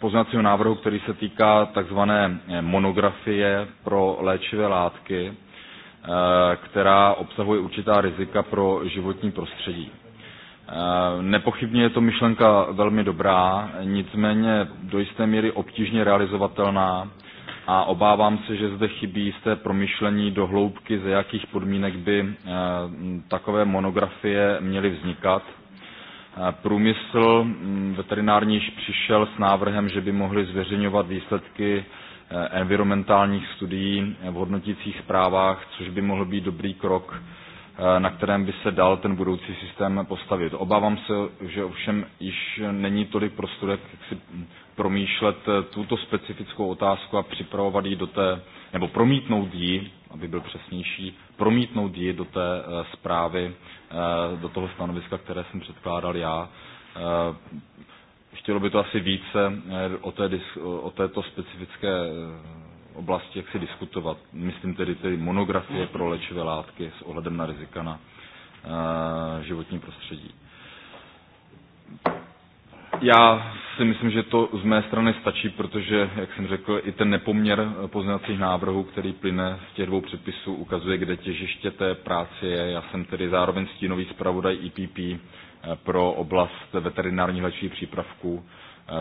pozměňovacího návrhu, který se týká takzvané monografie pro léčivé látky, která obsahuje určitá rizika pro životní prostředí Eh, nepochybně je to myšlenka velmi dobrá, nicméně do jisté míry obtížně realizovatelná a obávám se, že zde chybí jisté promyšlení do hloubky, ze jakých podmínek by eh, takové monografie měly vznikat. Eh, průmysl mm, veterinární přišel s návrhem, že by mohli zveřejňovat výsledky environmentálních studií v hodnotících zprávách, což by mohl být dobrý krok Eh, na kterém by se dal ten budoucí systém postavit. Obávám se, že ovšem již není tolik prostor, jak si promýšlet eh, tuto specifickou otázku a připravovat ji do té, nebo promítnout ji, aby byl přesnější, promítnout ji do té eh, zprávy, do toho stanoviska, které jsem předkládal já. Chtělo by to asi více o, té, o této specifické oblasti, jak si diskutovat. Myslím tedy ty monografie pro léčivé látky s ohledem na rizika na eh, životní prostředí. Já si myslím, že to z mé strany stačí, protože, jak jsem řekl, i ten nepoměr poznacích návrhů, který plyne z těch dvou předpisů, ukazuje, kde těžiště té práce je. Já jsem tedy zároveň stínový zpravodaj IPP eh, pro oblast veterinárních léčivých přípravků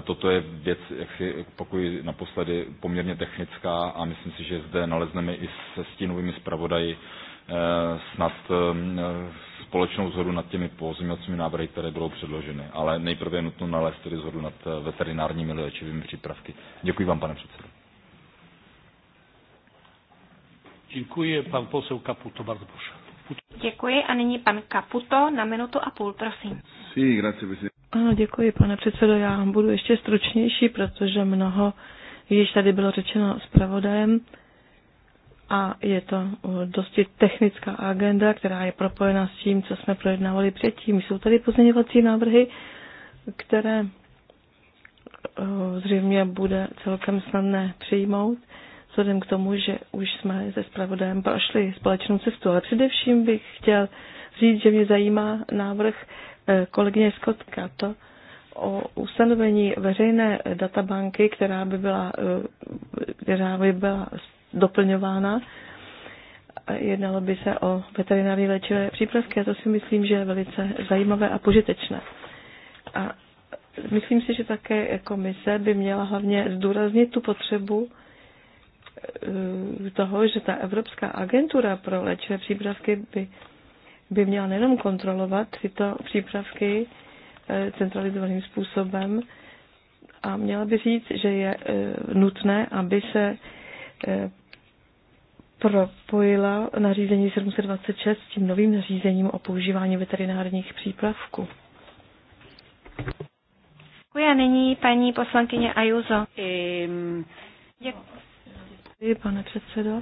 Toto je věc, jak si opakuji naposledy, poměrně technická a myslím si, že zde nalezneme i se stínovými zpravodaji eh, snad eh, společnou zhodu nad těmi pozměňovacími návrhy, které budou předloženy. Ale nejprve je nutno nalézt tedy zhodu nad eh, veterinárními léčivými přípravky. Děkuji vám, pane předsedo. Děkuji, pan posel Kaputo, bardzo proszę. Děkuji a nyní pan Kaputo na minutu a půl, prosím. Sí, grazie, ano, děkuji, pane předsedo. Já budu ještě stručnější, protože mnoho již tady bylo řečeno s pravodajem a je to eh, dosti technická agenda, která je propojena s tím, co jsme projednávali předtím. Jsou tady pozměňovací návrhy, které eh, zřejmě bude celkem snadné přijmout, vzhledem k tomu, že už jsme se zpravodajem prošli společnou cestu. Ale především bych chtěl říct, že mě zajímá návrh Eh, kolegyně Skotka, to o ustanovení veřejné databanky, která by byla, eh, která by byla doplňována, eh, jednalo by se o veterinární léčivé přípravky a to si myslím, že je velice zajímavé a požitečné. A myslím si, že také komise by měla hlavně zdůraznit tu potřebu toho, že ta Evropská agentura pro léčivé přípravky by by měla nejenom kontrolovat tyto přípravky eh, centralizovaným způsobem a měla by říct, že je eh, nutné, aby se eh, propojila nařízení 726 s tím novým nařízením o používání veterinárních přípravků. Děkuji a nyní paní poslankyně Ajuzo. Děkuji, pane předsedo.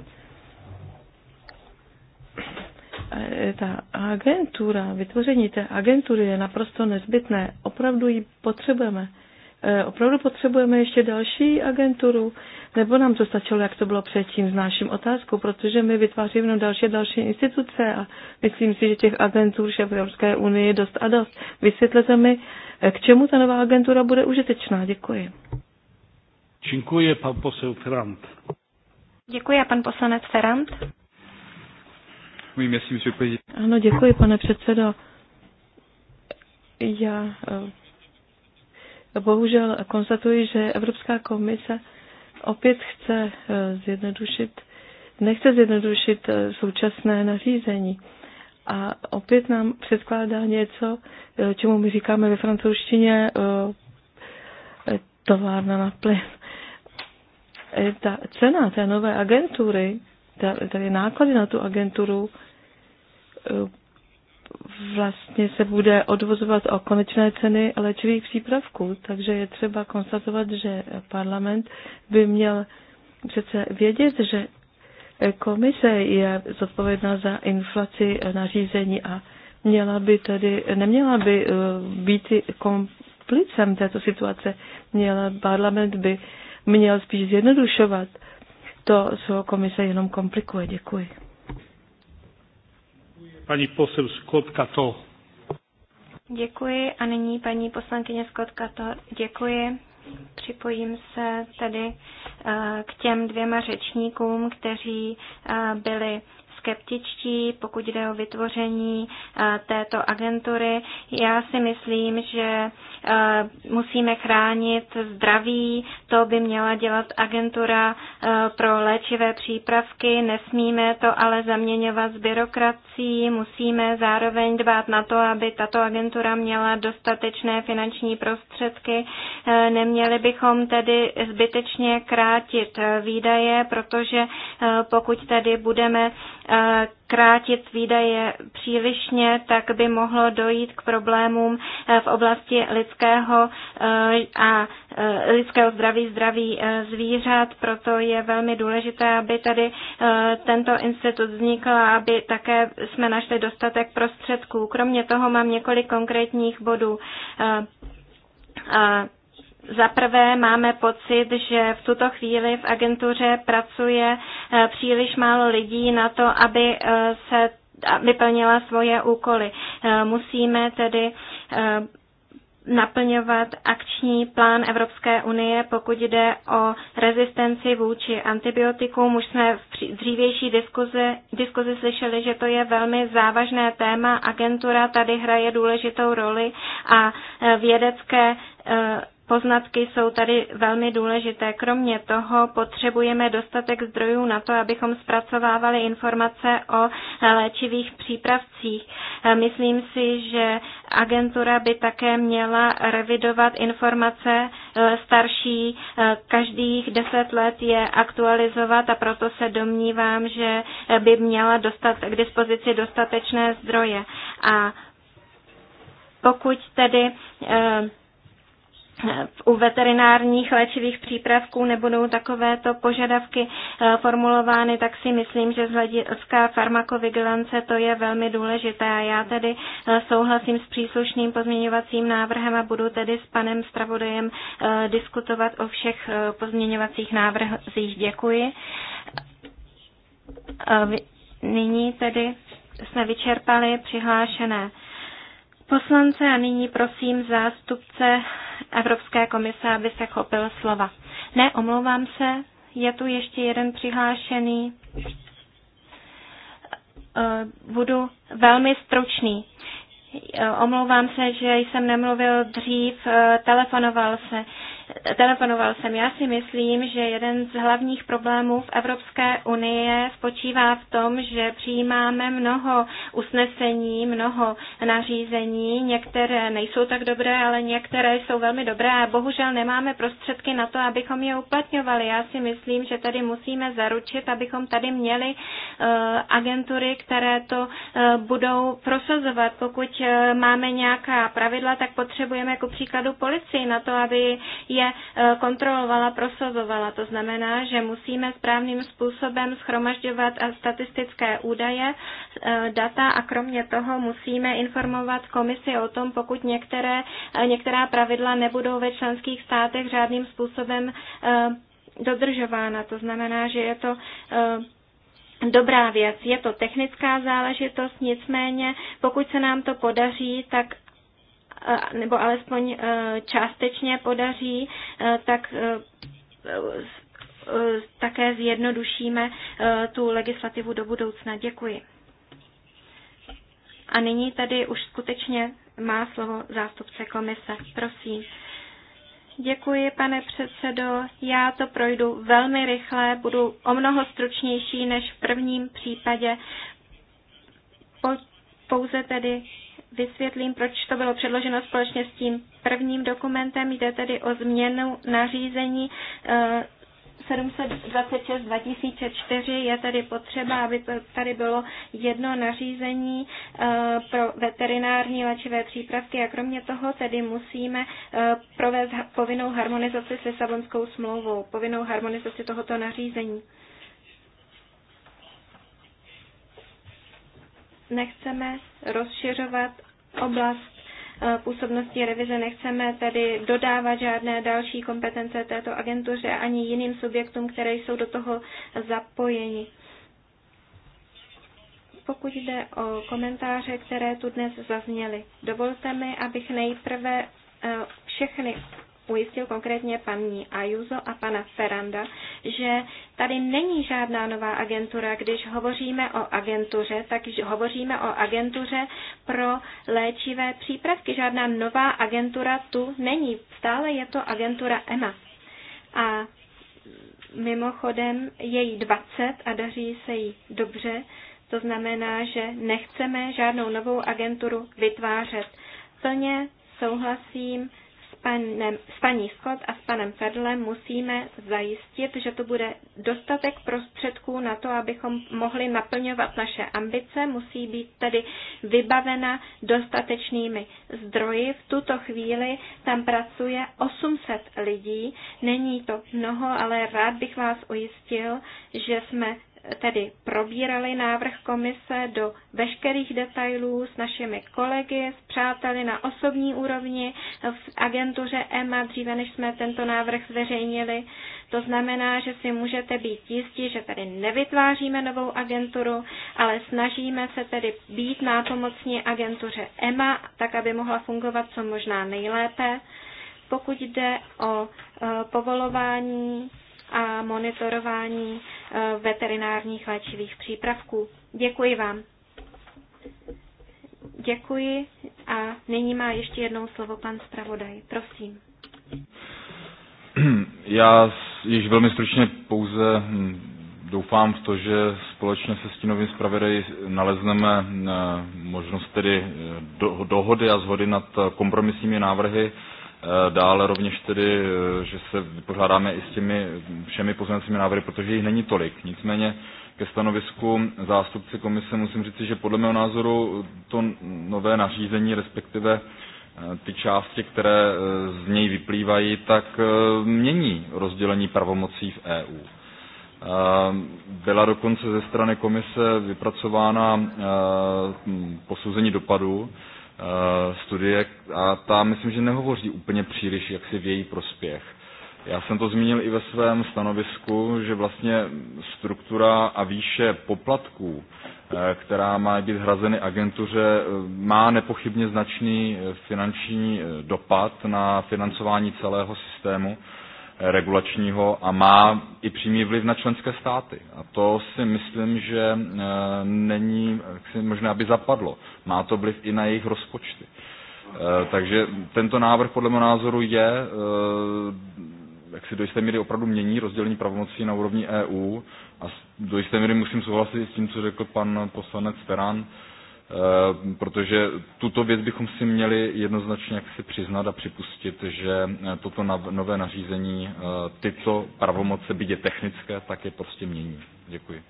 Eh, ta agentura, vytvoření té agentury je naprosto nezbytné. Opravdu ji potřebujeme. Eh, opravdu potřebujeme ještě další agenturu, nebo nám to stačilo, jak to bylo předtím s naším otázkou, protože my vytváříme jenom další a další instituce a myslím si, že těch agentur v Evropské unii je dost a dost. Vysvětlete mi, eh, k čemu ta nová agentura bude užitečná. Děkuji. Děkuji, pan poslanec Ferrand. Děkuji, pan poslanec Ferrand. Ano, děkuji, pane předsedo. Já eh, bohužel konstatuji, že Evropská komise opět chce eh, zjednodušit, nechce zjednodušit eh, současné nařízení. A opět nám předkládá něco, čemu my říkáme ve francouzštině továrna na plyn. Ta cena té nové agentury, tedy náklady na tu agenturu, Eh, vlastně se bude odvozovat o konečné ceny léčivých přípravků, takže je třeba konstatovat, že parlament by měl přece vědět, že komise je zodpovědná za inflaci nařízení a měla by tedy, neměla by eh, být komplicem této situace, měla, parlament by měl spíš zjednodušovat. To co komise jenom komplikuje. Děkuji paní posel Skotka to. Děkuji a nyní paní poslankyně Skotka to. Děkuji. Připojím se tedy eh, k těm dvěma řečníkům, kteří eh, byli skeptičtí, pokud jde o vytvoření eh, této agentury. Já si myslím, že Eh, musíme chránit zdraví, to by měla dělat agentura eh, pro léčivé přípravky, nesmíme to ale zaměňovat s byrokracií, musíme zároveň dbát na to, aby tato agentura měla dostatečné finanční prostředky, eh, neměli bychom tedy zbytečně krátit výdaje, protože pokud tedy budeme krátit výdaje přílišně, tak by mohlo dojít k problémům eh, v oblasti lidského eh, a eh, lidského zdraví, zdraví zvířat, proto je velmi důležité, aby tady tento institut vznikl a aby také jsme našli dostatek prostředků. Kromě toho mám několik konkrétních bodů. Za prvé máme pocit, že v tuto chvíli v agentuře pracuje eh, příliš málo lidí na to, aby eh, se vyplnila svoje úkoly. Eh, musíme tedy naplňovat akční plán Evropské unie, pokud jde o rezistenci vůči antibiotikům. Už jsme v dřívější diskuzi, diskuzi slyšeli, že to je velmi závažné téma. Agentura tady hraje důležitou roli a vědecké poznatky jsou tady velmi důležité. Kromě toho potřebujeme dostatek zdrojů na to, abychom zpracovávali informace o eh, léčivých přípravcích. Eh, myslím si, že agentura by také měla revidovat informace eh, starší, každých deset let je aktualizovat a proto se domnívám, že by měla dostat k dispozici dostatečné zdroje. A pokud tedy u veterinárních léčivých přípravků nebudou takovéto požadavky eh, formulovány, tak si myslím, že z hlediska farmakovigilance to je velmi důležité. A já tedy eh, souhlasím s příslušným pozměňovacím návrhem a budu tedy s panem Stravodajem eh, diskutovat o všech pozměňovacích návrzích. Děkuji. Nyní tedy jsme vyčerpali přihlášené poslance a nyní prosím zástupce Evropské komise, aby se chopil slova. Ne, omlouvám se, je tu ještě jeden přihlášený. Eh, budu velmi stručný. Eh, omlouvám se, že jsem nemluvil dřív, eh, telefonoval se telefonoval jsem. Já si myslím, že jeden z hlavních problémů v Evropské unie spočívá v tom, že přijímáme mnoho usnesení, mnoho nařízení. Některé nejsou tak dobré, ale některé jsou velmi dobré a bohužel nemáme prostředky na to, abychom je uplatňovali. Já si myslím, že tady musíme zaručit, abychom tady měli eh, agentury, které to eh, budou prosazovat. Pokud eh, máme nějaká pravidla, tak potřebujeme jako příkladu policii na to, aby je je e, kontrolovala, prosazovala. To znamená, že musíme správným způsobem schromažďovat statistické údaje, e, data a kromě toho musíme informovat komisi o tom, pokud některé, e, některá pravidla nebudou ve členských státech žádným způsobem dodržována. To znamená, že je to dobrá věc. Je to technická záležitost, nicméně pokud se nám to podaří, tak Eh, nebo alespoň eh, částečně podaří, eh, tak také zjednodušíme tu legislativu do budoucna. Děkuji. A nyní tady už skutečně má slovo zástupce komise. Prosím. Děkuji, pane předsedo. Já to projdu velmi rychle, budu o mnoho stručnější než v prvním případě. pouze tedy vysvětlím, proč to bylo předloženo společně s tím prvním dokumentem. Jde tedy o změnu nařízení 726 eh, 2004 je tady potřeba, aby to tady bylo jedno nařízení eh, pro veterinární léčivé přípravky a kromě toho tedy musíme eh, provést povinnou harmonizaci s Lisabonskou smlouvou, povinnou harmonizaci tohoto nařízení. nechceme rozšiřovat oblast eh, působnosti revize nechceme tedy dodávat žádné další kompetence této agentuře ani jiným subjektům, které jsou do toho zapojeni. Pokud jde o komentáře, které tu dnes zazněly, dovolte mi, abych nejprve eh, všechny ujistil konkrétně paní Ajuzo a pana Feranda, že tady není žádná nová agentura. Když hovoříme o agentuře, tak hovoříme o agentuře pro léčivé přípravky. Žádná nová agentura tu není. Stále je to agentura EMA. A mimochodem je jí 20 a daří se jí dobře. To znamená, že nechceme žádnou novou agenturu vytvářet. Plně souhlasím panem, s paní Scott a s panem Fedlem musíme zajistit, že to bude dostatek prostředků na to, abychom mohli naplňovat naše ambice. Musí být tedy vybavena dostatečnými zdroji. V tuto chvíli tam pracuje 800 lidí. Není to mnoho, ale rád bych vás ujistil, že jsme tedy probírali návrh komise do veškerých detailů s našimi kolegy, s přáteli na osobní úrovni v agentuře EMA, dříve než jsme tento návrh zveřejnili. To znamená, že si můžete být jistí, že tady nevytváříme novou agenturu, ale snažíme se tedy být nápomocní agentuře EMA, tak aby mohla fungovat co možná nejlépe. Pokud jde o e, povolování a monitorování eh, veterinárních léčivých přípravků. Děkuji vám. Děkuji a nyní má ještě jednou slovo pan zpravodaj. Prosím. Já již velmi stručně pouze hm, doufám v to, že společně se stínovým zpravodají nalezneme hm, možnost tedy eh, dohody a zhody nad kompromisními návrhy Eh, Dále rovněž tedy, eh, že se vypořádáme i s těmi všemi pozměňovacími návrhy, protože jich není tolik. Nicméně ke stanovisku zástupci komise musím říci, že podle mého názoru to nové nařízení, respektive eh, ty části, které z něj vyplývají, tak mění rozdělení pravomocí v EU. Byla dokonce ze strany komise vypracována posouzení dopadů, Eh, studie a ta myslím, že nehovoří úplně příliš jaksi v její prospěch. Já jsem to zmínil i ve svém stanovisku, že vlastně struktura a výše poplatků, eh, která má být hrazeny agentuře, eh, má nepochybně značný finanční dopad na financování celého systému regulačního a má i přímý vliv na členské státy. A to si myslím, že e, není možná, aby zapadlo. Má to vliv i na jejich rozpočty. E, takže tento návrh podle mého názoru je, e, jak si do jisté míry opravdu mění rozdělení pravomocí na úrovni EU a do jisté míry musím souhlasit s tím, co řekl pan poslanec Teran, Eh, protože tuto věc bychom si měli jednoznačně jaksi přiznat a připustit, že eh, toto nové nařízení eh, tyto pravomoce, byť je technické, tak je prostě mění. Děkuji.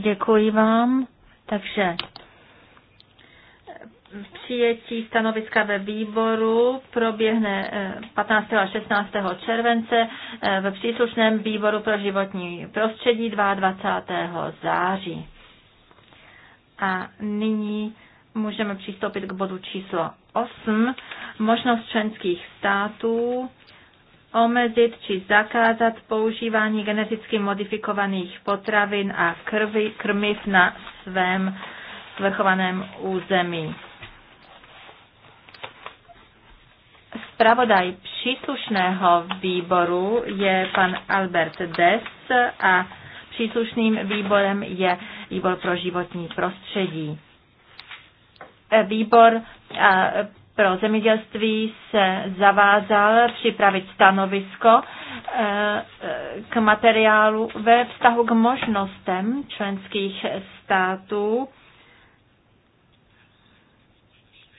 Děkuji vám. Takže přijetí stanoviska ve výboru proběhne 15. Eh, a 16. července eh, v příslušném výboru pro životní prostředí 22. září. A nyní můžeme přistoupit k bodu číslo 8. Možnost členských států omezit či zakázat používání geneticky modifikovaných potravin a krvi, krmiv na svém svrchovaném území. Spravodaj příslušného výboru je pan Albert Des a příslušným výborem je výbor pro životní prostředí. E, výbor e, pro zemědělství se zavázal připravit stanovisko e, k materiálu ve vztahu k možnostem členských států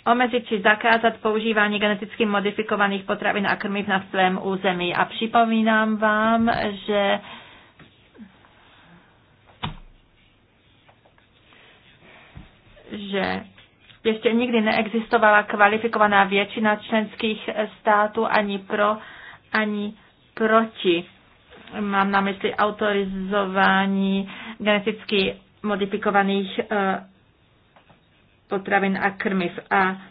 omezit či zakázat používání geneticky modifikovaných potravin a krmiv na svém území. A připomínám vám, že že ještě nikdy neexistovala kvalifikovaná většina členských států ani pro, ani proti. Mám na mysli autorizování geneticky modifikovaných eh, potravin a krmiv. A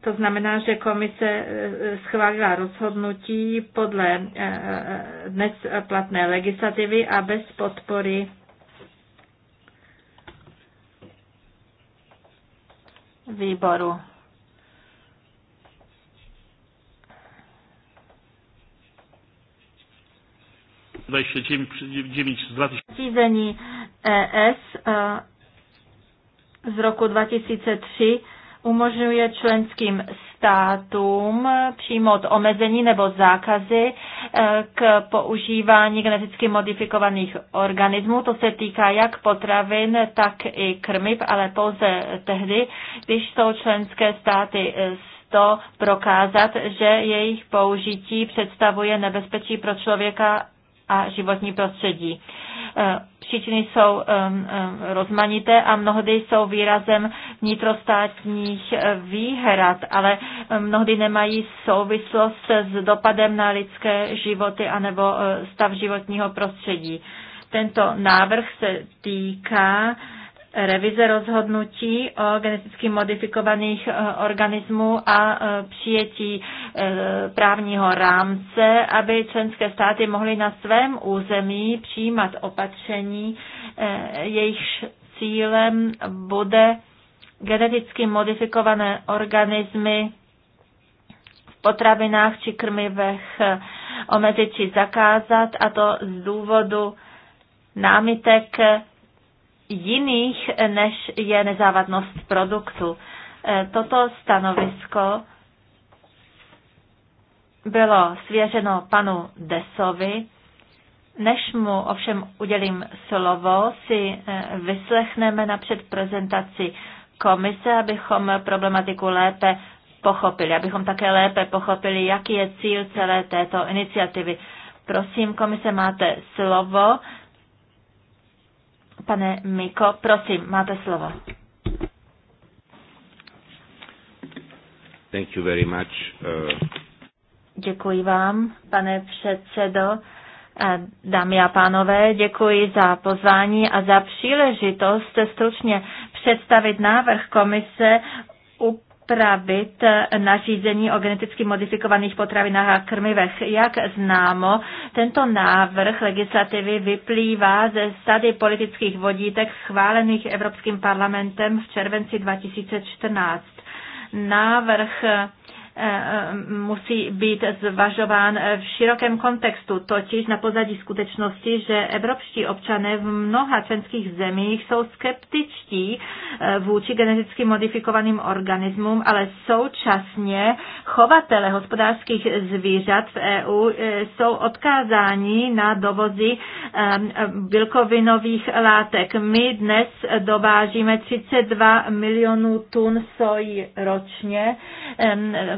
to znamená, že komise eh, schválila rozhodnutí podle eh, eh, dnes platné legislativy a bez podpory výboru. Řízení ES z roku 2003 umožňuje členským státům přijmout omezení nebo zákazy eh, k používání geneticky modifikovaných organismů. To se týká jak potravin, tak i krmiv, ale pouze tehdy, když jsou členské státy eh, to prokázat, že jejich použití představuje nebezpečí pro člověka a životní prostředí. E, příčiny jsou e, e, rozmanité a mnohdy jsou výrazem vnitrostátních výhrad, ale mnohdy nemají souvislost s dopadem na lidské životy anebo stav životního prostředí. Tento návrh se týká revize rozhodnutí o geneticky modifikovaných eh, organismů a eh, přijetí eh, právního rámce, aby členské státy mohly na svém území přijímat opatření, jejichž cílem bude geneticky modifikované organismy v potravinách či krmivech omezit či zakázat, a to z důvodu námitek jiných, eh, než je nezávadnost produktu. Eh, toto stanovisko bylo svěřeno panu Desovi. Než mu ovšem udělím slovo, si eh, vyslechneme napřed prezentaci komise, abychom problematiku lépe pochopili, abychom také lépe pochopili, jaký je cíl celé této iniciativy. Prosím, komise, máte slovo Pane Miko, prosím, máte slovo. Thank you very much. Uh... Děkuji vám, pane předsedo. Dámy a pánové, děkuji za pozvání a za příležitost stručně představit návrh komise upravit eh, nařízení o geneticky modifikovaných potravinách a krmivech. Jak známo, tento návrh legislativy vyplývá ze sady politických vodítek schválených Evropským parlamentem v červenci 2014. Návrh eh, Eh, eh, musí být zvažován v širokém kontextu, totiž na pozadí skutečnosti, že evropští občané v mnoha členských zemích jsou skeptičtí eh, vůči geneticky modifikovaným organismům, ale současně chovatele hospodářských zvířat v EU jsou odkázáni na dovozy bílkovinových látek. My dnes dovážíme 32 milionů tun soji ročně,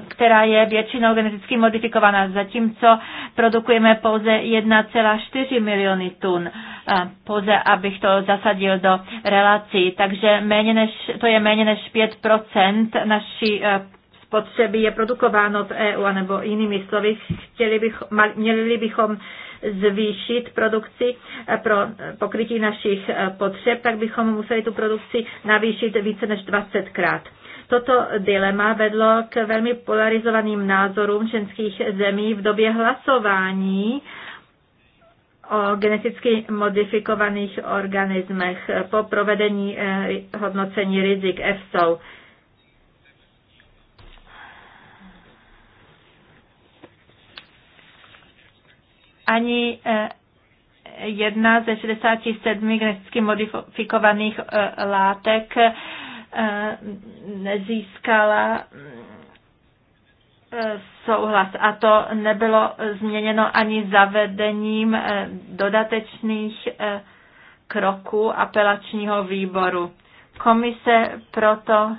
která je většinou geneticky modifikovaná, zatímco produkujeme pouze 1,4 miliony tun, eh, pouze abych to zasadil do relací. Takže méně než, to je méně než 5% naší eh, spotřeby je produkováno v EU, anebo jinými slovy, chtěli bych, měli bychom zvýšit produkci eh, pro pokrytí našich potřeb, tak bychom museli tu produkci navýšit více než 20krát. Toto dilema vedlo k velmi polarizovaným názorům členských zemí v době hlasování o geneticky modifikovaných organismech po provedení eh, hodnocení rizik EFSO. Ani eh, jedna ze 67 geneticky modifikovaných eh, látek Eh, nezískala eh, souhlas. A to nebylo změněno ani zavedením eh, dodatečných kroků apelačního výboru. Komise proto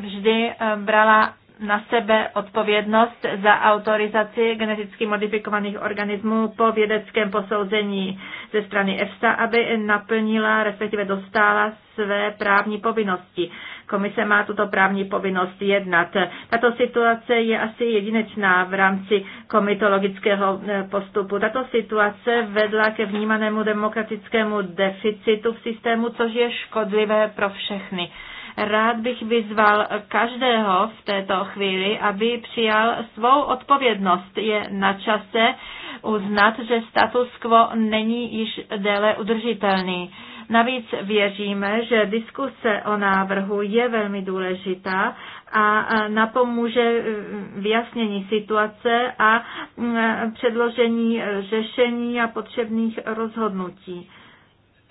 vždy brala na sebe odpovědnost za autorizaci geneticky modifikovaných organismů po vědeckém posouzení ze strany EFSA, aby naplnila, respektive dostala své právní povinnosti. Komise má tuto právní povinnost jednat. Tato situace je asi jedinečná v rámci komitologického e, postupu. Tato situace vedla ke vnímanému demokratickému deficitu v systému, což je škodlivé pro všechny. Rád bych vyzval každého v této chvíli, aby přijal svou odpovědnost. Je na čase uznat, že status quo není již déle udržitelný. Navíc věříme, že diskuse o návrhu je velmi důležitá a napomůže vyjasnění situace a předložení řešení a potřebných rozhodnutí.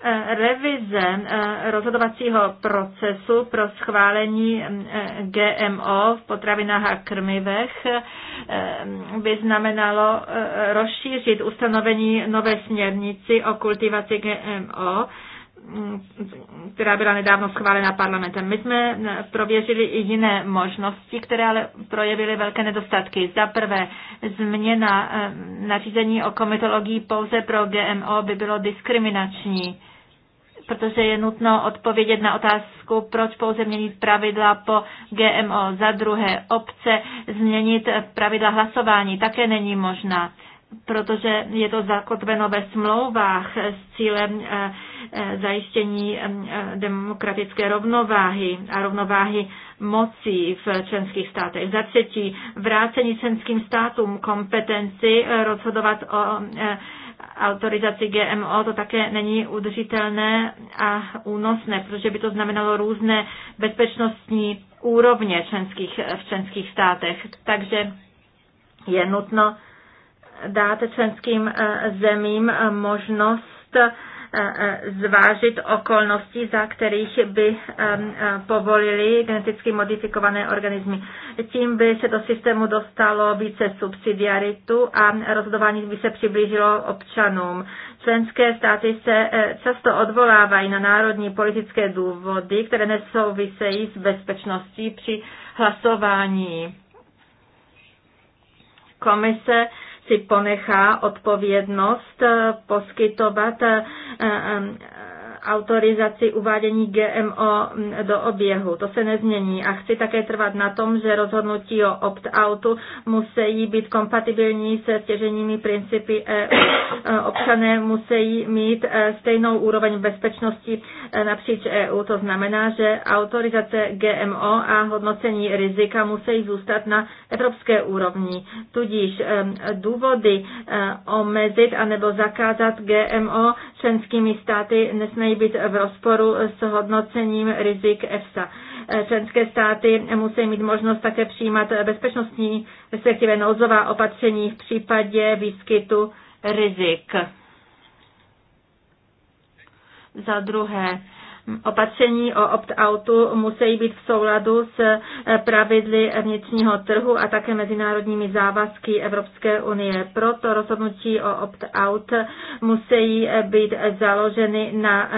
Eh, revize eh, rozhodovacího procesu pro schválení eh, GMO v potravinách a krmivech by znamenalo rozšířit ustanovení nové směrnici o kultivaci GMO, mm, která byla nedávno schválena parlamentem. My jsme prověřili i jiné možnosti, které ale projevily velké nedostatky. Za prvé, změna nařízení o komitologii pouze pro GMO by bylo diskriminační protože je nutno odpovědět na otázku, proč pouze měnit pravidla po GMO. Za druhé, obce změnit pravidla hlasování také není možná, protože je to zakotveno ve smlouvách s cílem eh, eh, zajištění eh, demokratické rovnováhy a rovnováhy mocí v členských státech. Za třetí, vrácení členským státům kompetenci rozhodovat o autorizaci GMO, to také není udržitelné a únosné, protože by to znamenalo různé bezpečnostní úrovně členských, v členských státech. Takže je nutno dát členským eh, zemím eh, možnost zvážit okolnosti, za kterých by povolili geneticky modifikované organismy. Tím by se do systému dostalo více subsidiaritu a rozhodování by se přiblížilo občanům. Členské státy se e, často odvolávají na národní politické důvody, které nesouvisejí s bezpečností při hlasování. Komise si ponechá odpovědnost eh, poskytovat eh, eh, autorizaci uvádění GMO do oběhu. To se nezmění a chci také trvat na tom, že rozhodnutí o opt-outu musí být kompatibilní se stěženími principy EU. Občané musí mít e, stejnou úroveň bezpečnosti e, napříč EU. To znamená, že autorizace GMO a hodnocení rizika musí zůstat na evropské úrovni. Tudíž e, důvody omezit anebo zakázat GMO členskými státy nesmějí nesmí být v rozporu s hodnocením rizik EFSA. Členské státy musí mít možnost také přijímat bezpečnostní, respektive nouzová opatření v případě výskytu rizik. Za druhé, opatření o opt-outu musí být v souladu s eh, pravidly vnitřního trhu a také mezinárodními závazky Evropské unie. Proto rozhodnutí o opt-out musí eh, být založeny na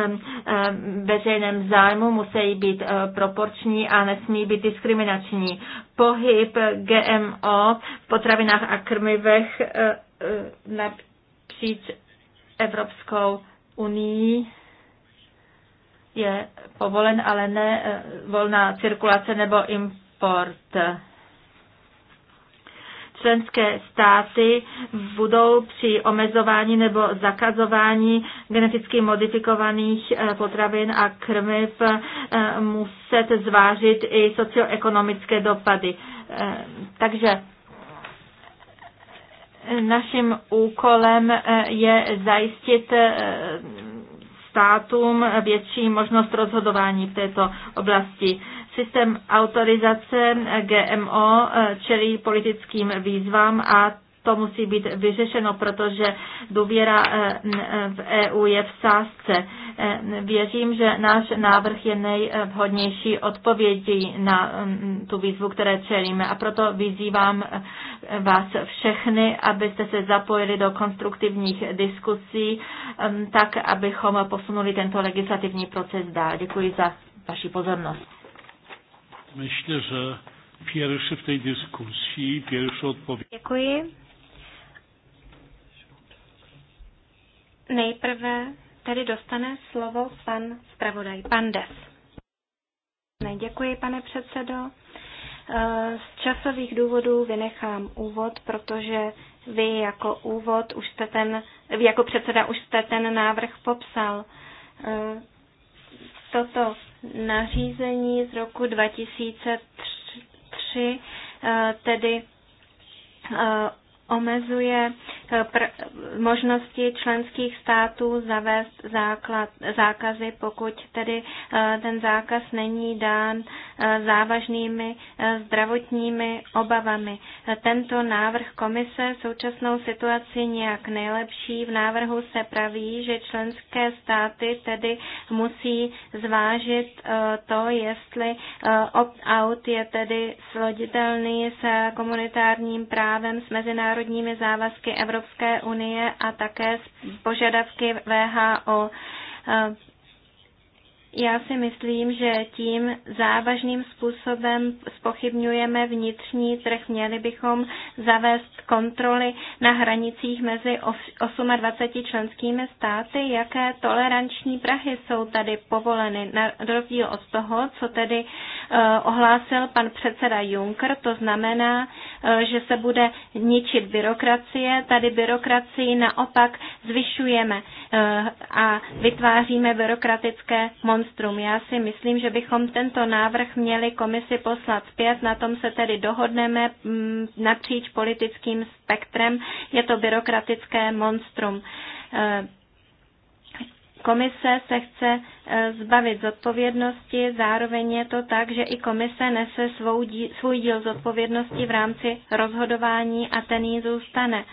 veřejném zájmu, musí být eh, proporční a nesmí být diskriminační. Pohyb GMO v potravinách a krmivech napříč Evropskou unii je povolen, ale ne eh, volná cirkulace nebo import členské státy budou při omezování nebo zakazování geneticky modifikovaných eh, potravin a krmiv eh, muset zvážit i socioekonomické dopady. Takže naším úkolem je zajistit státům větší možnost rozhodování v této oblasti. Systém autorizace GMO eh, čelí politickým výzvám a to musí být vyřešeno, protože důvěra eh, eh, v EU je v sázce. Eh, věřím, že náš návrh je nejvhodnější odpovědí na mm, tu výzvu, které čelíme. A proto vyzývám vás všechny, abyste se zapojili do konstruktivních diskusí, mm, tak abychom posunuli tento legislativní proces dál. Děkuji za vaši pozornost. Myslím, že pierwszy w tej dyskusji, pierwszy odpowiedź. Dziękuję. Nejprve tedy dostane slovo pan zpravodaj, pan Des. Děkuji, pane předsedo. Eh, z časových důvodů vynechám úvod, protože vy jako úvod už jste ten, jako předseda už jste ten návrh popsal. Eh, toto nařízení z roku 2003 eh, tedy omezuje Eh, možnosti členských států zavést základ, zákazy, pokud tedy eh, ten zákaz není dán eh, závažnými zdravotními obavami. Tento návrh komise současnou situaci nějak nejlepší. V návrhu se praví, že členské státy tedy musí zvážit to, jestli opt-out je tedy sloditelný s komunitárním právem, s mezinárodními závazky Evropy Evropské unie a také požadavky VHO. Eh, já si myslím, že tím závažným způsobem spochybňujeme vnitřní trh. Měli bychom zavést kontroly na hranicích mezi 28 členskými státy, jaké toleranční prahy jsou tady povoleny, na rozdíl od toho, co tedy eh, ohlásil pan předseda Juncker, to znamená Eh, že se bude ničit byrokracie. Tady byrokracii naopak zvyšujeme eh, a vytváříme byrokratické monstrum. Já si myslím, že bychom tento návrh měli komisi poslat zpět, na tom se tedy dohodneme mm, napříč politickým spektrem. Je to byrokratické monstrum. Eh, komise se chce eh, zbavit zodpovědnosti, zároveň je to tak, že i komise nese svou díl, svůj díl zodpovědnosti v rámci rozhodování a ten jí zůstane.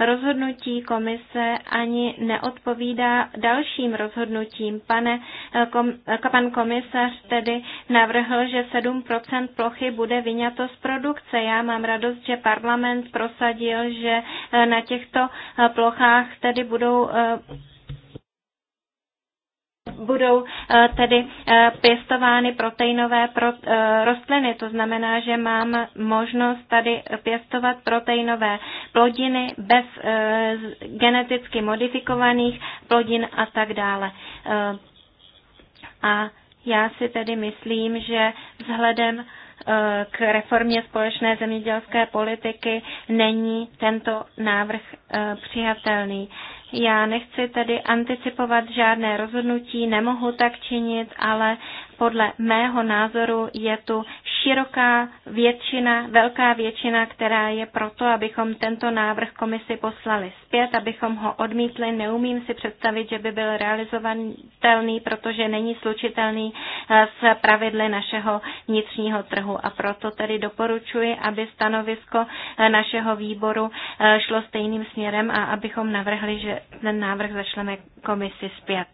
Rozhodnutí komise ani neodpovídá dalším rozhodnutím. Pane, eh, kom, eh, pan komisař tedy navrhl, že 7 plochy bude vyňato z produkce. Já mám radost, že parlament prosadil, že na těchto plochách tedy budou budou eh, tedy eh, pěstovány proteinové eh, rostliny. To znamená, že mám možnost tady pěstovat proteinové plodiny bez geneticky modifikovaných plodin a tak dále. A já si tedy myslím, že vzhledem k reformě společné zemědělské politiky není tento návrh přijatelný. Já nechci tedy anticipovat žádné rozhodnutí, nemohu tak činit, ale podle mého názoru je tu široká většina, velká většina, která je proto, abychom tento návrh komisi poslali zpět, abychom ho odmítli. Neumím si představit, že by byl realizovatelný, protože není slučitelný eh, s pravidly našeho vnitřního trhu. A proto tedy doporučuji, aby stanovisko eh, našeho výboru eh, šlo stejným směrem a abychom navrhli, že ten návrh zašleme komisi zpět.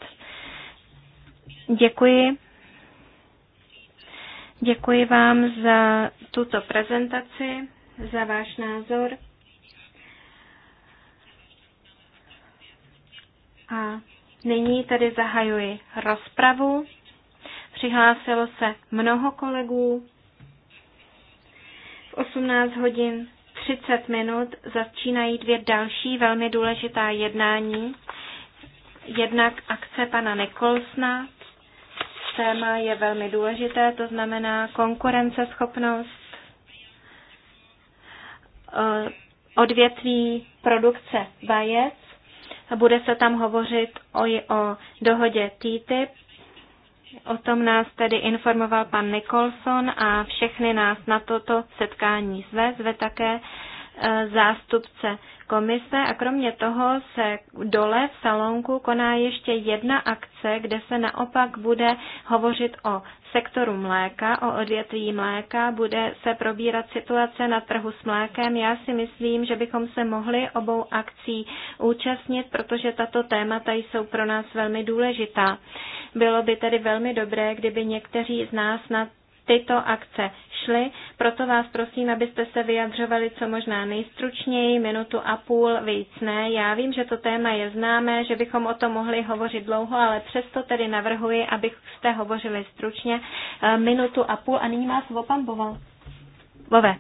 Děkuji. Děkuji vám za tuto prezentaci, za váš názor. A nyní tady zahajuji rozpravu. Přihlásilo se mnoho kolegů. V 18 hodin 30 minut začínají dvě další velmi důležitá jednání. Jednak akce pana Nikolsna, téma je velmi důležité, to znamená konkurenceschopnost eh, odvětví produkce vajec. Bude se tam hovořit o, o dohodě TTIP. O tom nás tedy informoval pan Nicholson a všechny nás na toto setkání zve, zve také eh, zástupce komise a kromě toho se dole v salonku koná ještě jedna akce, kde se naopak bude hovořit o sektoru mléka, o odvětví mléka, bude se probírat situace na trhu s mlékem. Já si myslím, že bychom se mohli obou akcí účastnit, protože tato témata jsou pro nás velmi důležitá. Bylo by tedy velmi dobré, kdyby někteří z nás na tyto akce šly. Proto vás prosím, abyste se vyjadřovali co možná nejstručněji, minutu a půl, víc ne. Já vím, že to téma je známé, že bychom o tom mohli hovořit dlouho, ale přesto tedy navrhuji, abyste hovořili stručně eh, minutu a půl. A nyní má slovo pan Boval. Bové.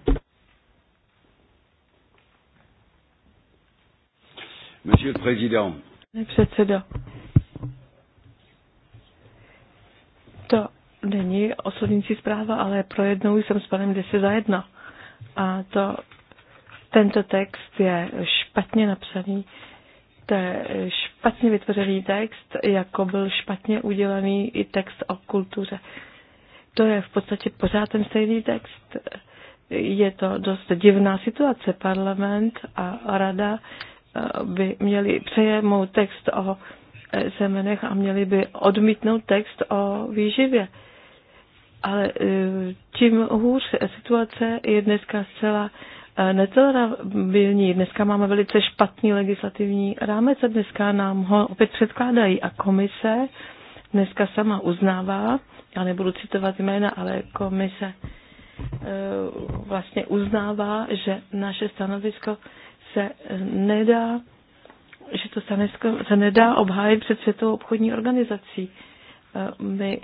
Monsieur le Président. le Président. není osobnící zpráva, ale projednou jsem s panem 10 za jedna. A to, tento text je špatně napsaný, to je špatně vytvořený text, jako byl špatně udělaný i text o kultuře. To je v podstatě pořád ten stejný text. Je to dost divná situace. Parlament a rada eh, by měli přejmout text o eh, semenech a měli by odmítnout text o výživě ale e, čím hůř situace je dneska zcela e, netolerabilní. Dneska máme velice špatný legislativní rámec a dneska nám ho opět předkládají. A komise dneska sama uznává, já nebudu citovat jména, ale komise e, vlastně uznává, že naše stanovisko se nedá, že to se nedá obhájit před Světovou obchodní organizací. My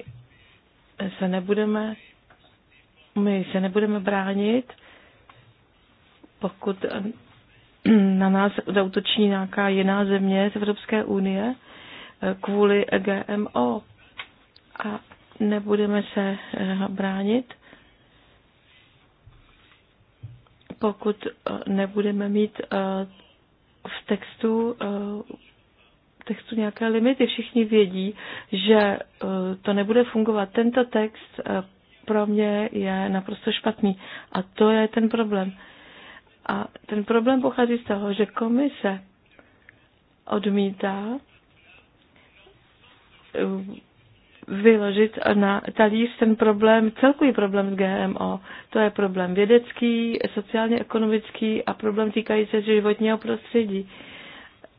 se nebudeme, my se nebudeme bránit, pokud na nás zautočí nějaká jiná země z Evropské unie eh, kvůli GMO. A nebudeme se eh, bránit, pokud eh, nebudeme mít v textu textu nějaké limity. Všichni vědí, že eh, to nebude fungovat. Tento text eh, pro mě je naprosto špatný. A to je ten problém. A ten problém pochází z toho, že komise odmítá eh, vyložit na talíř ten problém, celkový problém s GMO. To je problém vědecký, sociálně-ekonomický a problém týkající se životního prostředí.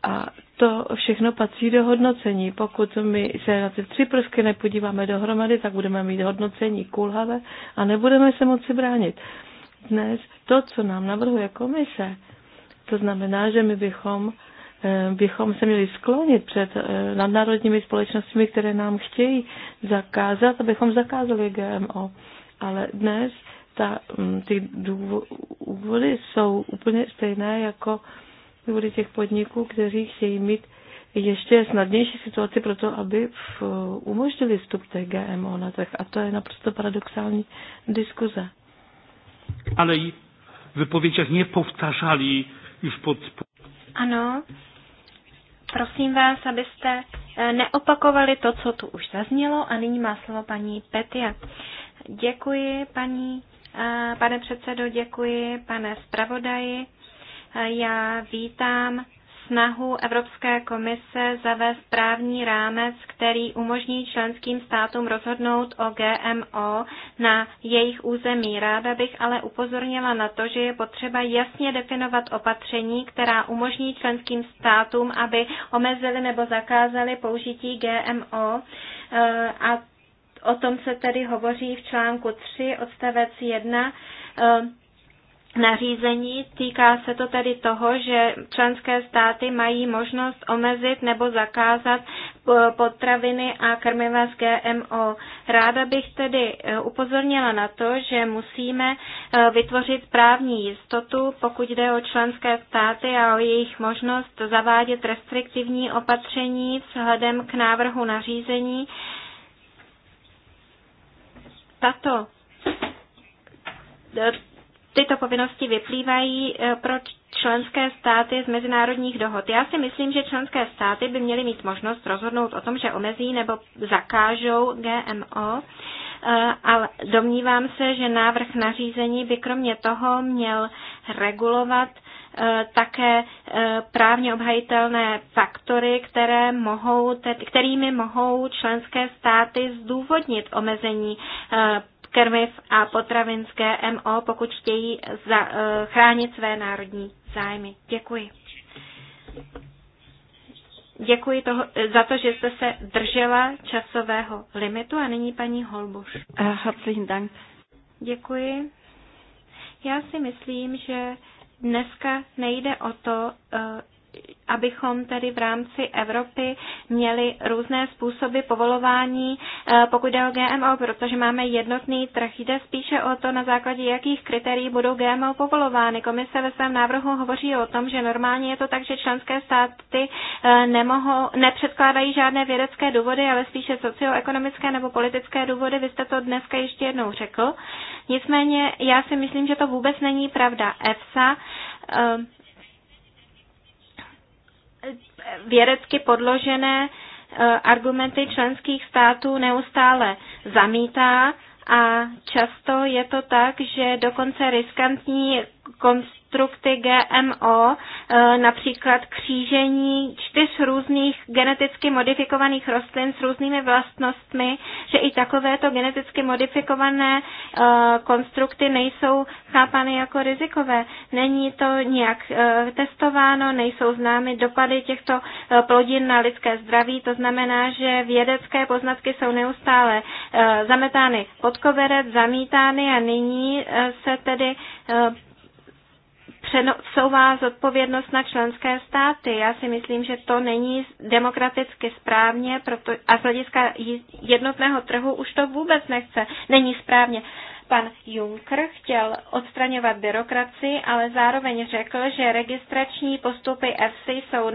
A to všechno patří do hodnocení. Pokud my se na ty tři prsky nepodíváme dohromady, tak budeme mít hodnocení kulhavé a nebudeme se moci bránit. Dnes to, co nám navrhuje komise, to znamená, že my bychom eh, bychom se měli sklonit před eh, nadnárodními společnostmi, které nám chtějí zakázat, abychom zakázali GMO. Ale dnes ta, mm, ty důvody jsou úplně stejné jako důvody těch podniků, kteří chtějí mít ještě snadnější situaci pro to, aby v, umožnili vstup té GMO na trh. A to je naprosto paradoxální diskuze. Ale i v vypovědích nepovtařali už pod... Ano, prosím vás, abyste eh, neopakovali to, co tu už zaznělo a nyní má slovo paní Petia. Děkuji, paní, eh, pane předsedo, děkuji, pane zpravodaji. Já vítám snahu Evropské komise zavést právní rámec, který umožní členským státům rozhodnout o GMO na jejich území. Ráda bych ale upozornila na to, že je potřeba jasně definovat opatření, která umožní členským státům, aby omezili nebo zakázali použití GMO eh, a O tom se tedy hovoří v článku 3 odstavec 1 nařízení. Týká se to tedy toho, že členské státy mají možnost omezit nebo zakázat potraviny a krmiva z GMO. Ráda bych tedy eh, upozornila na to, že musíme eh, vytvořit právní jistotu, pokud jde o členské státy a o jejich možnost zavádět restriktivní opatření vzhledem k návrhu nařízení. Tato tyto povinnosti vyplývají e, pro členské státy z mezinárodních dohod. Já si myslím, že členské státy by měly mít možnost rozhodnout o tom, že omezí nebo zakážou GMO, e, ale domnívám se, že návrh nařízení by kromě toho měl regulovat e, také právně obhajitelné faktory, které mohou, kterými mohou členské státy zdůvodnit omezení krmiv a potravinské MO, pokud chtějí za, eh, chránit své národní zájmy. Děkuji. Děkuji toho, eh, za to, že jste se držela časového limitu a nyní paní Holbuš. Eh, herzlichen Dank. Děkuji. Já si myslím, že dneska nejde o to, abychom tady v rámci Evropy měli různé způsoby povolování, eh, pokud jde o GMO, protože máme jednotný trh. Jde spíše o to, na základě jakých kritérií budou GMO povolovány. Komise ve svém návrhu hovoří o tom, že normálně je to tak, že členské státy eh, nemohou, nepředkládají žádné vědecké důvody, ale spíše socioekonomické nebo politické důvody. Vy jste to dneska ještě jednou řekl. Nicméně já si myslím, že to vůbec není pravda. EFSA eh, vědecky podložené eh, argumenty členských států neustále zamítá a často je to tak, že dokonce riskantní konst konstrukty GMO, e, například křížení čtyř různých geneticky modifikovaných rostlin s různými vlastnostmi, že i takovéto geneticky modifikované e, konstrukty nejsou chápány jako rizikové. Není to nějak e, testováno, nejsou známy dopady těchto plodin na lidské zdraví, to znamená, že vědecké poznatky jsou neustále zametány pod koverec, zamítány a nyní se tedy přenosová zodpovědnost na členské státy. Já si myslím, že to není demokraticky správně proto, a z hlediska jednotného trhu už to vůbec nechce, není správně. Pan Juncker chtěl odstraňovat byrokracii, ale zároveň řekl, že registrační postupy EFSI jsou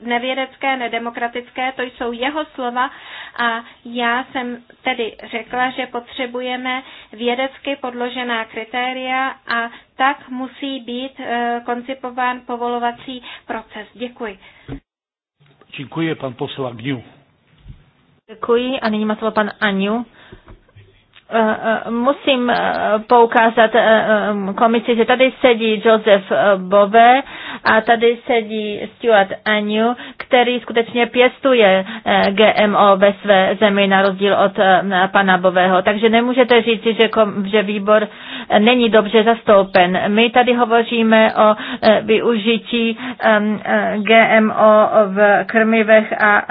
nevědecké, nedemokratické, to jsou jeho slova a já jsem tedy řekla, že potřebujeme vědecky podložená kritéria a tak musí být eh, koncipován povolovací proces. Děkuji. Děkuji, pan poslanec Agniu. Děkuji a nyní má slovo pan Aniu musím eh, poukázat eh, eh, komisi, že tady sedí Joseph Bove a tady sedí Stuart Anu, který skutečně pěstuje GMO ve své zemi na rozdíl od pana Bového. Takže nemůžete říct, že, kom, že výbor není dobře zastoupen. My tady hovoříme o využití GMO v krmivech a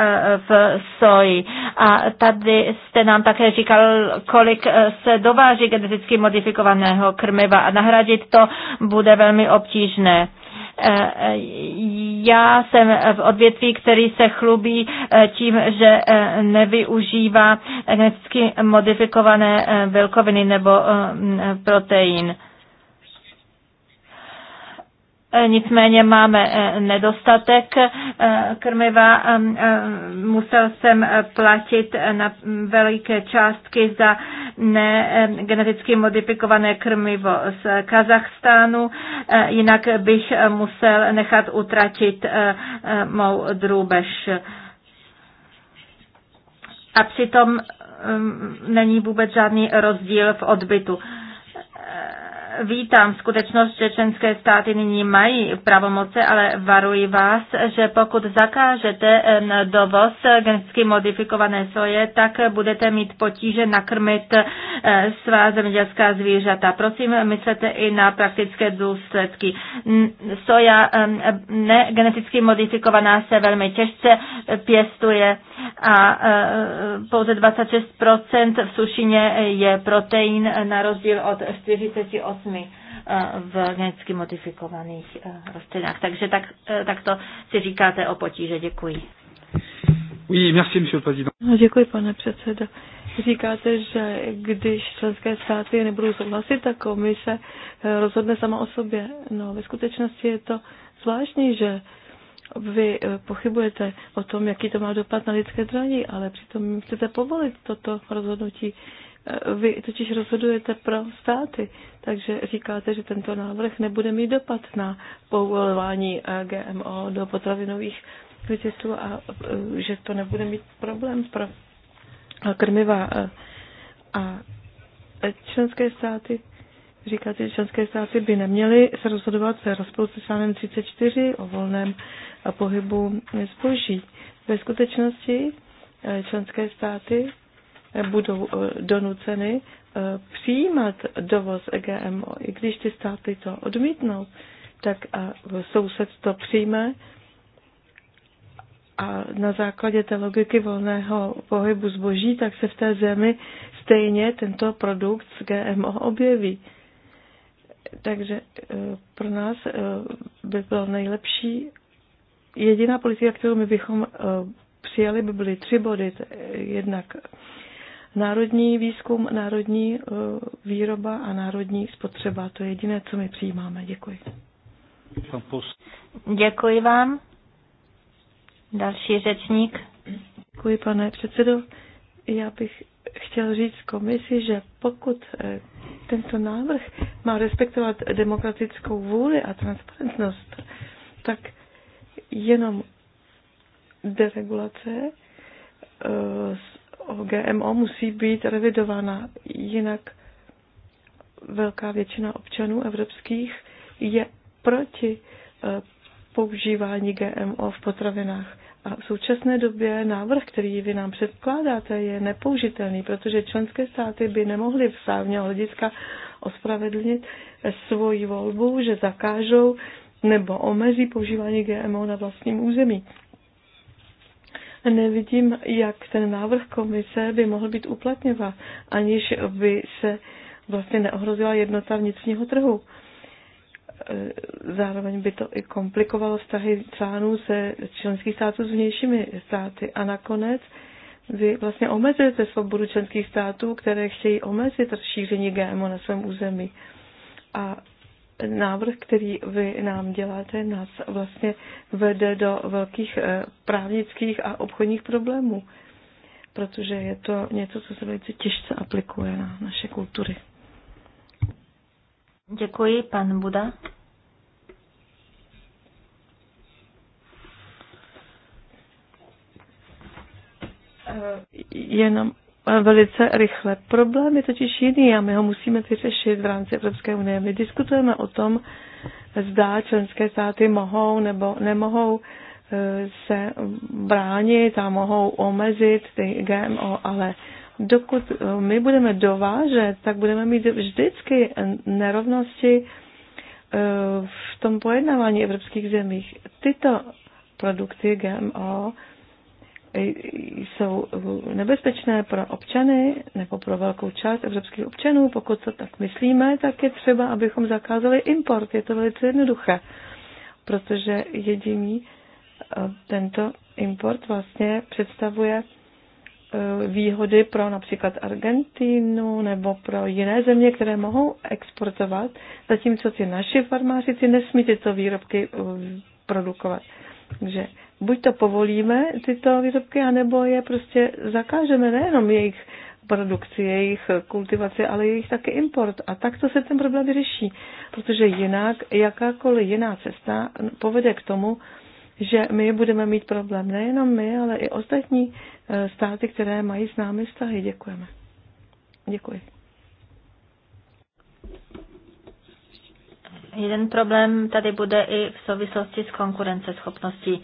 v soji. A tady jste nám také říkal, kolik Eh, se dováží geneticky modifikovaného krmiva a nahradit to bude velmi obtížné. Eh, eh, já jsem v odvětví, který se chlubí tím, že nevyužívá geneticky modifikované bílkoviny nebo protein. Eh, nicméně máme eh, nedostatek eh, krmiva. Musel jsem platit na veliké částky za ne geneticky modifikované krmivo z Kazachstánu, jinak bych musel nechat utratit mou drůbež. A přitom není vůbec žádný rozdíl v odbytu vítám skutečnost, že členské státy nyní mají pravomoce, ale varuji vás, že pokud zakážete dovoz geneticky modifikované soje, tak budete mít potíže nakrmit eh, svá zemědělská zvířata. Prosím, myslete i na praktické důsledky. Soja ne geneticky modifikovaná se velmi těžce pěstuje a eh, pouze 26% v sušině je protein na rozdíl od 48 osmi eh, v geneticky modifikovaných eh, rostlinách. Takže tak, eh, tak to si říkáte o potíže. Děkuji. Oui, merci, monsieur le No, děkuji, pane předsedo. Říkáte, že když členské státy nebudou souhlasit, tak komise rozhodne sama o sobě. No, ve skutečnosti je to zvláštní, že vy pochybujete o tom, jaký to má dopad na lidské zdraví, ale přitom chcete povolit toto rozhodnutí. Eh, vy totiž rozhodujete pro státy, takže říkáte, že tento návrh nebude mít dopad na povolování eh, GMO do potravinových květistů a eh, že to nebude mít problém pro krmiva. A členské státy, říkáte, že členské státy by neměly se rozhodovat se rozpoustu se 34 o volném pohybu zboží. Ve skutečnosti členské státy budou eh, donuceny eh, přijímat dovoz e GMO, i když ty státy to odmítnou, tak a soused to přijme a na základě té logiky volného pohybu zboží, tak se v té zemi stejně tento produkt z GMO objeví. Takže eh, pro nás by bylo nejlepší, jediná politika, kterou my bychom přijali, by byly tři body. Jednak národní výzkum, národní eh, výroba a národní spotřeba. To je jediné, co my přijímáme. Děkuji. Děkuji vám. Další řečník. Děkuji, pane předsedo. Já bych chtěl říct komisi, že pokud eh, tento návrh má respektovat demokratickou vůli a transparentnost, tak jenom deregulace eh, o GMO musí být revidována, jinak velká většina občanů evropských je proti eh, používání GMO v potravinách. A v současné době návrh, který vy nám předkládáte, je nepoužitelný, protože členské státy by nemohly v sávně hlediska ospravedlnit svoji volbu, že zakážou nebo omezí používání GMO na vlastním území nevidím, jak ten návrh komise by mohl být uplatňován, aniž by se vlastně neohrozila jednota vnitřního trhu. Zároveň by to i komplikovalo vztahy článů se členských států s vnějšími státy. A nakonec vy vlastně omezujete svobodu členských států, které chtějí omezit rozšíření GMO na svém území. A návrh, který vy nám děláte, nás vlastně vede do velkých eh, právnických a obchodních problémů, protože je to něco, co se velice těžce aplikuje na naše kultury. Děkuji, pan Buda. Eh, jenom velice rychle. Problém je totiž jiný a my ho musíme vyřešit v rámci Evropské unie. My diskutujeme o tom, zda členské státy mohou nebo nemohou e, se bránit a mohou omezit ty GMO, ale dokud e, my budeme dovážet, tak budeme mít vždycky nerovnosti e, v tom pojednávání evropských zemích. Tyto produkty GMO jsou nebezpečné pro občany nebo pro velkou část evropských občanů. Pokud to tak myslíme, tak je třeba, abychom zakázali import. Je to velice jednoduché, protože jediný eh, tento import vlastně představuje eh, výhody pro například Argentínu nebo pro jiné země, které mohou exportovat, zatímco ty naši farmáři ty nesmí tyto výrobky eh, produkovat. Takže buď to povolíme tyto výrobky, anebo je prostě zakážeme nejenom jejich produkci, jejich kultivaci, ale jejich také import. A takto se ten problém vyřeší, protože jinak jakákoliv jiná cesta povede k tomu, že my budeme mít problém nejenom my, ale i ostatní e, státy, které mají s námi vztahy. Děkujeme. Děkuji. Jeden problém tady bude i v souvislosti s konkurenceschopností.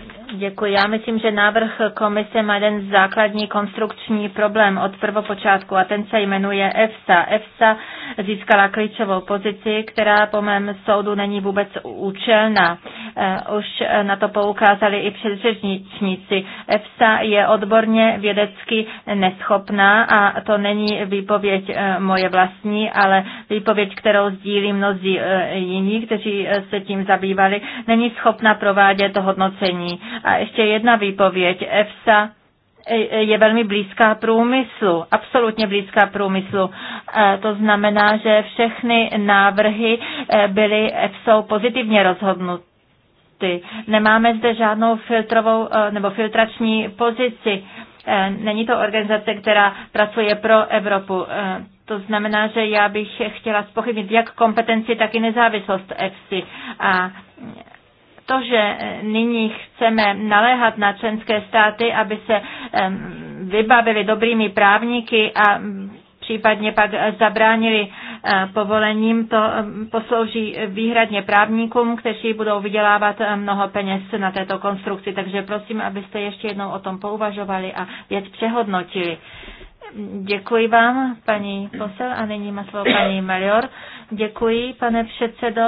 Děkuji. Já myslím, že návrh komise má jeden základní konstrukční problém od prvopočátku a ten se jmenuje EFSA. EFSA získala klíčovou pozici, která po mém soudu není vůbec účelná. E, už na to poukázali i předřečníci. EFSA je odborně vědecky neschopná a to není výpověď e, moje vlastní, ale výpověď, kterou sdílí mnozí e, jiní, kteří se tím zabývali, není schopna provádět hodnocení a ještě jedna výpověď. EFSA je velmi blízká průmyslu, absolutně blízká průmyslu. E, to znamená, že všechny návrhy e, byly EFSO pozitivně rozhodnuty. Nemáme zde žádnou filtrovou e, nebo filtrační pozici. Není to organizace, která pracuje pro Evropu. To znamená, že já bych chtěla spochybnit jak kompetenci, tak i nezávislost EFSI. A to, že eh, nyní chceme naléhat na členské státy, aby se vybavili dobrými právníky a mm, případně pak zabránili eh, povolením, to poslouží výhradně právníkům, kteří budou vydělávat eh, mnoho peněz na této konstrukci. Takže prosím, abyste ještě jednou o tom pouvažovali a věc přehodnotili. Děkuji vám, paní posel, a nyní má slovo paní Melior. Děkuji, pane předsedo.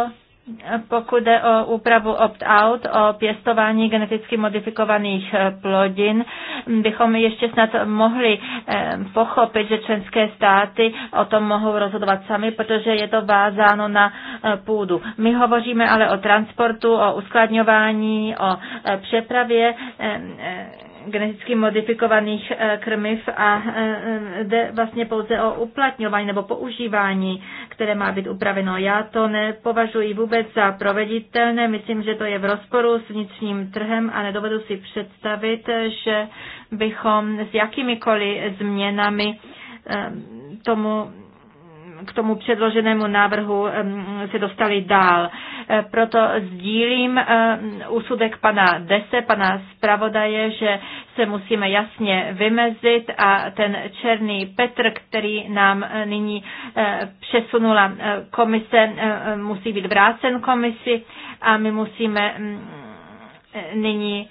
Pokud jde o úpravu opt-out, o pěstování geneticky modifikovaných eh, plodin, bychom ještě snad mohli eh, pochopit, že členské státy o tom mohou rozhodovat sami, protože je to vázáno na eh, půdu. My hovoříme ale o transportu, o uskladňování, o přepravě geneticky modifikovaných eh, krmiv a eh, eh, jde vlastně pouze o uplatňování nebo používání, které má být upraveno. Já to nepovažuji vůbec za proveditelné, myslím, že to je v rozporu s vnitřním trhem a nedovedu si představit, že bychom s jakýmikoliv změnami tomu k tomu předloženému návrhu se dostali dál. E, proto sdílím e, úsudek pana Dese, pana zpravodaje, že se musíme jasně vymezit a ten černý Petr, který nám e, nyní přesunula komise, musí být vrácen komisi a my musíme mm, nyní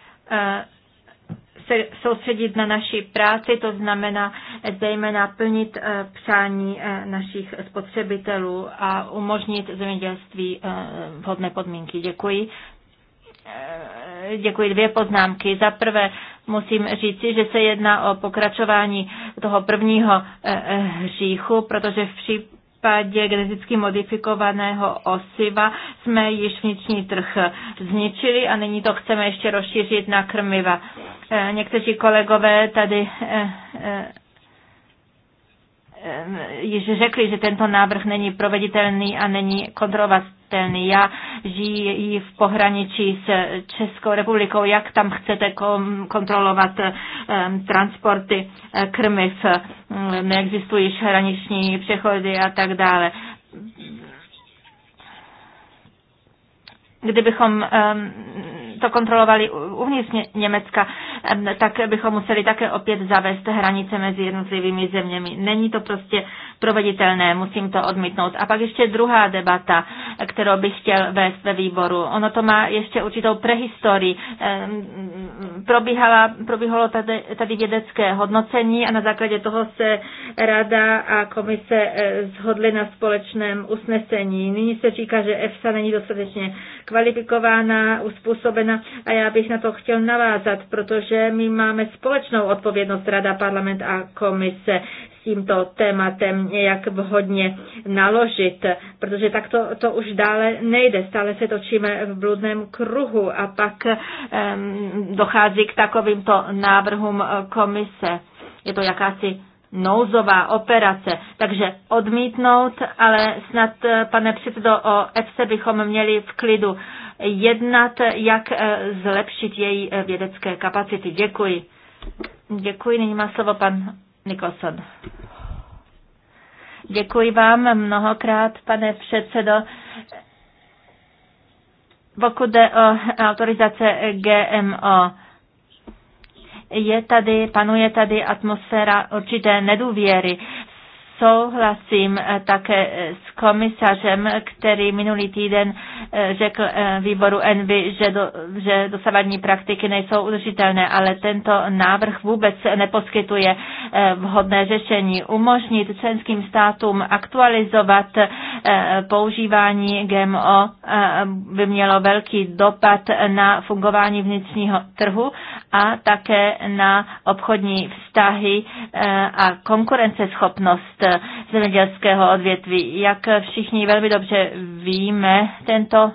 se soustředit na naši práci, to znamená zejména plnit eh, přání eh, našich spotřebitelů a umožnit zemědělství eh, vhodné podmínky. Děkuji. Děkuji. Dvě poznámky. Za prvé musím říci, že se jedná o pokračování toho prvního hříchu, protože v případě případě geneticky modifikovaného osiva jsme již vnitřní trh zničili a nyní to chceme ještě rozšířit na krmiva. Eh, někteří kolegové tady eh, eh, již řekli, že tento návrh není proveditelný a není kontrolovatelný. Já žijí v pohraničí s Českou republikou. Jak tam chcete kontrolovat transporty eh, krmiv? Mm, neexistují hraniční přechody a tak dále. Kdybychom to kontrolovali uvnitř Německa, tak bychom museli také opět zavést hranice mezi jednotlivými zeměmi. Není to prostě proveditelné, musím to odmítnout. A pak ještě druhá debata, kterou bych chtěl vést ve výboru. Ono to má ještě určitou prehistorii. Probíhala, probíhalo tady, tady vědecké hodnocení a na základě toho se rada a komise zhodly eh, na společném usnesení. Nyní se říká, že EFSA není dostatečně kvalifikována, uspůsobená připravena a já bych na to chtěl navázat, protože my máme společnou odpovědnost Rada, Parlament a Komise s tímto tématem nějak vhodně naložit, protože tak to, to už dále nejde. Stále se točíme v bludném kruhu a pak um, dochází k takovýmto návrhům eh, komise. Je to jakási nouzová operace. Takže odmítnout, ale snad, eh, pane předsedo, o EFSE bychom měli v klidu jednat, jak eh, zlepšit její eh, vědecké kapacity. Děkuji. Děkuji, nyní má slovo pan Nikolson. Děkuji vám mnohokrát, pane předsedo. Pokud jde o autorizace GMO, je tady, panuje tady atmosféra určité nedůvěry souhlasím eh, také eh, s komisařem, který minulý týden eh, řekl výboru Envy, že, do, že dosavadní praktiky nejsou udržitelné, ale tento návrh vůbec neposkytuje vhodné řešení. Umožnit členským státům aktualizovat používání GMO by mělo velký dopad na fungování vnitřního trhu a také na obchodní vztahy a konkurenceschopnost zemědělského odvětví. Jak všichni velmi dobře víme, tento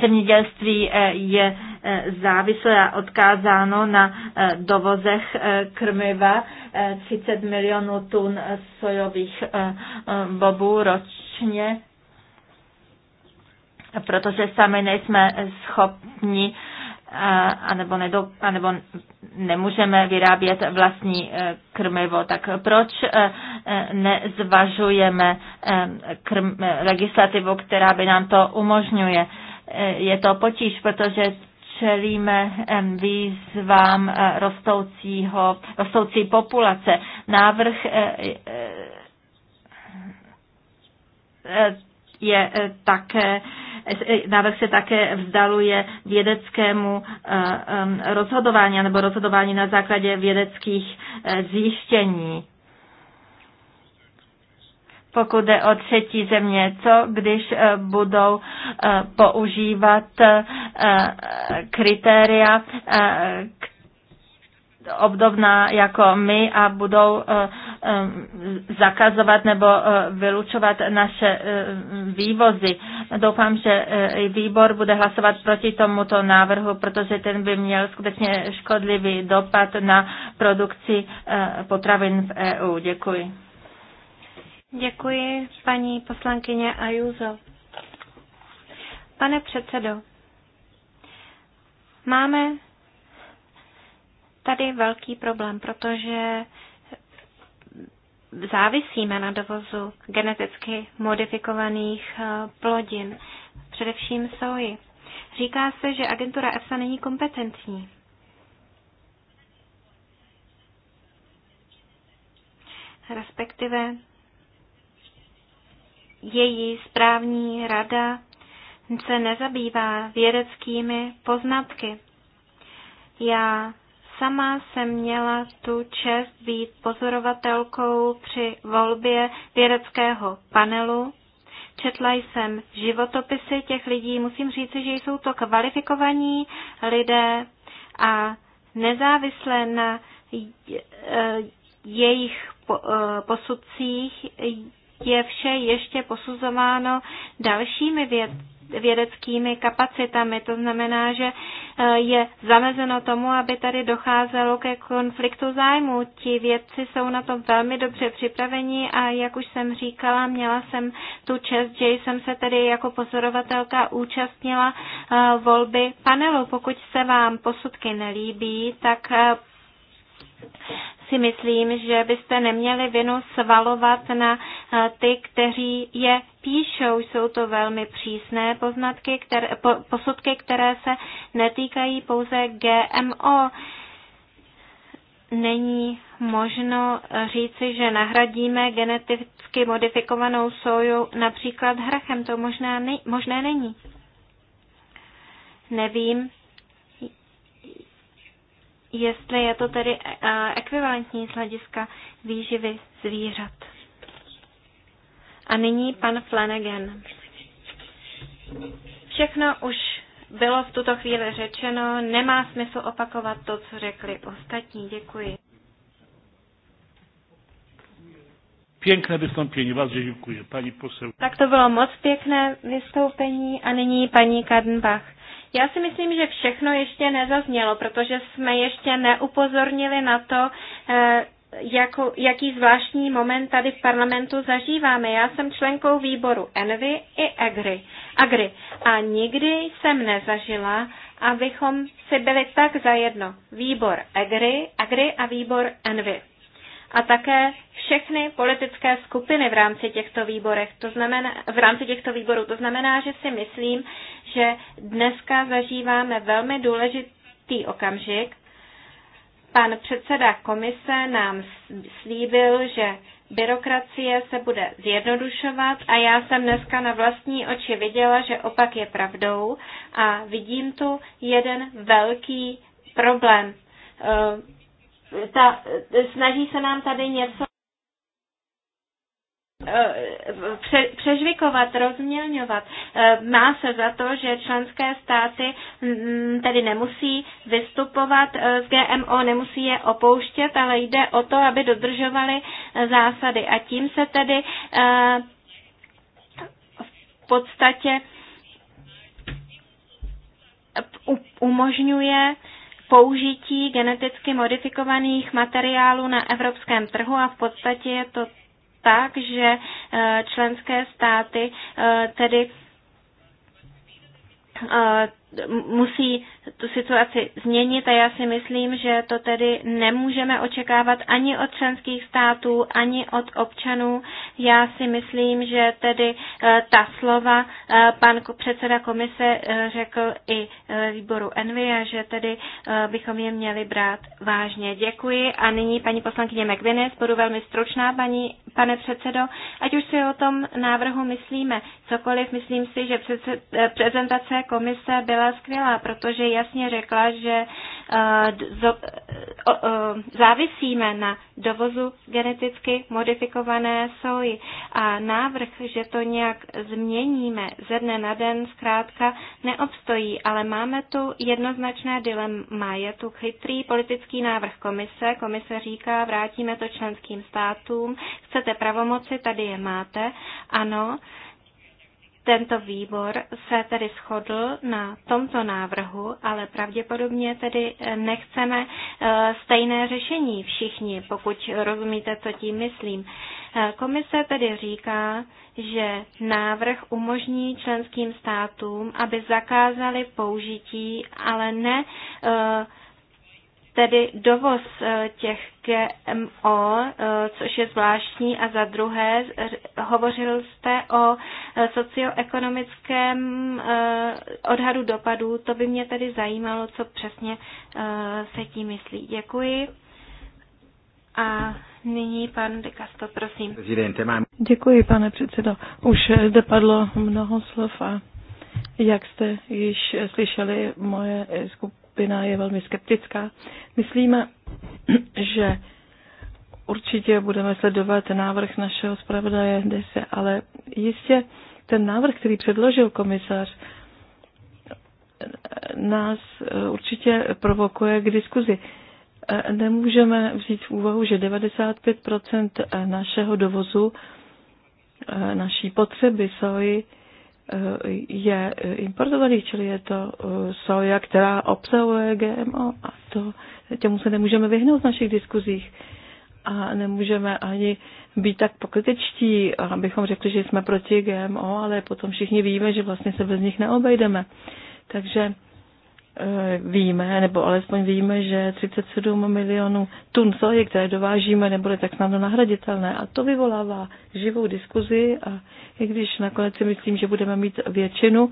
zemědělství eh, je eh, závislé a odkázáno na eh, dovozech krmiva 30 milionů tun sojových bobů ročně, protože sami nejsme schopni anebo, nedo, anebo nemůžeme vyrábět vlastní e, krmivo. Tak proč e, e, nezvažujeme krm, legislativu, která by nám to umožňuje? Je to potíž, protože čelíme výzvám rostoucího, rostoucí populace. Návrh je také návrh se také vzdaluje vědeckému eh, rozhodování nebo rozhodování na základě vědeckých eh, zjištění. Pokud jde o třetí země, co když eh, budou používat kritéria, obdobná jako my a budou eh, eh, zakazovat nebo eh, vylučovat naše vývozy. Doufám, že výbor bude hlasovat proti tomuto návrhu, protože ten by měl skutečně škodlivý dopad na produkci potravin v EU. Děkuji. Děkuji, paní poslankyně Ajuzo. Pane předsedo, máme tady velký problém, protože závisíme na dovozu geneticky modifikovaných eh, plodin, především soji. Říká se, že agentura EFSA není kompetentní. Respektive její správní rada se nezabývá vědeckými poznatky. Já Sama jsem měla tu čest být pozorovatelkou při volbě vědeckého panelu. Četla jsem životopisy těch lidí. Musím říci, že jsou to kvalifikovaní lidé a nezávisle na e, jejich e, posudcích je vše ještě posuzováno dalšími vědci vědeckými kapacitami. To znamená, že eh, je zamezeno tomu, aby tady docházelo ke konfliktu zájmu. Ti vědci jsou na to velmi dobře připraveni a jak už jsem říkala, měla jsem tu čest, že jsem se tedy jako pozorovatelka účastnila eh, volby panelu. Pokud se vám posudky nelíbí, tak eh, si myslím, že byste neměli vinu svalovat na eh, ty, kteří je píšou. Jsou to velmi přísné poznatky, které, po, posudky, které se netýkají pouze GMO. Není možno říci, že nahradíme geneticky modifikovanou soju například hrachem. To možná ne, možné není. Nevím, jestli je to tedy eh, ekvivalentní z hlediska výživy zvířat. A nyní pan Flanagan. Všechno už bylo v tuto chvíli řečeno, nemá smysl opakovat to, co řekli ostatní. Děkuji. Pěkné vystoupení, vás děkuji, paní posel. Tak to bylo moc pěkné vystoupení a nyní paní Kadenbach. Já si myslím, že všechno ještě nezaznělo, protože jsme ještě neupozornili na to, eh, jako, jaký zvláštní moment tady v parlamentu zažíváme. Já jsem členkou výboru Envy i Agri. Agri. A nikdy jsem nezažila, abychom si byli tak zajedno. Výbor Agri, Agri a výbor Envy a také všechny politické skupiny v rámci těchto výborech. To znamená, v rámci těchto výborů. To znamená, že si myslím, že dneska zažíváme velmi důležitý okamžik. Pan předseda komise nám slíbil, že byrokracie se bude zjednodušovat a já jsem dneska na vlastní oči viděla, že opak je pravdou a vidím tu jeden velký problém ehm, ta, snaží se nám tady něco eh, pře, přežvikovat, rozmělňovat. Eh, má se za to, že členské státy mm, tedy nemusí vystupovat eh, z GMO, nemusí je opouštět, ale jde o to, aby dodržovali zásady. A tím se tedy v podstatě umožňuje uh, použití geneticky modifikovaných materiálů na evropském trhu a v podstatě je to tak, že eh, členské státy eh, tedy eh, musí tu situaci změnit a já si myslím, že to tedy nemůžeme očekávat ani od členských států, ani od občanů. Já si myslím, že tedy eh, ta slova eh, pan předseda komise eh, řekl i výboru Envy a že tedy bychom je měli brát vážně. Děkuji a nyní paní poslankyně McVinnis, budu velmi stručná, paní, pane předsedo, ať už si o tom návrhu myslíme cokoliv, myslím si, že prezentace komise byla byla skvělá, protože jasně řekla, že eh, eh, závisíme na dovozu geneticky modifikované soji a návrh, že to nějak změníme ze dne na den, zkrátka neobstojí, ale máme tu jednoznačné dilema. Je tu chytrý politický návrh komise. Komise říká, vrátíme to členským státům, chcete pravomoci, tady je máte. Ano, uh, tento výbor se tedy shodl na tomto návrhu, ale pravděpodobně tedy eh, nechceme eh, stejné řešení všichni, pokud rozumíte, co tím myslím. Eh, komise tedy říká, že návrh umožní členským státům, aby zakázali použití, ale ne tedy dovoz těch GMO, eh, což je zvláštní, a za druhé eh, hovořil jste o eh, socioekonomickém odhadu dopadů. To by mě tedy zajímalo, co přesně se tím myslí. Děkuji. A nyní pan De Castro, prosím. Děkuji, pane předsedo. Už zde padlo mnoho slov a jak jste již slyšeli, moje skupina je velmi skeptická. Myslíme, že určitě budeme sledovat návrh našeho zpravodaje Dese, ale jistě ten návrh, který předložil komisař, nás eh, určitě provokuje k diskuzi. Eh, nemůžeme vzít v úvahu, že 95 našeho dovozu, eh, naší potřeby soji, je importovaný, čili je to eh, soja, která obsahuje GMO a to, těmu se nemůžeme vyhnout v našich diskuzích a nemůžeme ani být tak pokrytečtí, abychom řekli, že jsme proti GMO, ale potom všichni víme, že vlastně se bez nich neobejdeme. Takže Eh, víme, nebo alespoň víme, že 37 milionů tun soji, které dovážíme, nebude tak snadno nahraditelné. A to vyvolává živou diskuzi a i když nakonec si myslím, že budeme mít většinu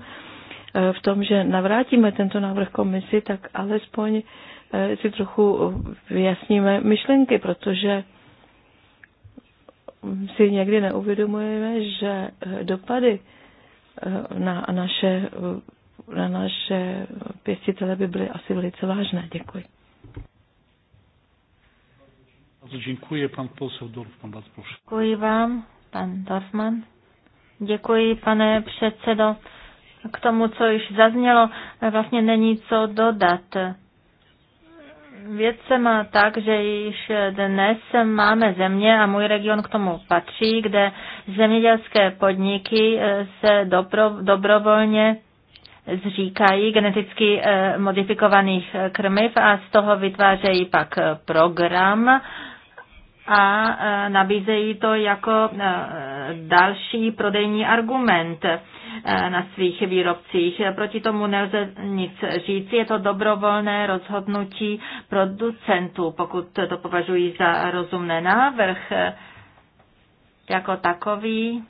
eh, v tom, že navrátíme tento návrh komisi, tak alespoň eh, si trochu vyjasníme myšlenky, protože si někdy neuvědomujeme, že dopady na naše na naše pěstitele by byly asi velice vážné. Děkuji. Děkuji, pan Dorfman, vás prosím. Děkuji vám, pan Dorfman. Děkuji, pane předsedo. K tomu, co již zaznělo, vlastně není co dodat. Věc se má tak, že již dnes máme země a můj region k tomu patří, kde zemědělské podniky se dobro, dobrovolně zříkají geneticky eh, modifikovaných eh, krmiv a z toho vytvářejí pak eh, program a nabízejí to jako další prodejní argument na svých výrobcích. Proti tomu nelze nic říct. Je to dobrovolné rozhodnutí producentů, pokud to považují za rozumné návrh jako takový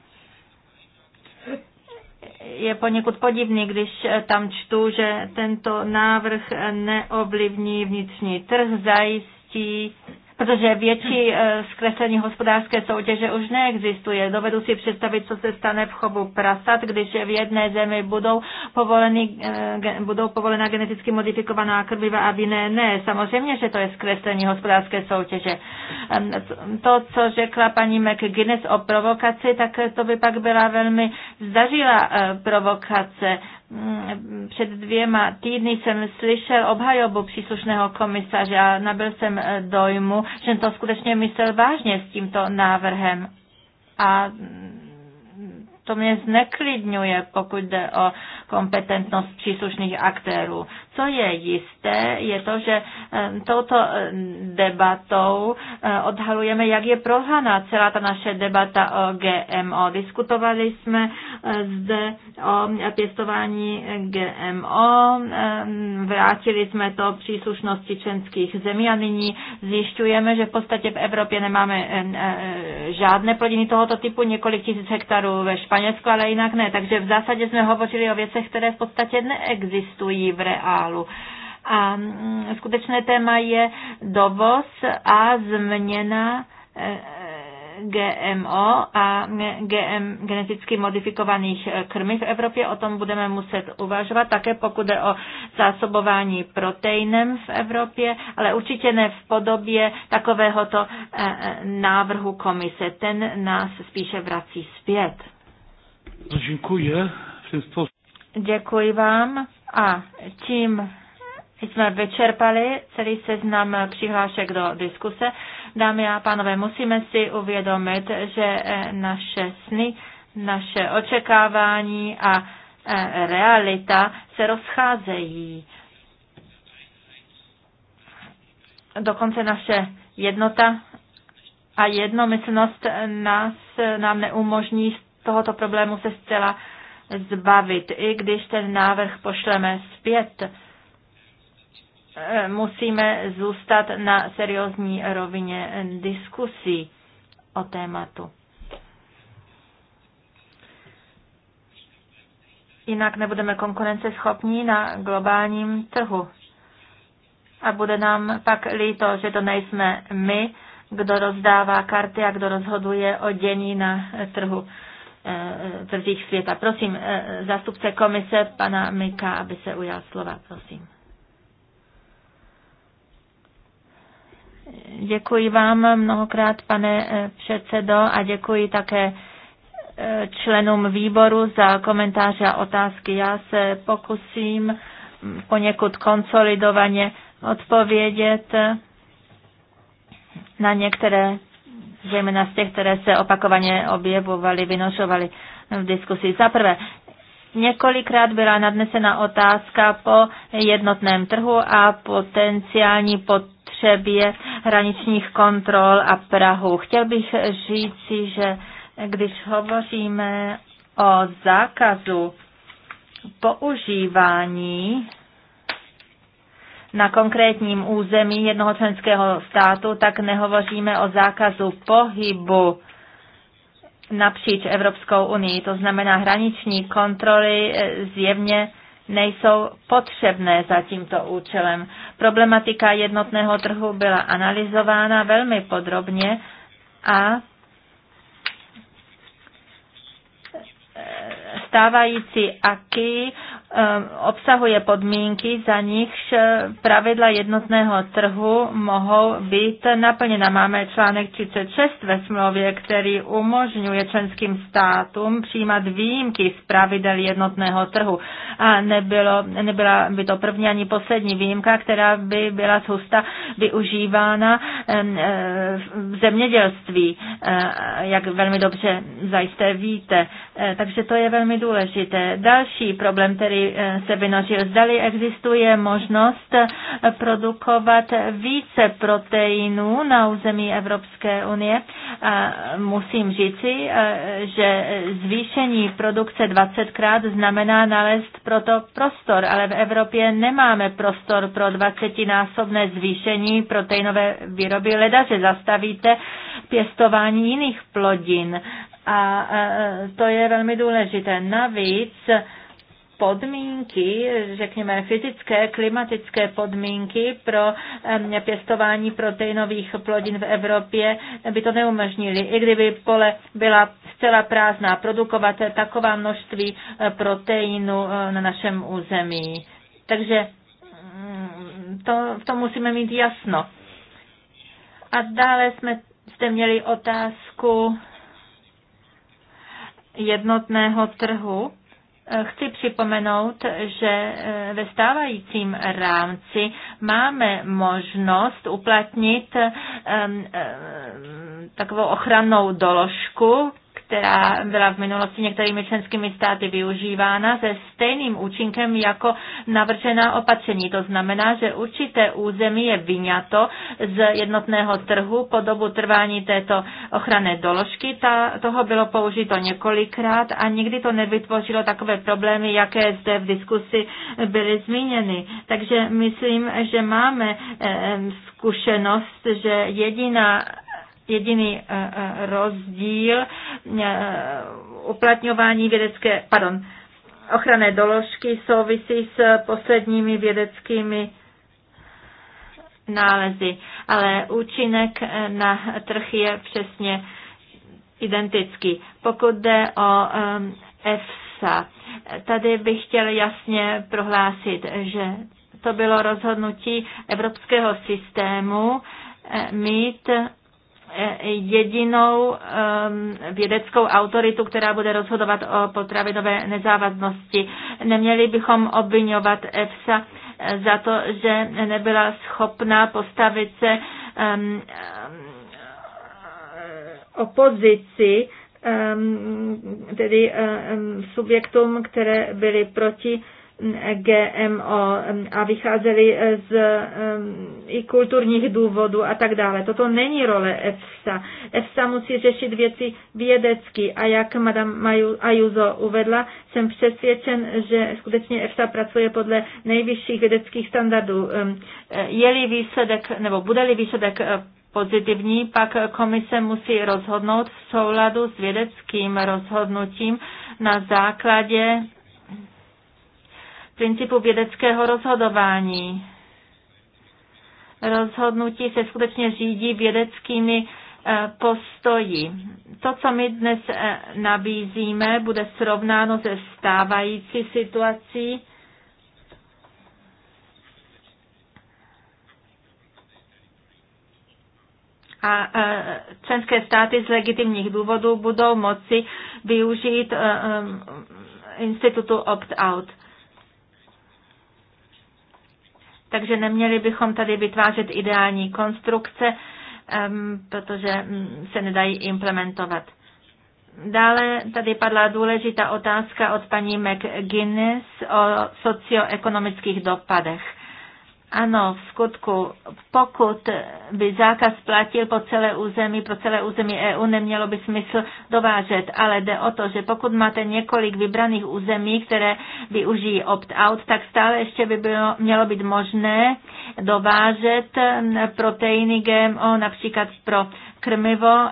je poněkud podivný, když tam čtu, že tento návrh neovlivní vnitřní trh, zajistí protože větší eh, zkreslení hospodářské soutěže už neexistuje. Dovedu si představit, co se stane v chovu prasat, když v jedné zemi budou, povoleny, eh, budou povolena geneticky modifikovaná krviva a v jiné ne. Samozřejmě, že to je zkreslení hospodářské soutěže. To, co řekla paní McGuinness o provokaci, tak to by pak byla velmi zdařila eh, provokace Mm, před dvěma týdny jsem slyšel obhajobu příslušného komisaře a nabil jsem eh, dojmu, že to skutečně myslel vážně s tímto návrhem. A mm, to mě zneklidňuje, pokud jde o kompetentnost příslušných aktérů. Co je jisté, je to, že eh, touto eh, debatou eh, odhalujeme, jak je prohaná celá ta naše debata o GMO. Diskutovali jsme zde o pěstování GMO, vrátili jsme to příslušnosti členských zemí a nyní zjišťujeme, že v podstatě v Evropě nemáme žádné plodiny tohoto typu, několik tisíc hektarů ve Španělsku, ale jinak ne. Takže v zásadě jsme hovořili o věcech, které v podstatě neexistují v reálu kapitálu. A mm, skutečné téma je dovoz a změna e, e, GMO a GM, geneticky modifikovaných e, krmy v Evropě. O tom budeme muset uvažovat také, pokud je o zásobování proteinem v Evropě, ale určitě ne v podobě takovéhoto návrhu komise. Ten nás spíše vrací zpět. Děkuji. Děkuji vám. A tím jsme vyčerpali celý seznam přihlášek do diskuse. Dámy a pánové, musíme si uvědomit, že eh, naše sny, naše očekávání a eh, realita se rozcházejí. Dokonce naše jednota a jednomyslnost nás, nám neumožní z tohoto problému se zcela zbavit. I když ten návrh pošleme zpět, eh, musíme zůstat na seriózní rovině diskusí o tématu. Jinak nebudeme konkurenceschopní na globálním trhu. A bude nám pak líto, že to nejsme my, kdo rozdává karty a kdo rozhoduje o dění na trhu. Eh, eh, trzích světa. Prosím, eh, zástupce komise pana Mika, aby se ujal slova, prosím. Děkuji vám mnohokrát, pane předsedo, a děkuji také členům výboru za komentáře a otázky. Já se pokusím poněkud konsolidovaně odpovědět na některé zejména z těch, které se opakovaně objevovaly, vynošovaly v diskusi. Za prvé, Několikrát byla nadnesena otázka po jednotném trhu a potenciální potřebě hraničních kontrol a Prahu. Chtěl bych říci, že když hovoříme o zákazu používání na konkrétním území jednoho členského státu, tak nehovoříme o zákazu pohybu napříč Evropskou unii. To znamená, hraniční kontroly eh, zjevně nejsou potřebné za tímto účelem. Problematika jednotného trhu byla analyzována velmi podrobně a eh, stávající aky Ehm, obsahuje podmínky, za nichž eh, pravidla jednotného trhu mohou být naplněna. Máme článek 36 ve smlouvě, který umožňuje členským státům přijímat výjimky z pravidel jednotného trhu. A nebylo, nebyla by to první ani poslední výjimka, která by byla z husta využívána ehm, eh, v zemědělství, eh, jak velmi dobře zajisté víte. Takže to je velmi důležité. Další problém, který který eh, se vynožil. Zdali existuje možnost eh, produkovat více proteinů na území Evropské unie. Musím říci, eh, že zvýšení produkce 20krát znamená nalézt proto prostor, ale v Evropě nemáme prostor pro 20-násobné zvýšení proteinové výroby. Leda, že zastavíte pěstování jiných plodin. A to je velmi důležité. Navíc podmínky, řekněme fyzické, klimatické podmínky pro pěstování proteinových plodin v Evropě by to neumožnili. I kdyby pole byla zcela prázdná, produkovat taková množství eh, proteinu eh, na našem území. Takže mm, to, v tom musíme mít jasno. A dále jsme, jste měli otázku jednotného trhu Chci připomenout, že eh, ve stávajícím rámci máme možnost uplatnit eh, eh, takovou ochrannou doložku která byla v minulosti některými členskými státy využívána se stejným účinkem jako navržená opatření. To znamená, že určité území je vyňato z jednotného trhu po dobu trvání této ochranné doložky. Ta, toho bylo použito několikrát a nikdy to nevytvořilo takové problémy, jaké zde v diskusi byly zmíněny. Takže myslím, že máme eh, eh, zkušenost, že jediná jediný eh, eh, rozdíl eh, uplatňování vědecké, pardon, ochranné doložky souvisí s posledními vědeckými nálezy, ale účinek na trh je přesně identický. Pokud jde o EFSA, tady bych chtěl jasně prohlásit, že to bylo rozhodnutí evropského systému mít jedinou vědeckou autoritu, která bude rozhodovat o potravinové nezávaznosti. Neměli bychom obvinovat EFSA eh, za to, že nebyla schopná postavit se eh, opozici, tedy eh, subjektům, které byly proti GMO a vycházeli eh, z i kulturních důvodů a tak dále. Toto není role EFSA. EFSA musí řešit věci vědecky a jak Madame Ayuso uvedla, jsem přesvědčen, že skutečně EFSA pracuje podle nejvyšších vědeckých standardů. Eh, je-li výsledek, nebo bude-li výsledek eh, pozitivní, pak komise musí rozhodnout v souladu s vědeckým rozhodnutím na základě principu vědeckého rozhodování. Rozhodnutí se skutečně řídí vědeckými eh, postoji. To, co my dnes eh, nabízíme, bude srovnáno se stávající situací. a eh, členské státy z legitimních důvodů budou moci využít institutu opt-out. takže neměli bychom tady vytvářet ideální konstrukce, protože mm, se nedají implementovat. Dále tady padla důležitá otázka od paní McGuinness o socioekonomických dopadech. Ano, v skutku, pokud by zákaz platil po celé území, pro celé území EU, nemělo by smysl dovážet, ale jde o to, že pokud máte několik vybraných území, které využijí opt-out, tak stále ještě by bylo, mělo být možné dovážet proteiny GMO například pro krmivo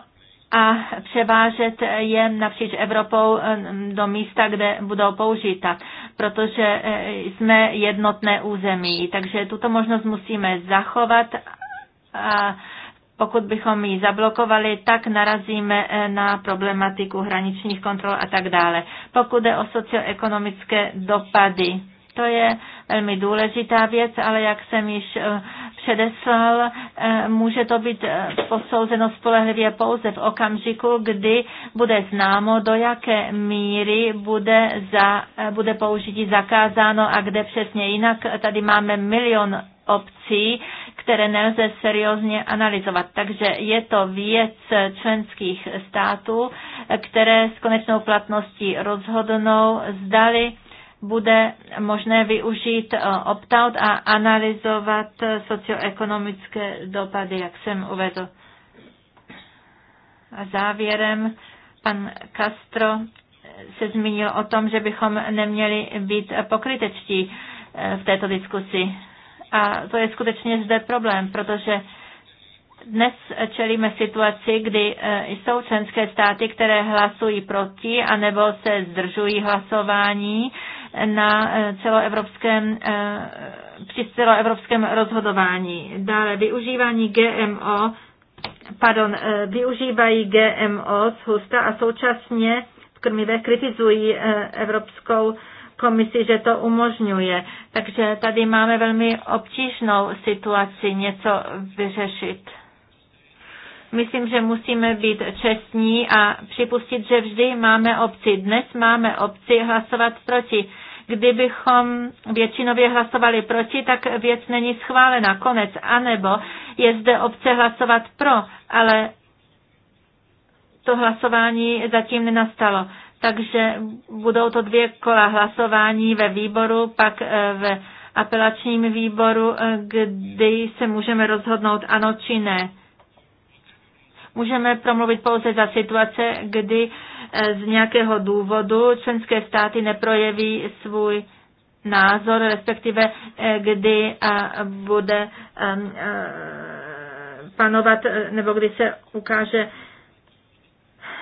a převážet je napříč Evropou mm, do místa, kde budou použita, protože e, jsme jednotné území. Takže tuto možnost musíme zachovat. A pokud bychom ji zablokovali, tak narazíme e, na problematiku hraničních kontrol a tak dále. Pokud jde o socioekonomické dopady, to je velmi důležitá věc, ale jak jsem již e, předeslal, eh, může to být eh, posouzeno spolehlivě pouze v okamžiku, kdy bude známo, do jaké míry bude, za, eh, bude použití zakázáno a kde přesně. Jinak tady máme milion obcí, které nelze seriózně analyzovat. Takže je to věc členských států, které s konečnou platností rozhodnou, zdali bude možné využít eh, opt-out a analyzovat eh, socioekonomické dopady, jak jsem uvedl. A závěrem pan Castro eh, se zmínil o tom, že bychom neměli být pokrytečtí v této diskusi. A to je skutečně zde problém, protože dnes čelíme situaci, kdy jsou členské státy, které hlasují proti anebo se zdržují hlasování na eh, celoevropském, eh, při celoevropském rozhodování. Dále využívání GMO, pardon, eh, využívají GMO z husta a současně v krmivech kritizují Evropskou komisi, že to umožňuje. Takže tady máme velmi obtížnou situaci něco vyřešit. Myslím, že musíme být čestní a připustit, že vždy máme obci. Dnes máme obci hlasovat proti Kdybychom většinově hlasovali proti, tak věc není schválena. Konec. A nebo je zde obce hlasovat pro, ale to hlasování zatím nenastalo. Takže budou to dvě kola hlasování ve výboru, pak eh, ve apelačním výboru, eh, kdy se můžeme rozhodnout ano či ne. Můžeme promluvit pouze za situace, kdy z nějakého důvodu členské státy neprojeví svůj názor, respektive eh, kdy bude eh, panovat, nebo kdy se ukáže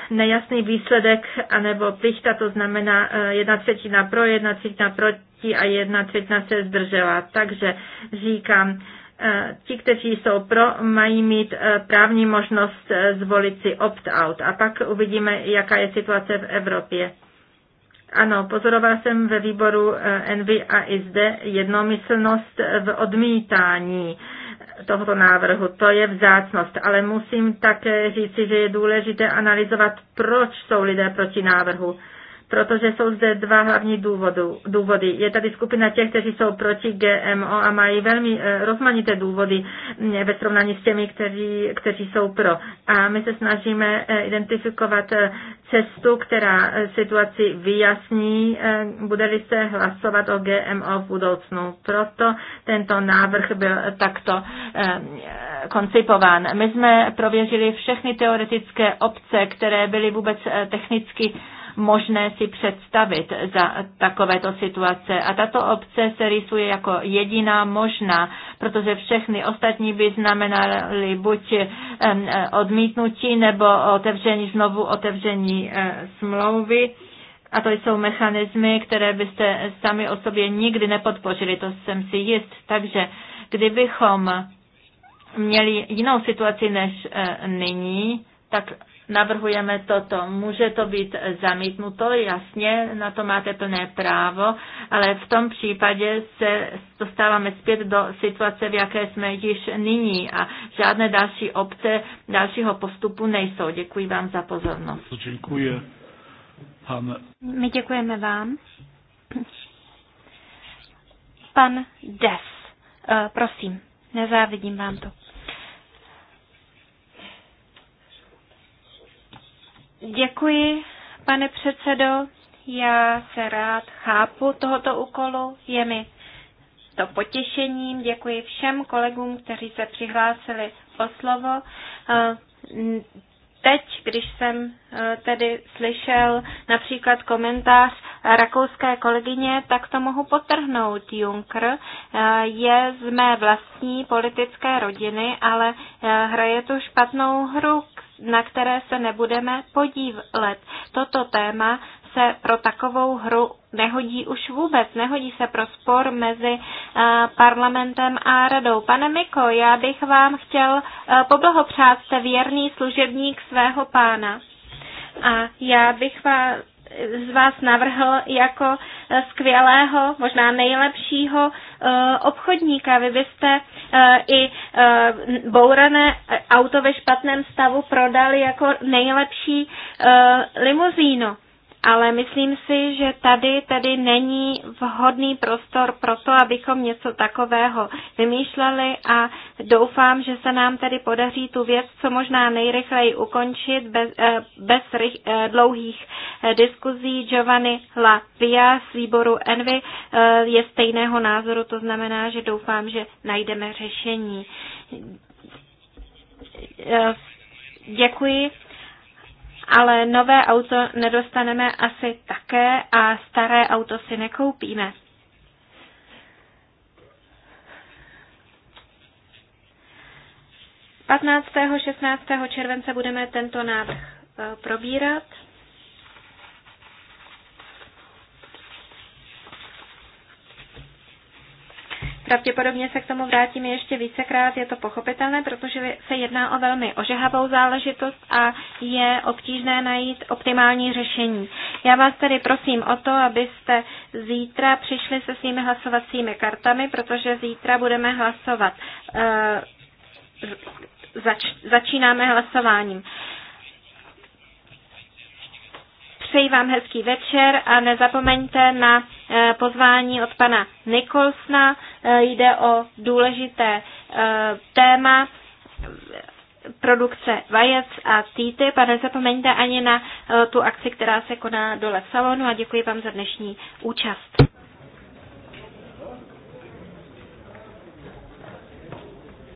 nejasný výsledek, anebo plichta, to znamená eh, jedna třetina pro, jedna třetina proti a jedna třetina se zdržela. Takže říkám, ti, kteří jsou pro, mají mít e, právní možnost e, zvolit si opt-out. A pak uvidíme, jaká je situace v Evropě. Ano, pozoroval jsem ve výboru e, Envy a i zde jednomyslnost v odmítání tohoto návrhu. To je vzácnost, ale musím také říci, že je důležité analyzovat, proč jsou lidé proti návrhu protože jsou zde dva hlavní důvodu, důvody. Je tady skupina těch, kteří jsou proti GMO a mají velmi eh, rozmanité důvody mm, ve srovnání s těmi, kteří, kteří jsou pro. A my se snažíme eh, identifikovat eh, cestu, která situaci vyjasní, bude-li se hlasovat o GMO v budoucnu. Proto tento návrh byl takto koncipován. My jsme prověřili všechny teoretické obce, které byly vůbec technicky možné si představit za takovéto situace. A tato obce se rysuje jako jediná možná, protože všechny ostatní by znamenaly buď eh, odmítnutí nebo otevření, znovu otevření eh, smlouvy. A to jsou mechanismy, které byste sami o sobě nikdy nepodpořili, to jsem si jist. Takže kdybychom měli jinou situaci než eh, nyní, tak navrhujeme toto. Může to být zamítnuto, jasně, na to máte plné právo, ale v tom případě se dostáváme zpět do situace, v jaké jsme již nyní a žádné další obce dalšího postupu nejsou. Děkuji vám za pozornost. Děkuji. pane. My děkujeme vám. Pan Des, eh, prosím, nezávidím vám to. Děkuji, pane předsedo. Já se rád chápu tohoto úkolu. Je mi to potěšením. Děkuji všem kolegům, kteří se přihlásili o slovo. Eh, teď, když jsem eh, tedy slyšel například komentář rakouské kolegyně, tak to mohu potrhnout. Juncker eh, je z mé vlastní politické rodiny, ale hraje tu špatnou hru, na které se nebudeme podívat. Toto téma se pro takovou hru nehodí už vůbec, nehodí se pro spor mezi eh, parlamentem a radou. Pane Miko, já bych vám chtěl eh, poblahopřát, jste věrný služebník svého pána. A já bych vás, z vás navrhl jako skvělého, možná nejlepšího eh, obchodníka. Vy byste eh, i eh, bourané auto ve špatném stavu prodali jako nejlepší limuzíno ale myslím si, že tady tedy není vhodný prostor pro to, abychom něco takového vymýšleli a doufám, že se nám tedy podaří tu věc co možná nejrychleji ukončit bez, eh, bez rych, eh, dlouhých eh, diskuzí. Giovanni La Via z výboru Envy je stejného názoru, to znamená, že doufám, že najdeme řešení. Děkuji ale nové auto nedostaneme asi také a staré auto si nekoupíme. 15. 16. července budeme tento návrh eh, probírat. Pravděpodobně se k tomu vrátíme ještě vícekrát, je to pochopitelné, protože se jedná o velmi ožehavou záležitost a je obtížné najít optimální řešení. Já vás tedy prosím o to, abyste zítra přišli se svými hlasovacími kartami, protože zítra budeme hlasovat. Eh, zač, začínáme hlasováním. Přeji vám hezký večer a nezapomeňte na e, pozvání od pana Nikolsna. E, jde o důležité e, téma produkce vajec a týty. a nezapomeňte ani na tu akci, která se koná dole v salonu a děkuji vám za dnešní účast.